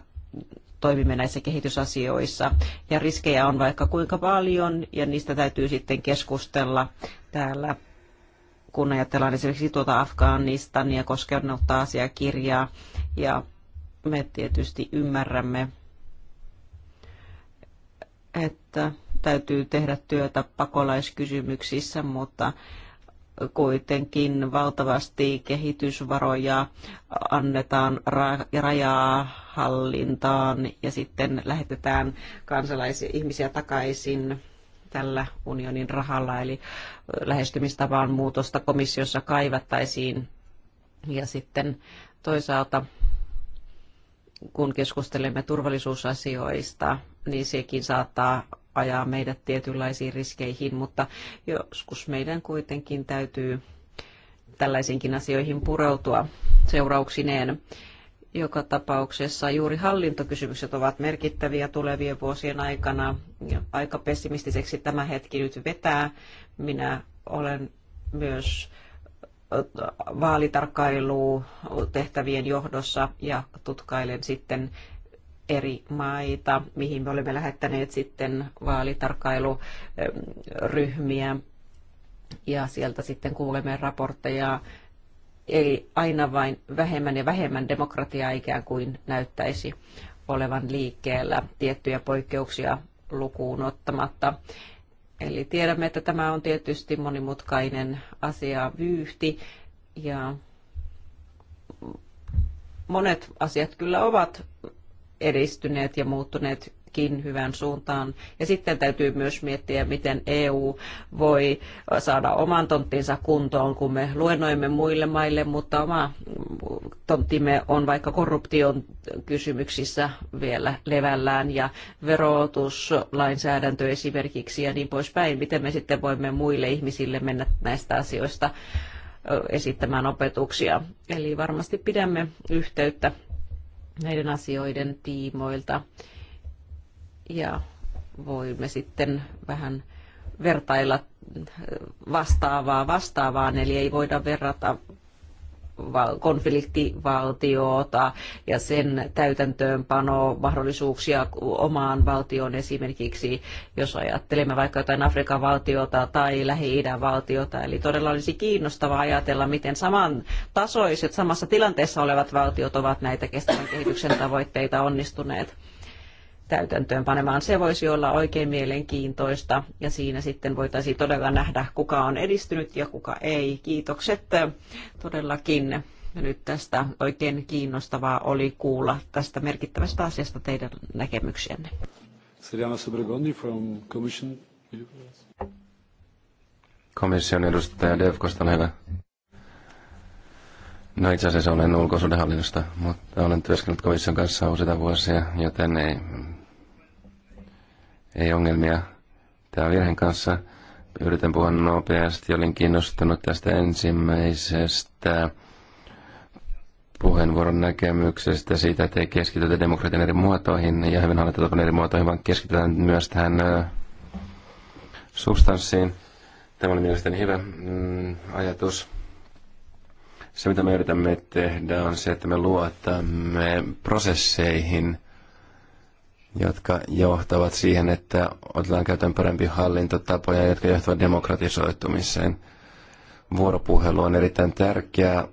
toimimme näissä kehitysasioissa. Ja riskejä on vaikka kuinka paljon, ja niistä täytyy sitten keskustella täällä, kun ajatellaan esimerkiksi tuota Afganistania koskenutta asiakirjaa. Ja me tietysti ymmärrämme, että täytyy tehdä työtä pakolaiskysymyksissä, mutta kuitenkin valtavasti kehitysvaroja annetaan ra- rajaa hallintaan ja sitten lähetetään kansalaisia ihmisiä takaisin tällä unionin rahalla, eli lähestymistavan muutosta komissiossa kaivattaisiin. Ja sitten toisaalta kun keskustelemme turvallisuusasioista, niin sekin saattaa ajaa meidät tietynlaisiin riskeihin, mutta joskus meidän kuitenkin täytyy tällaisiinkin asioihin pureutua seurauksineen. Joka tapauksessa juuri hallintokysymykset ovat merkittäviä tulevien vuosien aikana. Aika pessimistiseksi tämä hetki nyt vetää. Minä olen myös vaalitarkkailu tehtävien johdossa ja tutkailen sitten eri maita, mihin me olemme lähettäneet sitten vaalitarkailuryhmiä ja sieltä sitten kuulemme raportteja. Eli aina vain vähemmän ja vähemmän demokratiaa ikään kuin näyttäisi olevan liikkeellä tiettyjä poikkeuksia lukuun ottamatta. Eli tiedämme, että tämä on tietysti monimutkainen asia vyyhti ja monet asiat kyllä ovat edistyneet ja muuttuneetkin hyvään suuntaan. Ja sitten täytyy myös miettiä, miten EU voi saada oman tonttinsa kuntoon, kun me luennoimme muille maille, mutta oma tonttimme on vaikka korruption kysymyksissä vielä levällään ja verotuslainsäädäntö esimerkiksi ja niin poispäin. Miten me sitten voimme muille ihmisille mennä näistä asioista esittämään opetuksia. Eli varmasti pidämme yhteyttä näiden asioiden tiimoilta. Ja voimme sitten vähän vertailla vastaavaa vastaavaan, eli ei voida verrata konfliktivaltiota ja sen täytäntöönpano mahdollisuuksia omaan valtioon esimerkiksi, jos ajattelemme vaikka jotain Afrikan valtiota tai Lähi-idän valtiota. Eli todella olisi kiinnostavaa ajatella, miten saman tasoiset, samassa tilanteessa olevat valtiot ovat näitä kestävän kehityksen tavoitteita onnistuneet täytäntöön panemaan. Se voisi olla oikein mielenkiintoista ja siinä sitten voitaisiin todella nähdä, kuka on edistynyt ja kuka ei. Kiitokset todellakin. Ja nyt tästä oikein kiinnostavaa oli kuulla tästä merkittävästä asiasta teidän näkemyksiänne. Komission edustaja Devkosta, on hyvä. No itse asiassa olen ulkosuudenhallinnosta, mutta olen työskennellyt komission kanssa useita vuosia, joten ei ei ongelmia tämä virheen kanssa. Yritän puhua nopeasti. Olin kiinnostunut tästä ensimmäisestä puheenvuoron näkemyksestä siitä, että ei keskitytä demokratian eri muotoihin ja hyvin hallintotapan eri muotoihin, vaan keskitytään myös tähän substanssiin. Tämä oli mielestäni hyvä mm, ajatus. Se, mitä me yritämme tehdä, on se, että me luotamme prosesseihin – jotka johtavat siihen, että otetaan käyttöön parempi hallintotapoja, jotka johtavat demokratisoitumiseen. Vuoropuhelu on erittäin tärkeä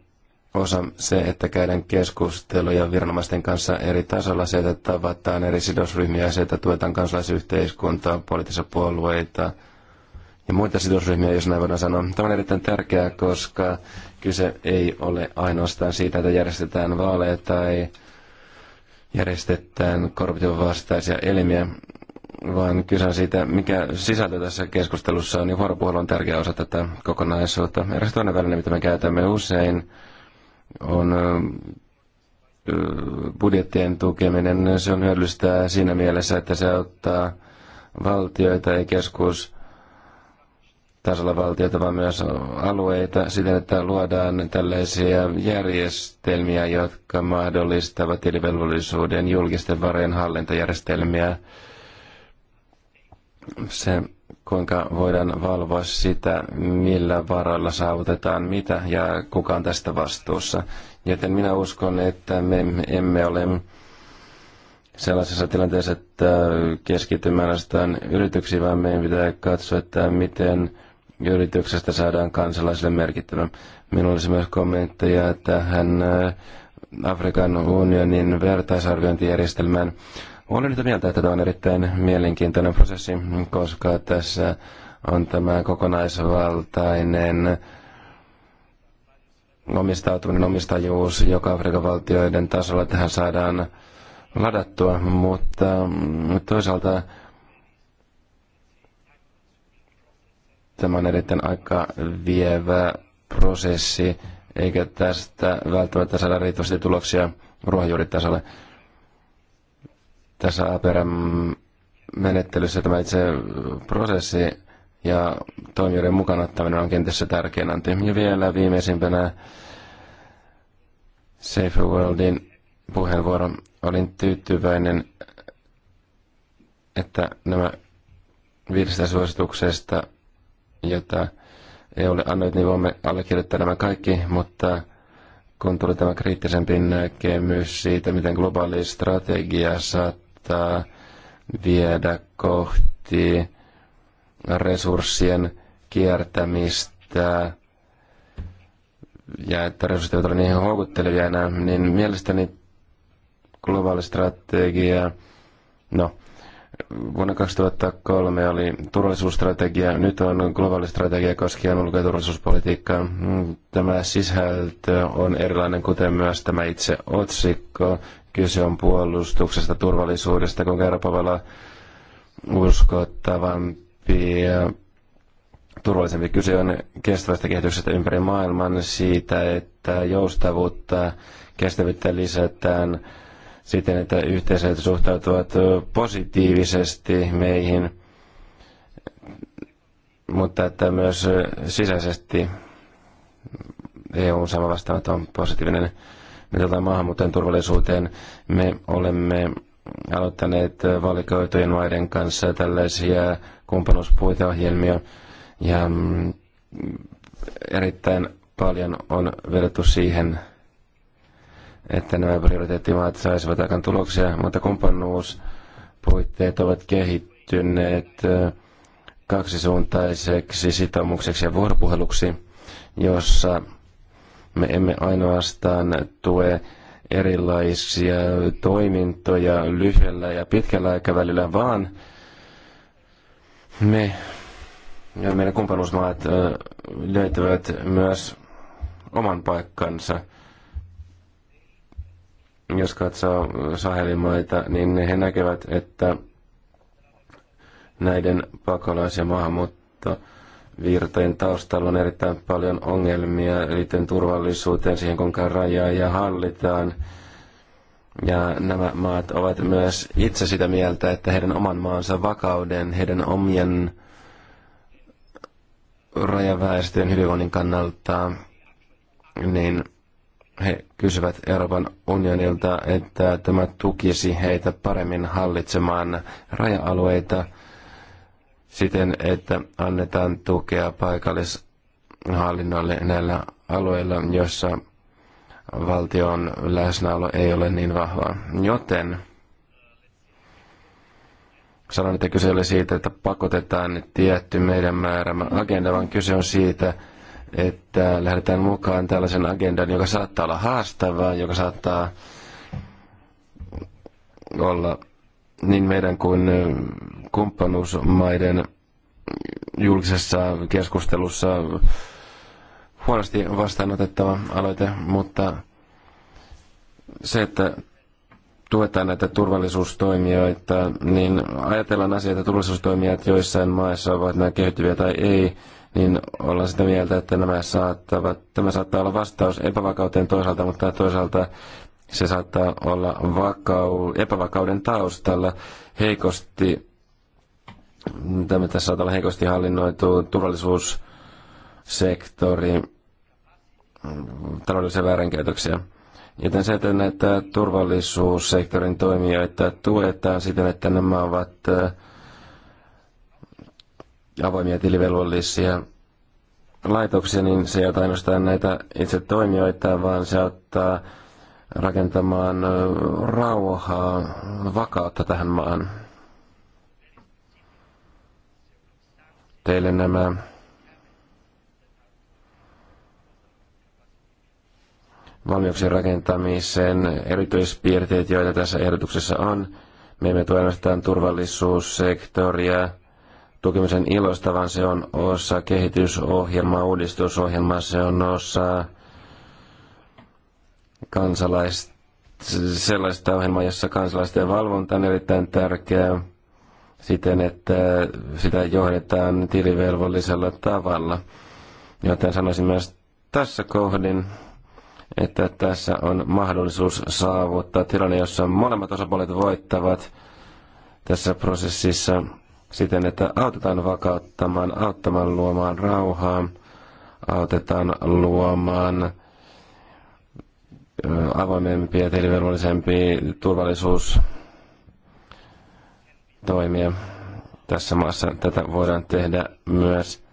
osa se, että käydään keskusteluja viranomaisten kanssa eri tasolla, se, että tavataan eri sidosryhmiä, se, että tuetaan kansalaisyhteiskuntaa, poliittisia puolueita ja muita sidosryhmiä, jos näin voidaan sanoa. Tämä on erittäin tärkeää, koska kyse ei ole ainoastaan siitä, että järjestetään vaaleja tai järjestetään korruption vastaisia elimiä, vaan kyse on siitä, mikä sisältö tässä keskustelussa on, Niin vuoropuhelu on tärkeä osa tätä kokonaisuutta. Eräs toinen väline, mitä me käytämme usein, on budjettien tukeminen. Se on hyödyllistä siinä mielessä, että se auttaa valtioita ja keskus tasolla valtiota, vaan myös alueita siten, että luodaan tällaisia järjestelmiä, jotka mahdollistavat tilivelvollisuuden julkisten varojen hallintajärjestelmiä. Se, kuinka voidaan valvoa sitä, millä varoilla saavutetaan mitä ja kuka on tästä vastuussa. Joten minä uskon, että me emme ole sellaisessa tilanteessa, että keskitymme ainoastaan yrityksiin, vaan meidän pitää katsoa, että miten yrityksestä saadaan kansalaisille merkittävä. Minulla olisi myös kommentteja tähän äh, Afrikan unionin vertaisarviointijärjestelmään. Olen nyt mieltä, että tämä on erittäin mielenkiintoinen prosessi, koska tässä on tämä kokonaisvaltainen omistautuminen, omistajuus, joka Afrikan valtioiden tasolla tähän saadaan ladattua, mutta toisaalta Tämä on erittäin aika vievä prosessi, eikä tästä välttämättä saada riittävästi tuloksia ruohonjuuritasolle. Tässä APRM menettelyssä tämä itse prosessi ja toimijoiden mukana ottaminen on se tärkein anti. Ja vielä viimeisimpänä Safe Worldin puheenvuoro. Olin tyytyväinen, että nämä suosituksesta jota ole annettu, niin voimme allekirjoittaa nämä kaikki, mutta kun tuli tämä kriittisempi näkemys siitä, miten globaali strategia saattaa viedä kohti resurssien kiertämistä ja että resurssit eivät ole niin houkuttelevia enää, niin mielestäni globaali strategia, no Vuonna 2003 oli turvallisuusstrategia, nyt on globaali strategia koskien ulko- ja turvallisuuspolitiikkaa. Tämä sisältö on erilainen, kuten myös tämä itse otsikko. Kyse on puolustuksesta, turvallisuudesta, kun Euroopan voi olla uskottavampi ja turvallisempi. Kyse on kestävästä kehityksestä ympäri maailman siitä, että joustavuutta, kestävyyttä lisätään – siten, että yhteisöt suhtautuvat positiivisesti meihin, mutta että myös sisäisesti EUn sama vastaanotto on positiivinen. Mitä tulee maahanmuuton turvallisuuteen, me olemme aloittaneet valikoitujen maiden kanssa tällaisia kumppanuuspuiteohjelmia ja mm, erittäin paljon on vedetty siihen että nämä prioriteettimaat saisivat aikaan tuloksia, mutta kumppanuuspuitteet ovat kehittyneet kaksisuuntaiseksi sitoumukseksi ja vuoropuheluksi, jossa me emme ainoastaan tue erilaisia toimintoja lyhyellä ja pitkällä aikavälillä, vaan me ja meidän kumppanuusmaat löytävät myös oman paikkansa – jos katsoo äh, sahelimaita, niin he näkevät, että näiden pakolais- ja maahanmuuttovirtojen taustalla on erittäin paljon ongelmia liittyen turvallisuuteen, siihen kuinka rajaa ja hallitaan. Ja nämä maat ovat myös itse sitä mieltä, että heidän oman maansa vakauden, heidän omien rajaväestön hyvinvoinnin kannalta, niin he kysyvät Euroopan unionilta, että tämä tukisi heitä paremmin hallitsemaan raja-alueita siten, että annetaan tukea paikallishallinnolle näillä alueilla, joissa valtion läsnäolo ei ole niin vahvaa. Joten sanon, että kyse ei ole siitä, että pakotetaan tietty meidän määrämä agenda, vaan kyse on siitä, että lähdetään mukaan tällaisen agendan, joka saattaa olla haastavaa, joka saattaa olla niin meidän kuin kumppanuusmaiden julkisessa keskustelussa huonosti vastaanotettava aloite, mutta se, että tuetaan näitä turvallisuustoimijoita, niin ajatellaan asioita, turvallisuustoimijat joissain maissa ovat nämä kehittyviä tai ei, niin ollaan sitä mieltä, että nämä saattavat, tämä saattaa olla vastaus epävakauteen toisaalta, mutta toisaalta se saattaa olla vakau, epävakauden taustalla heikosti, tämä tässä saattaa olla heikosti hallinnoitu turvallisuussektori, taloudellisia väärinkäytöksiä. Joten se, että näitä turvallisuussektorin toimijoita tuetaan siten, että nämä ovat äh, avoimia tilivelvollisia laitoksia, niin se ei ota ainoastaan näitä itse toimijoita, vaan se auttaa rakentamaan rauhaa, vakautta tähän maan. Teille nämä valmiuksien rakentamisen erityispiirteet, joita tässä ehdotuksessa on. Me emme tue ainoastaan turvallisuussektoria, tukemisen ilosta, vaan se on osa kehitysohjelmaa, uudistusohjelmaa, se on osa kansalaista sellaista ohjelmaa, jossa kansalaisten valvonta on erittäin tärkeää siten, että sitä johdetaan tilivelvollisella tavalla. Joten sanoisin myös tässä kohdin, että tässä on mahdollisuus saavuttaa tilanne, jossa molemmat osapuolet voittavat tässä prosessissa – siten, että autetaan vakauttamaan, auttamaan luomaan rauhaa, autetaan luomaan avoimempi ja tilivelvollisempi turvallisuus toimia tässä maassa. Tätä voidaan tehdä myös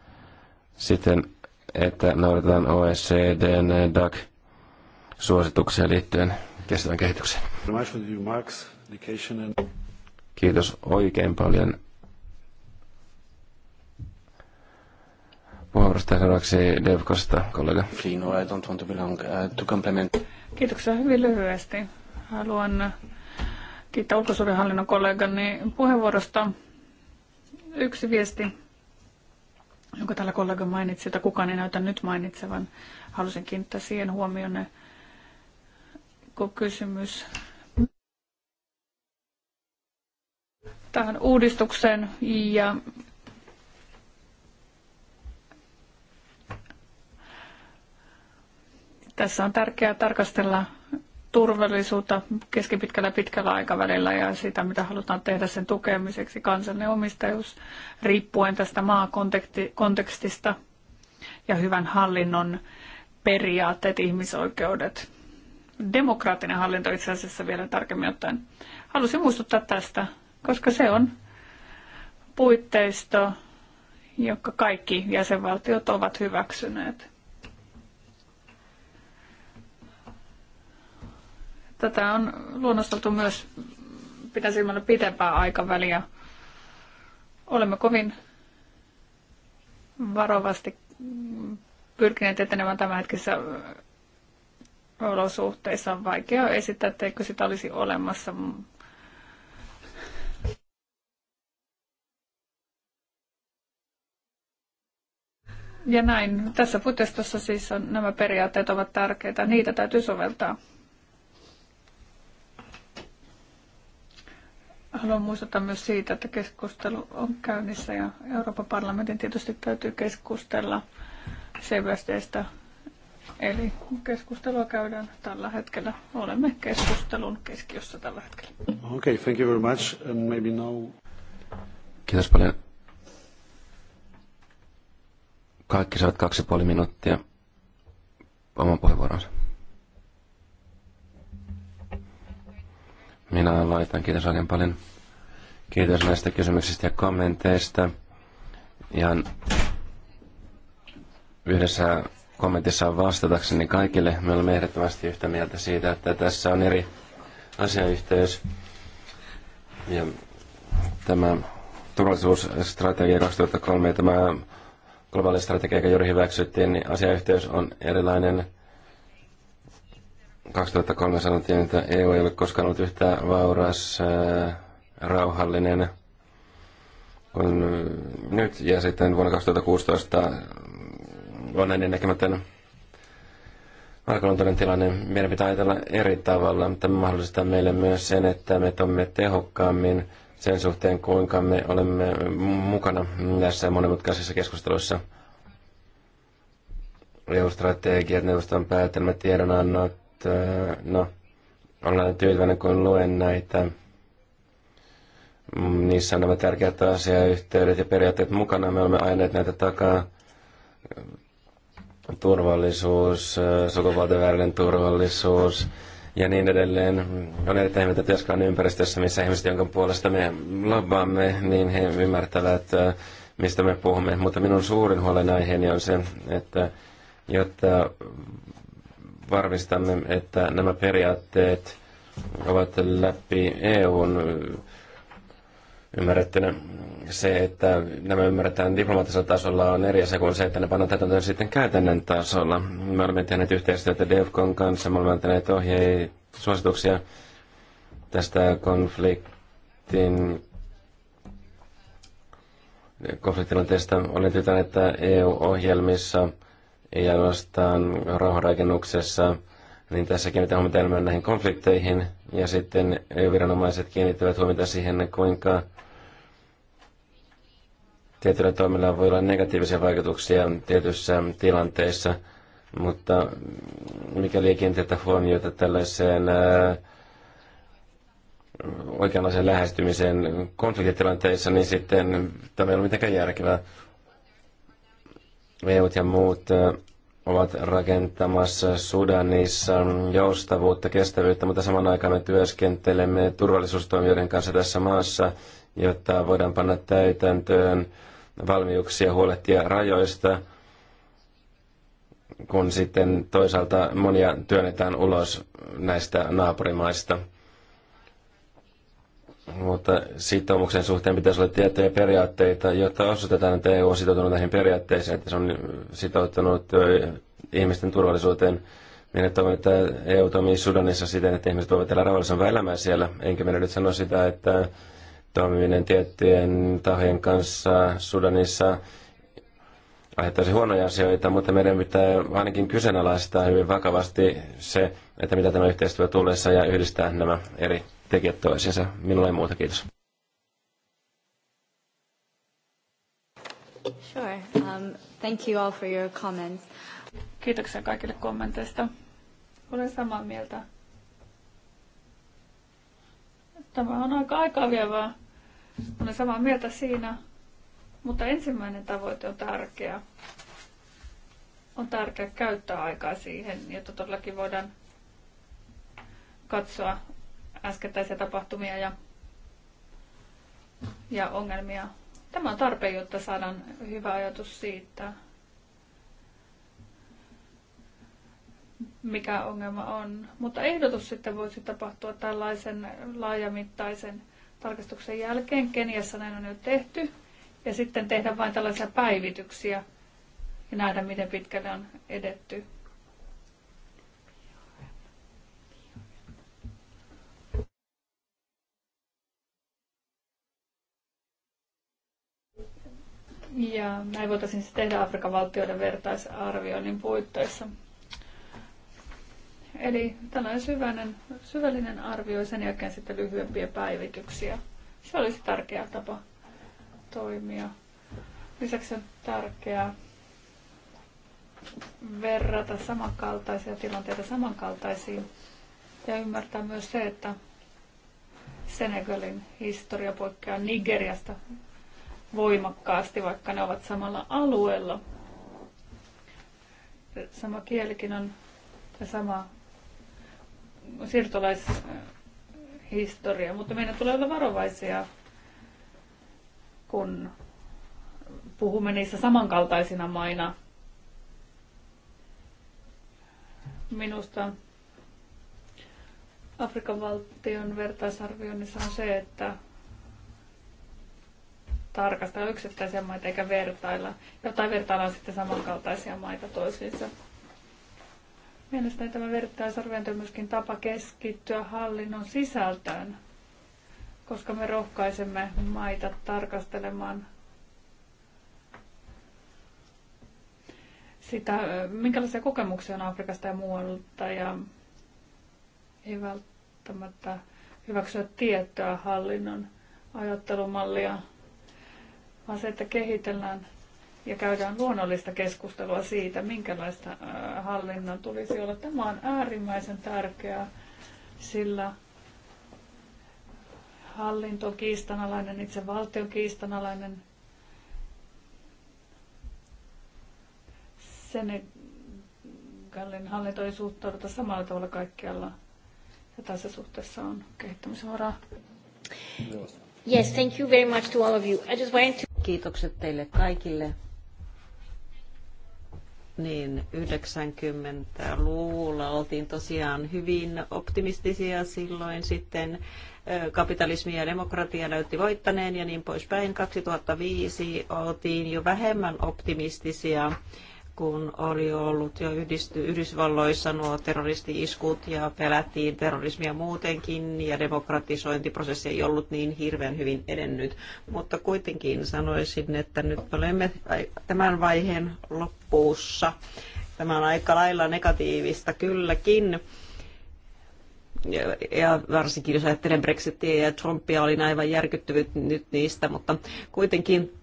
siten, että noudatetaan OECDn DAC suosituksia liittyen kestävän kehitykseen. Kiitos oikein paljon puheenvuorosta seuraavaksi Devkosta, kollega. I don't want to to Kiitoksia hyvin lyhyesti. Haluan kiittää ulkosuudenhallinnon kollegani puheenvuorosta. Yksi viesti, jonka tällä kollega mainitsi, että kukaan ei näytä nyt mainitsevan. Halusin kiinnittää siihen huomioon, kun kysymys tähän uudistukseen ja Tässä on tärkeää tarkastella turvallisuutta keskipitkällä ja pitkällä aikavälillä ja sitä, mitä halutaan tehdä sen tukemiseksi. Kansallinen omistajuus riippuen tästä maakontekstista ja hyvän hallinnon periaatteet, ihmisoikeudet. Demokraattinen hallinto itse asiassa vielä tarkemmin ottaen. Halusin muistuttaa tästä, koska se on puitteisto, jonka kaikki jäsenvaltiot ovat hyväksyneet. Tätä on luonnosteltu myös pitäisi silmällä pitempää aikaväliä. Olemme kovin varovasti pyrkineet etenemään tämänhetkisissä olosuhteissa. On vaikea esittää, etteikö sitä olisi olemassa. Ja näin. Tässä putestossa siis on, nämä periaatteet ovat tärkeitä. Niitä täytyy soveltaa. Haluan muistuttaa myös siitä, että keskustelu on käynnissä ja Euroopan parlamentin tietysti täytyy keskustella CBSDstä. Eli keskustelua käydään tällä hetkellä. Olemme keskustelun keskiössä tällä hetkellä. Okay, thank you very much. And maybe now... Kiitos paljon. Kaikki saat kaksi puoli minuuttia oman puheenvuoronsa. Minä laitan Kiitos oikein paljon. Kiitos näistä kysymyksistä ja kommenteista. Ihan yhdessä kommentissa vastatakseni kaikille. Me olemme ehdottomasti yhtä mieltä siitä, että tässä on eri asiayhteys. Ja tämä turvallisuusstrategia 2003 ja tämä globaali strategia, joka juuri hyväksyttiin, niin asiayhteys on erilainen – 2003 sanottiin, että EU ei ole koskaan ollut yhtä vauras, äh, rauhallinen kuin äh, nyt. Ja sitten vuonna 2016 on ennen näkemätön Markkinoiden tilanne. Meidän pitää ajatella eri tavalla. Tämä mahdollistaa meille myös sen, että me toimimme tehokkaammin sen suhteen, kuinka me olemme mukana näissä monimutkaisissa keskusteluissa. EU-strategiat, neuvoston päätelmät, tiedonannot, no, olen tyytyväinen, kun luen näitä. Mm, Niissä on nämä tärkeät asiayhteydet ja periaatteet mukana. Me olemme aineet näitä takaa. Turvallisuus, sukupuolten turvallisuus ja niin edelleen. On erittäin hyvä on ympäristössä, missä ihmiset, jonka puolesta me labbaamme, niin he ymmärtävät, äh, mistä me puhumme. Mutta minun suurin huolenaiheeni on se, että jotta varmistamme, että nämä periaatteet ovat läpi EUn äh, ymmärrettynä. Se, että nämä ymmärretään diplomaattisella tasolla on eri asia kuin se, että ne pannaan täytäntöön sitten käytännön tasolla. Me olemme tehneet yhteistyötä DEFCON kanssa, me olemme antaneet ohjeita, suosituksia tästä konfliktin konfliktilanteesta. Olen tietänyt, että EU-ohjelmissa – ei ainoastaan rauhanrakennuksessa, niin tässä kiinnitetään huomiota enemmän näihin konflikteihin, ja sitten EU-viranomaiset kiinnittävät huomiota siihen, kuinka tietyllä toimilla voi olla negatiivisia vaikutuksia tietyissä tilanteissa, mutta mikäli ei kiinnitetä huomiota tällaiseen oikeanlaiseen lähestymiseen konfliktitilanteissa, niin sitten tämä ei ole mitenkään järkevää. EUt ja muut ovat rakentamassa Sudanissa joustavuutta, kestävyyttä, mutta saman aikaan me työskentelemme turvallisuustoimijoiden kanssa tässä maassa, jotta voidaan panna täytäntöön valmiuksia huolehtia rajoista, kun sitten toisaalta monia työnnetään ulos näistä naapurimaista – mutta sitoumuksen suhteen pitäisi olla tiettyjä periaatteita, jotta osoitetaan, että EU on sitoutunut näihin periaatteisiin, että se on sitoutunut ihmisten turvallisuuteen. Minä toivon, että EU toimii Sudanissa siten, että ihmiset voivat elää rauhallisempaa elämää siellä. Enkä minä nyt sano sitä, että toimiminen tiettyjen tahojen kanssa Sudanissa aiheuttaisi huonoja asioita, mutta meidän pitää ainakin kyseenalaistaa hyvin vakavasti se, että mitä tämä yhteistyö tullessa ja yhdistää nämä eri tekijät toisiinsa. Minulla ei muuta, kiitos. Sure. Um, thank you all for your comments. Kiitoksia kaikille kommenteista. Olen samaa mieltä. Tämä on aika aikaa vievää. Olen samaa mieltä siinä, mutta ensimmäinen tavoite on tärkeä. On tärkeää käyttää aikaa siihen, jotta todellakin voidaan katsoa, äskettäisiä tapahtumia ja, ja ongelmia. Tämä on tarpeen, jotta saadaan hyvä ajatus siitä, mikä ongelma on. Mutta ehdotus sitten voisi tapahtua tällaisen laajamittaisen tarkastuksen jälkeen. Keniassa näin on jo tehty. Ja sitten tehdä vain tällaisia päivityksiä ja nähdä, miten pitkälle on edetty. Ja näin voitaisiin se siis tehdä Afrikan valtioiden vertaisarvioinnin puitteissa. Eli tällainen syväinen, syvällinen arvio ja sen jälkeen sitten lyhyempiä päivityksiä. Se olisi tärkeä tapa toimia. Lisäksi on tärkeää verrata samankaltaisia tilanteita samankaltaisiin ja ymmärtää myös se, että Senegalin historia poikkeaa Nigeriasta voimakkaasti, vaikka ne ovat samalla alueella. Sama kielikin on sama siirtolaishistoria, mutta meidän tulee olla varovaisia, kun puhumme niissä samankaltaisina maina. Minusta Afrikan valtion vertaisarvioinnissa on se, että tarkastella yksittäisiä maita eikä vertailla, Tai vertaillaan sitten samankaltaisia maita toisiinsa. Mielestäni tämä vertaisarviointi on myöskin tapa keskittyä hallinnon sisältöön, koska me rohkaisemme maita tarkastelemaan sitä, minkälaisia kokemuksia on Afrikasta ja muualta ja ei välttämättä hyväksyä tiettyä hallinnon ajattelumallia vaan se, että kehitellään ja käydään luonnollista keskustelua siitä, minkälaista hallinnan tulisi olla. Tämä on äärimmäisen tärkeää, sillä hallinto on kiistanalainen, itse valtio on kiistanalainen. Senegalin hallinto ei suhtauduta samalla tavalla kaikkialla. Ja tässä suhteessa on kehittämisvaraa. Yes, thank you very much to all of you. I just wanted to... Kiitokset teille kaikille. Niin, 90-luvulla oltiin tosiaan hyvin optimistisia silloin sitten kapitalismi ja demokratia näytti voittaneen ja niin poispäin. 2005 oltiin jo vähemmän optimistisia kun oli ollut jo yhdisty, Yhdysvalloissa nuo terroristi-iskut ja pelättiin terrorismia muutenkin ja demokratisointiprosessi ei ollut niin hirveän hyvin edennyt. Mutta kuitenkin sanoisin, että nyt olemme tämän vaiheen loppuussa. Tämä on aika lailla negatiivista kylläkin. Ja, varsinkin jos ajattelen Brexitia ja Trumpia, olin aivan järkyttynyt nyt niistä, mutta kuitenkin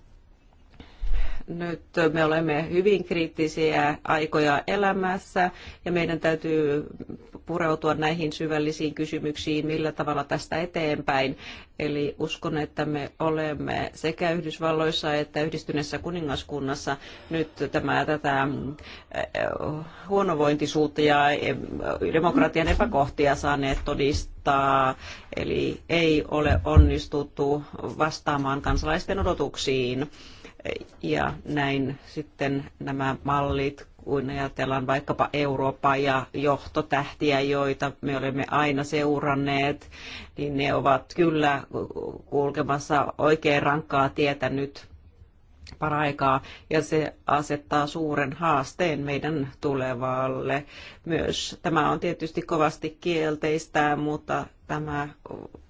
nyt me olemme hyvin kriittisiä aikoja elämässä ja meidän täytyy pureutua näihin syvällisiin kysymyksiin, millä tavalla tästä eteenpäin. Eli uskon, että me olemme sekä Yhdysvalloissa että yhdistyneessä kuningaskunnassa nyt tämä, tätä äh, huonovointisuutta ja äh, demokratian epäkohtia saaneet todistaa. Eli ei ole onnistuttu vastaamaan kansalaisten odotuksiin. Ja näin sitten nämä mallit, kun ajatellaan vaikkapa Eurooppaa ja johtotähtiä, joita me olemme aina seuranneet, niin ne ovat kyllä kulkemassa oikein rankkaa tietä nyt paraikaa ja se asettaa suuren haasteen meidän tulevalle myös. Tämä on tietysti kovasti kielteistä, mutta tämä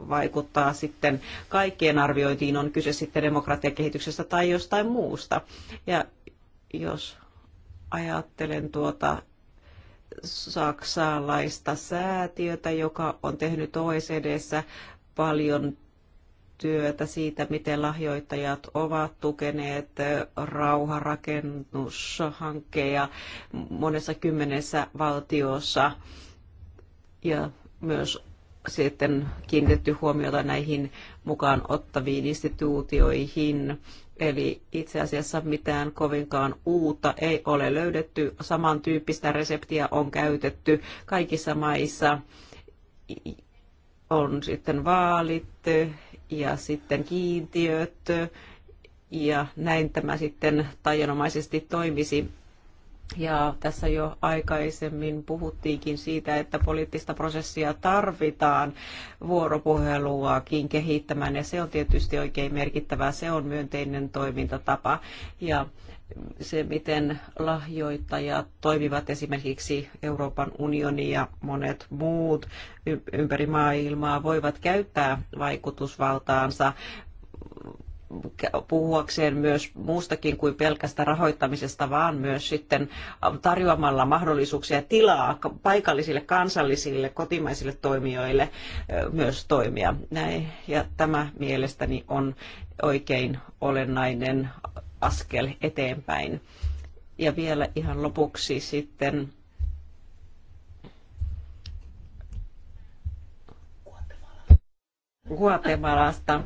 vaikuttaa sitten kaikkien arviointiin, on kyse sitten demokratiakehityksestä tai jostain muusta. Ja jos ajattelen tuota saksalaista säätiötä, joka on tehnyt OECDssä paljon työtä siitä, miten lahjoittajat ovat tukeneet rauharakennushankkeja monessa kymmenessä valtiossa ja myös sitten kiinnitetty huomiota näihin mukaan ottaviin instituutioihin. Eli itse asiassa mitään kovinkaan uutta ei ole löydetty. Samantyyppistä reseptiä on käytetty kaikissa maissa. On sitten vaalit ja sitten kiintiöt ja näin tämä sitten tajanomaisesti toimisi. Ja tässä jo aikaisemmin puhuttiinkin siitä, että poliittista prosessia tarvitaan vuoropuheluakin kehittämään ja se on tietysti oikein merkittävää, se on myönteinen toimintatapa. Ja se, miten lahjoittajat toimivat esimerkiksi Euroopan unioni ja monet muut ympäri maailmaa voivat käyttää vaikutusvaltaansa puhuakseen myös muustakin kuin pelkästä rahoittamisesta, vaan myös sitten tarjoamalla mahdollisuuksia ja tilaa paikallisille, kansallisille, kotimaisille toimijoille myös toimia. Näin. Ja tämä mielestäni on oikein olennainen askel eteenpäin. Ja vielä ihan lopuksi sitten Guatemalasta.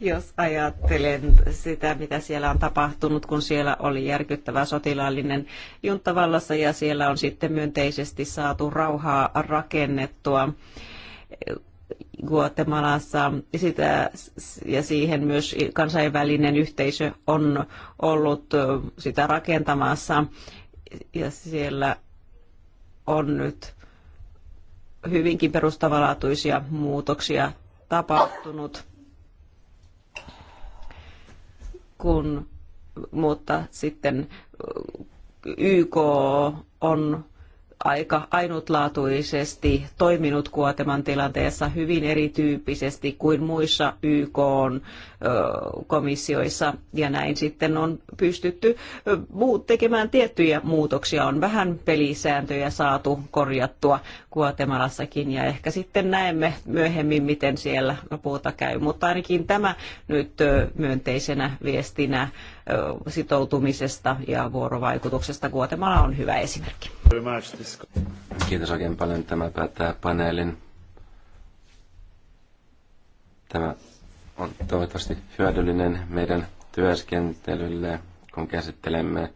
Jos ajattelen sitä, mitä siellä on tapahtunut, kun siellä oli järkyttävä sotilaallinen juntavallassa ja siellä on sitten myönteisesti saatu rauhaa rakennettua Guatemalassa sitä, ja siihen myös kansainvälinen yhteisö on ollut sitä rakentamassa ja siellä on nyt hyvinkin perustavalaatuisia muutoksia tapahtunut. Kun, mutta sitten YK on aika ainutlaatuisesti toiminut Kuoteman tilanteessa hyvin erityyppisesti kuin muissa YK komissioissa ja näin sitten on pystytty tekemään tiettyjä muutoksia. On vähän pelisääntöjä saatu korjattua Kuotemalassakin ja ehkä sitten näemme myöhemmin, miten siellä lopulta käy. Mutta ainakin tämä nyt myönteisenä viestinä sitoutumisesta ja vuorovaikutuksesta. Guatemala on hyvä esimerkki. Kiitos oikein paljon. Tämä päättää paneelin. Tämä on toivottavasti hyödyllinen meidän työskentelylle, kun käsittelemme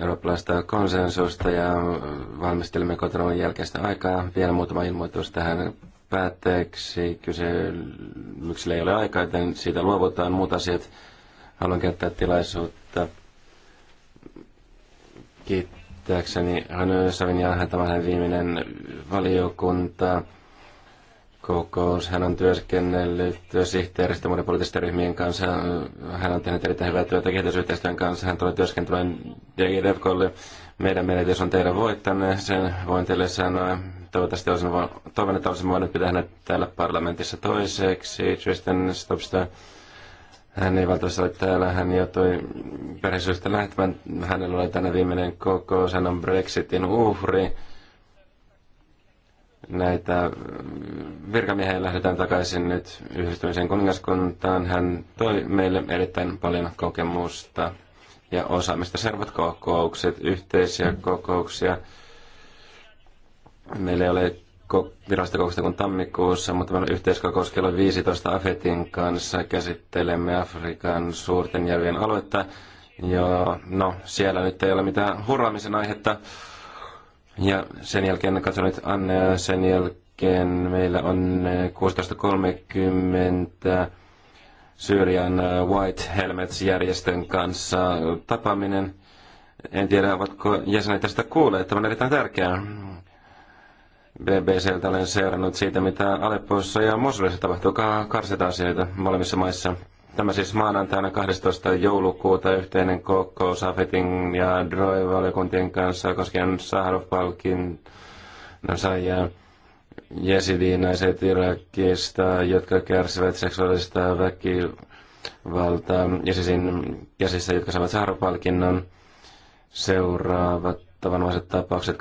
eurooppalaista konsensusta ja valmistelemme kotonavan jälkeistä aikaa. Vielä muutama ilmoitus tähän päätteeksi kysymyksellä ei ole aikaa, joten siitä luovutaan muut asiat. Haluan käyttää tilaisuutta kiittääkseni Hanö Savin ja tämä hänen viimeinen valiokunta kokous. Hän on työskennellyt sihteeristä muiden poliittisten ryhmien kanssa. Hän on tehnyt erittäin hyvää työtä kehitysyhteistyön kanssa. Hän tulee työskentelemään DGDFKlle. Meidän menetys on teidän voittanne, sen voin teille sanoa. Toivottavasti olisimme vaan, toivon, että olisimme voineet pitää hänet täällä parlamentissa toiseksi. Tristan Stopsta, hän ei valtuussa ole täällä, hän joutui perheisyystä lähtemään. Hänellä oli tänä viimeinen koko, hän on Brexitin uhri. Näitä mm, virkamiehiä lähdetään takaisin nyt yhdistymisen kuningaskuntaan. Hän toi meille erittäin paljon kokemusta ja osaamista. Servat kokoukset, yhteisiä kokouksia. Meillä ei ole virallista kokousta kuin tammikuussa, mutta meillä on yhteiskokous kello 15 AFETin kanssa. Käsittelemme Afrikan suurten järvien aluetta. Ja no, siellä nyt ei ole mitään hurraamisen aihetta. Ja sen jälkeen, katson nyt Anne, sen jälkeen meillä on 16.30 Syyrian White Helmets-järjestön kanssa tapaaminen. En tiedä, ovatko jäsenet tästä kuulleet, tämä on erittäin tärkeää. BBCltä olen seurannut siitä, mitä Aleppoissa ja Mosulissa tapahtuu karsita asioita molemmissa maissa. Tämä siis maanantaina 12. joulukuuta yhteinen kokous Afetin ja DROE-valiokuntien kanssa koskien Saharov-palkin no, saajia jesidinaiset Irakista, jotka kärsivät seksuaalista väkivaltaa Jesisin käsissä, jotka saavat Saharov-palkinnon seuraavat tavanomaiset tapaukset 25.26.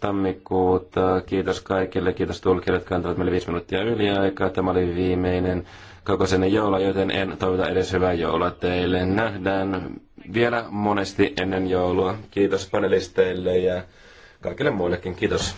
tammikuuta. Kiitos kaikille, kiitos tulkille, jotka antavat meille viisi minuuttia yliaikaa. Tämä oli viimeinen kokoisen joula, joten en toivota edes hyvää joulua teille. Nähdään vielä monesti ennen joulua. Kiitos panelisteille ja kaikille muillekin. Kiitos.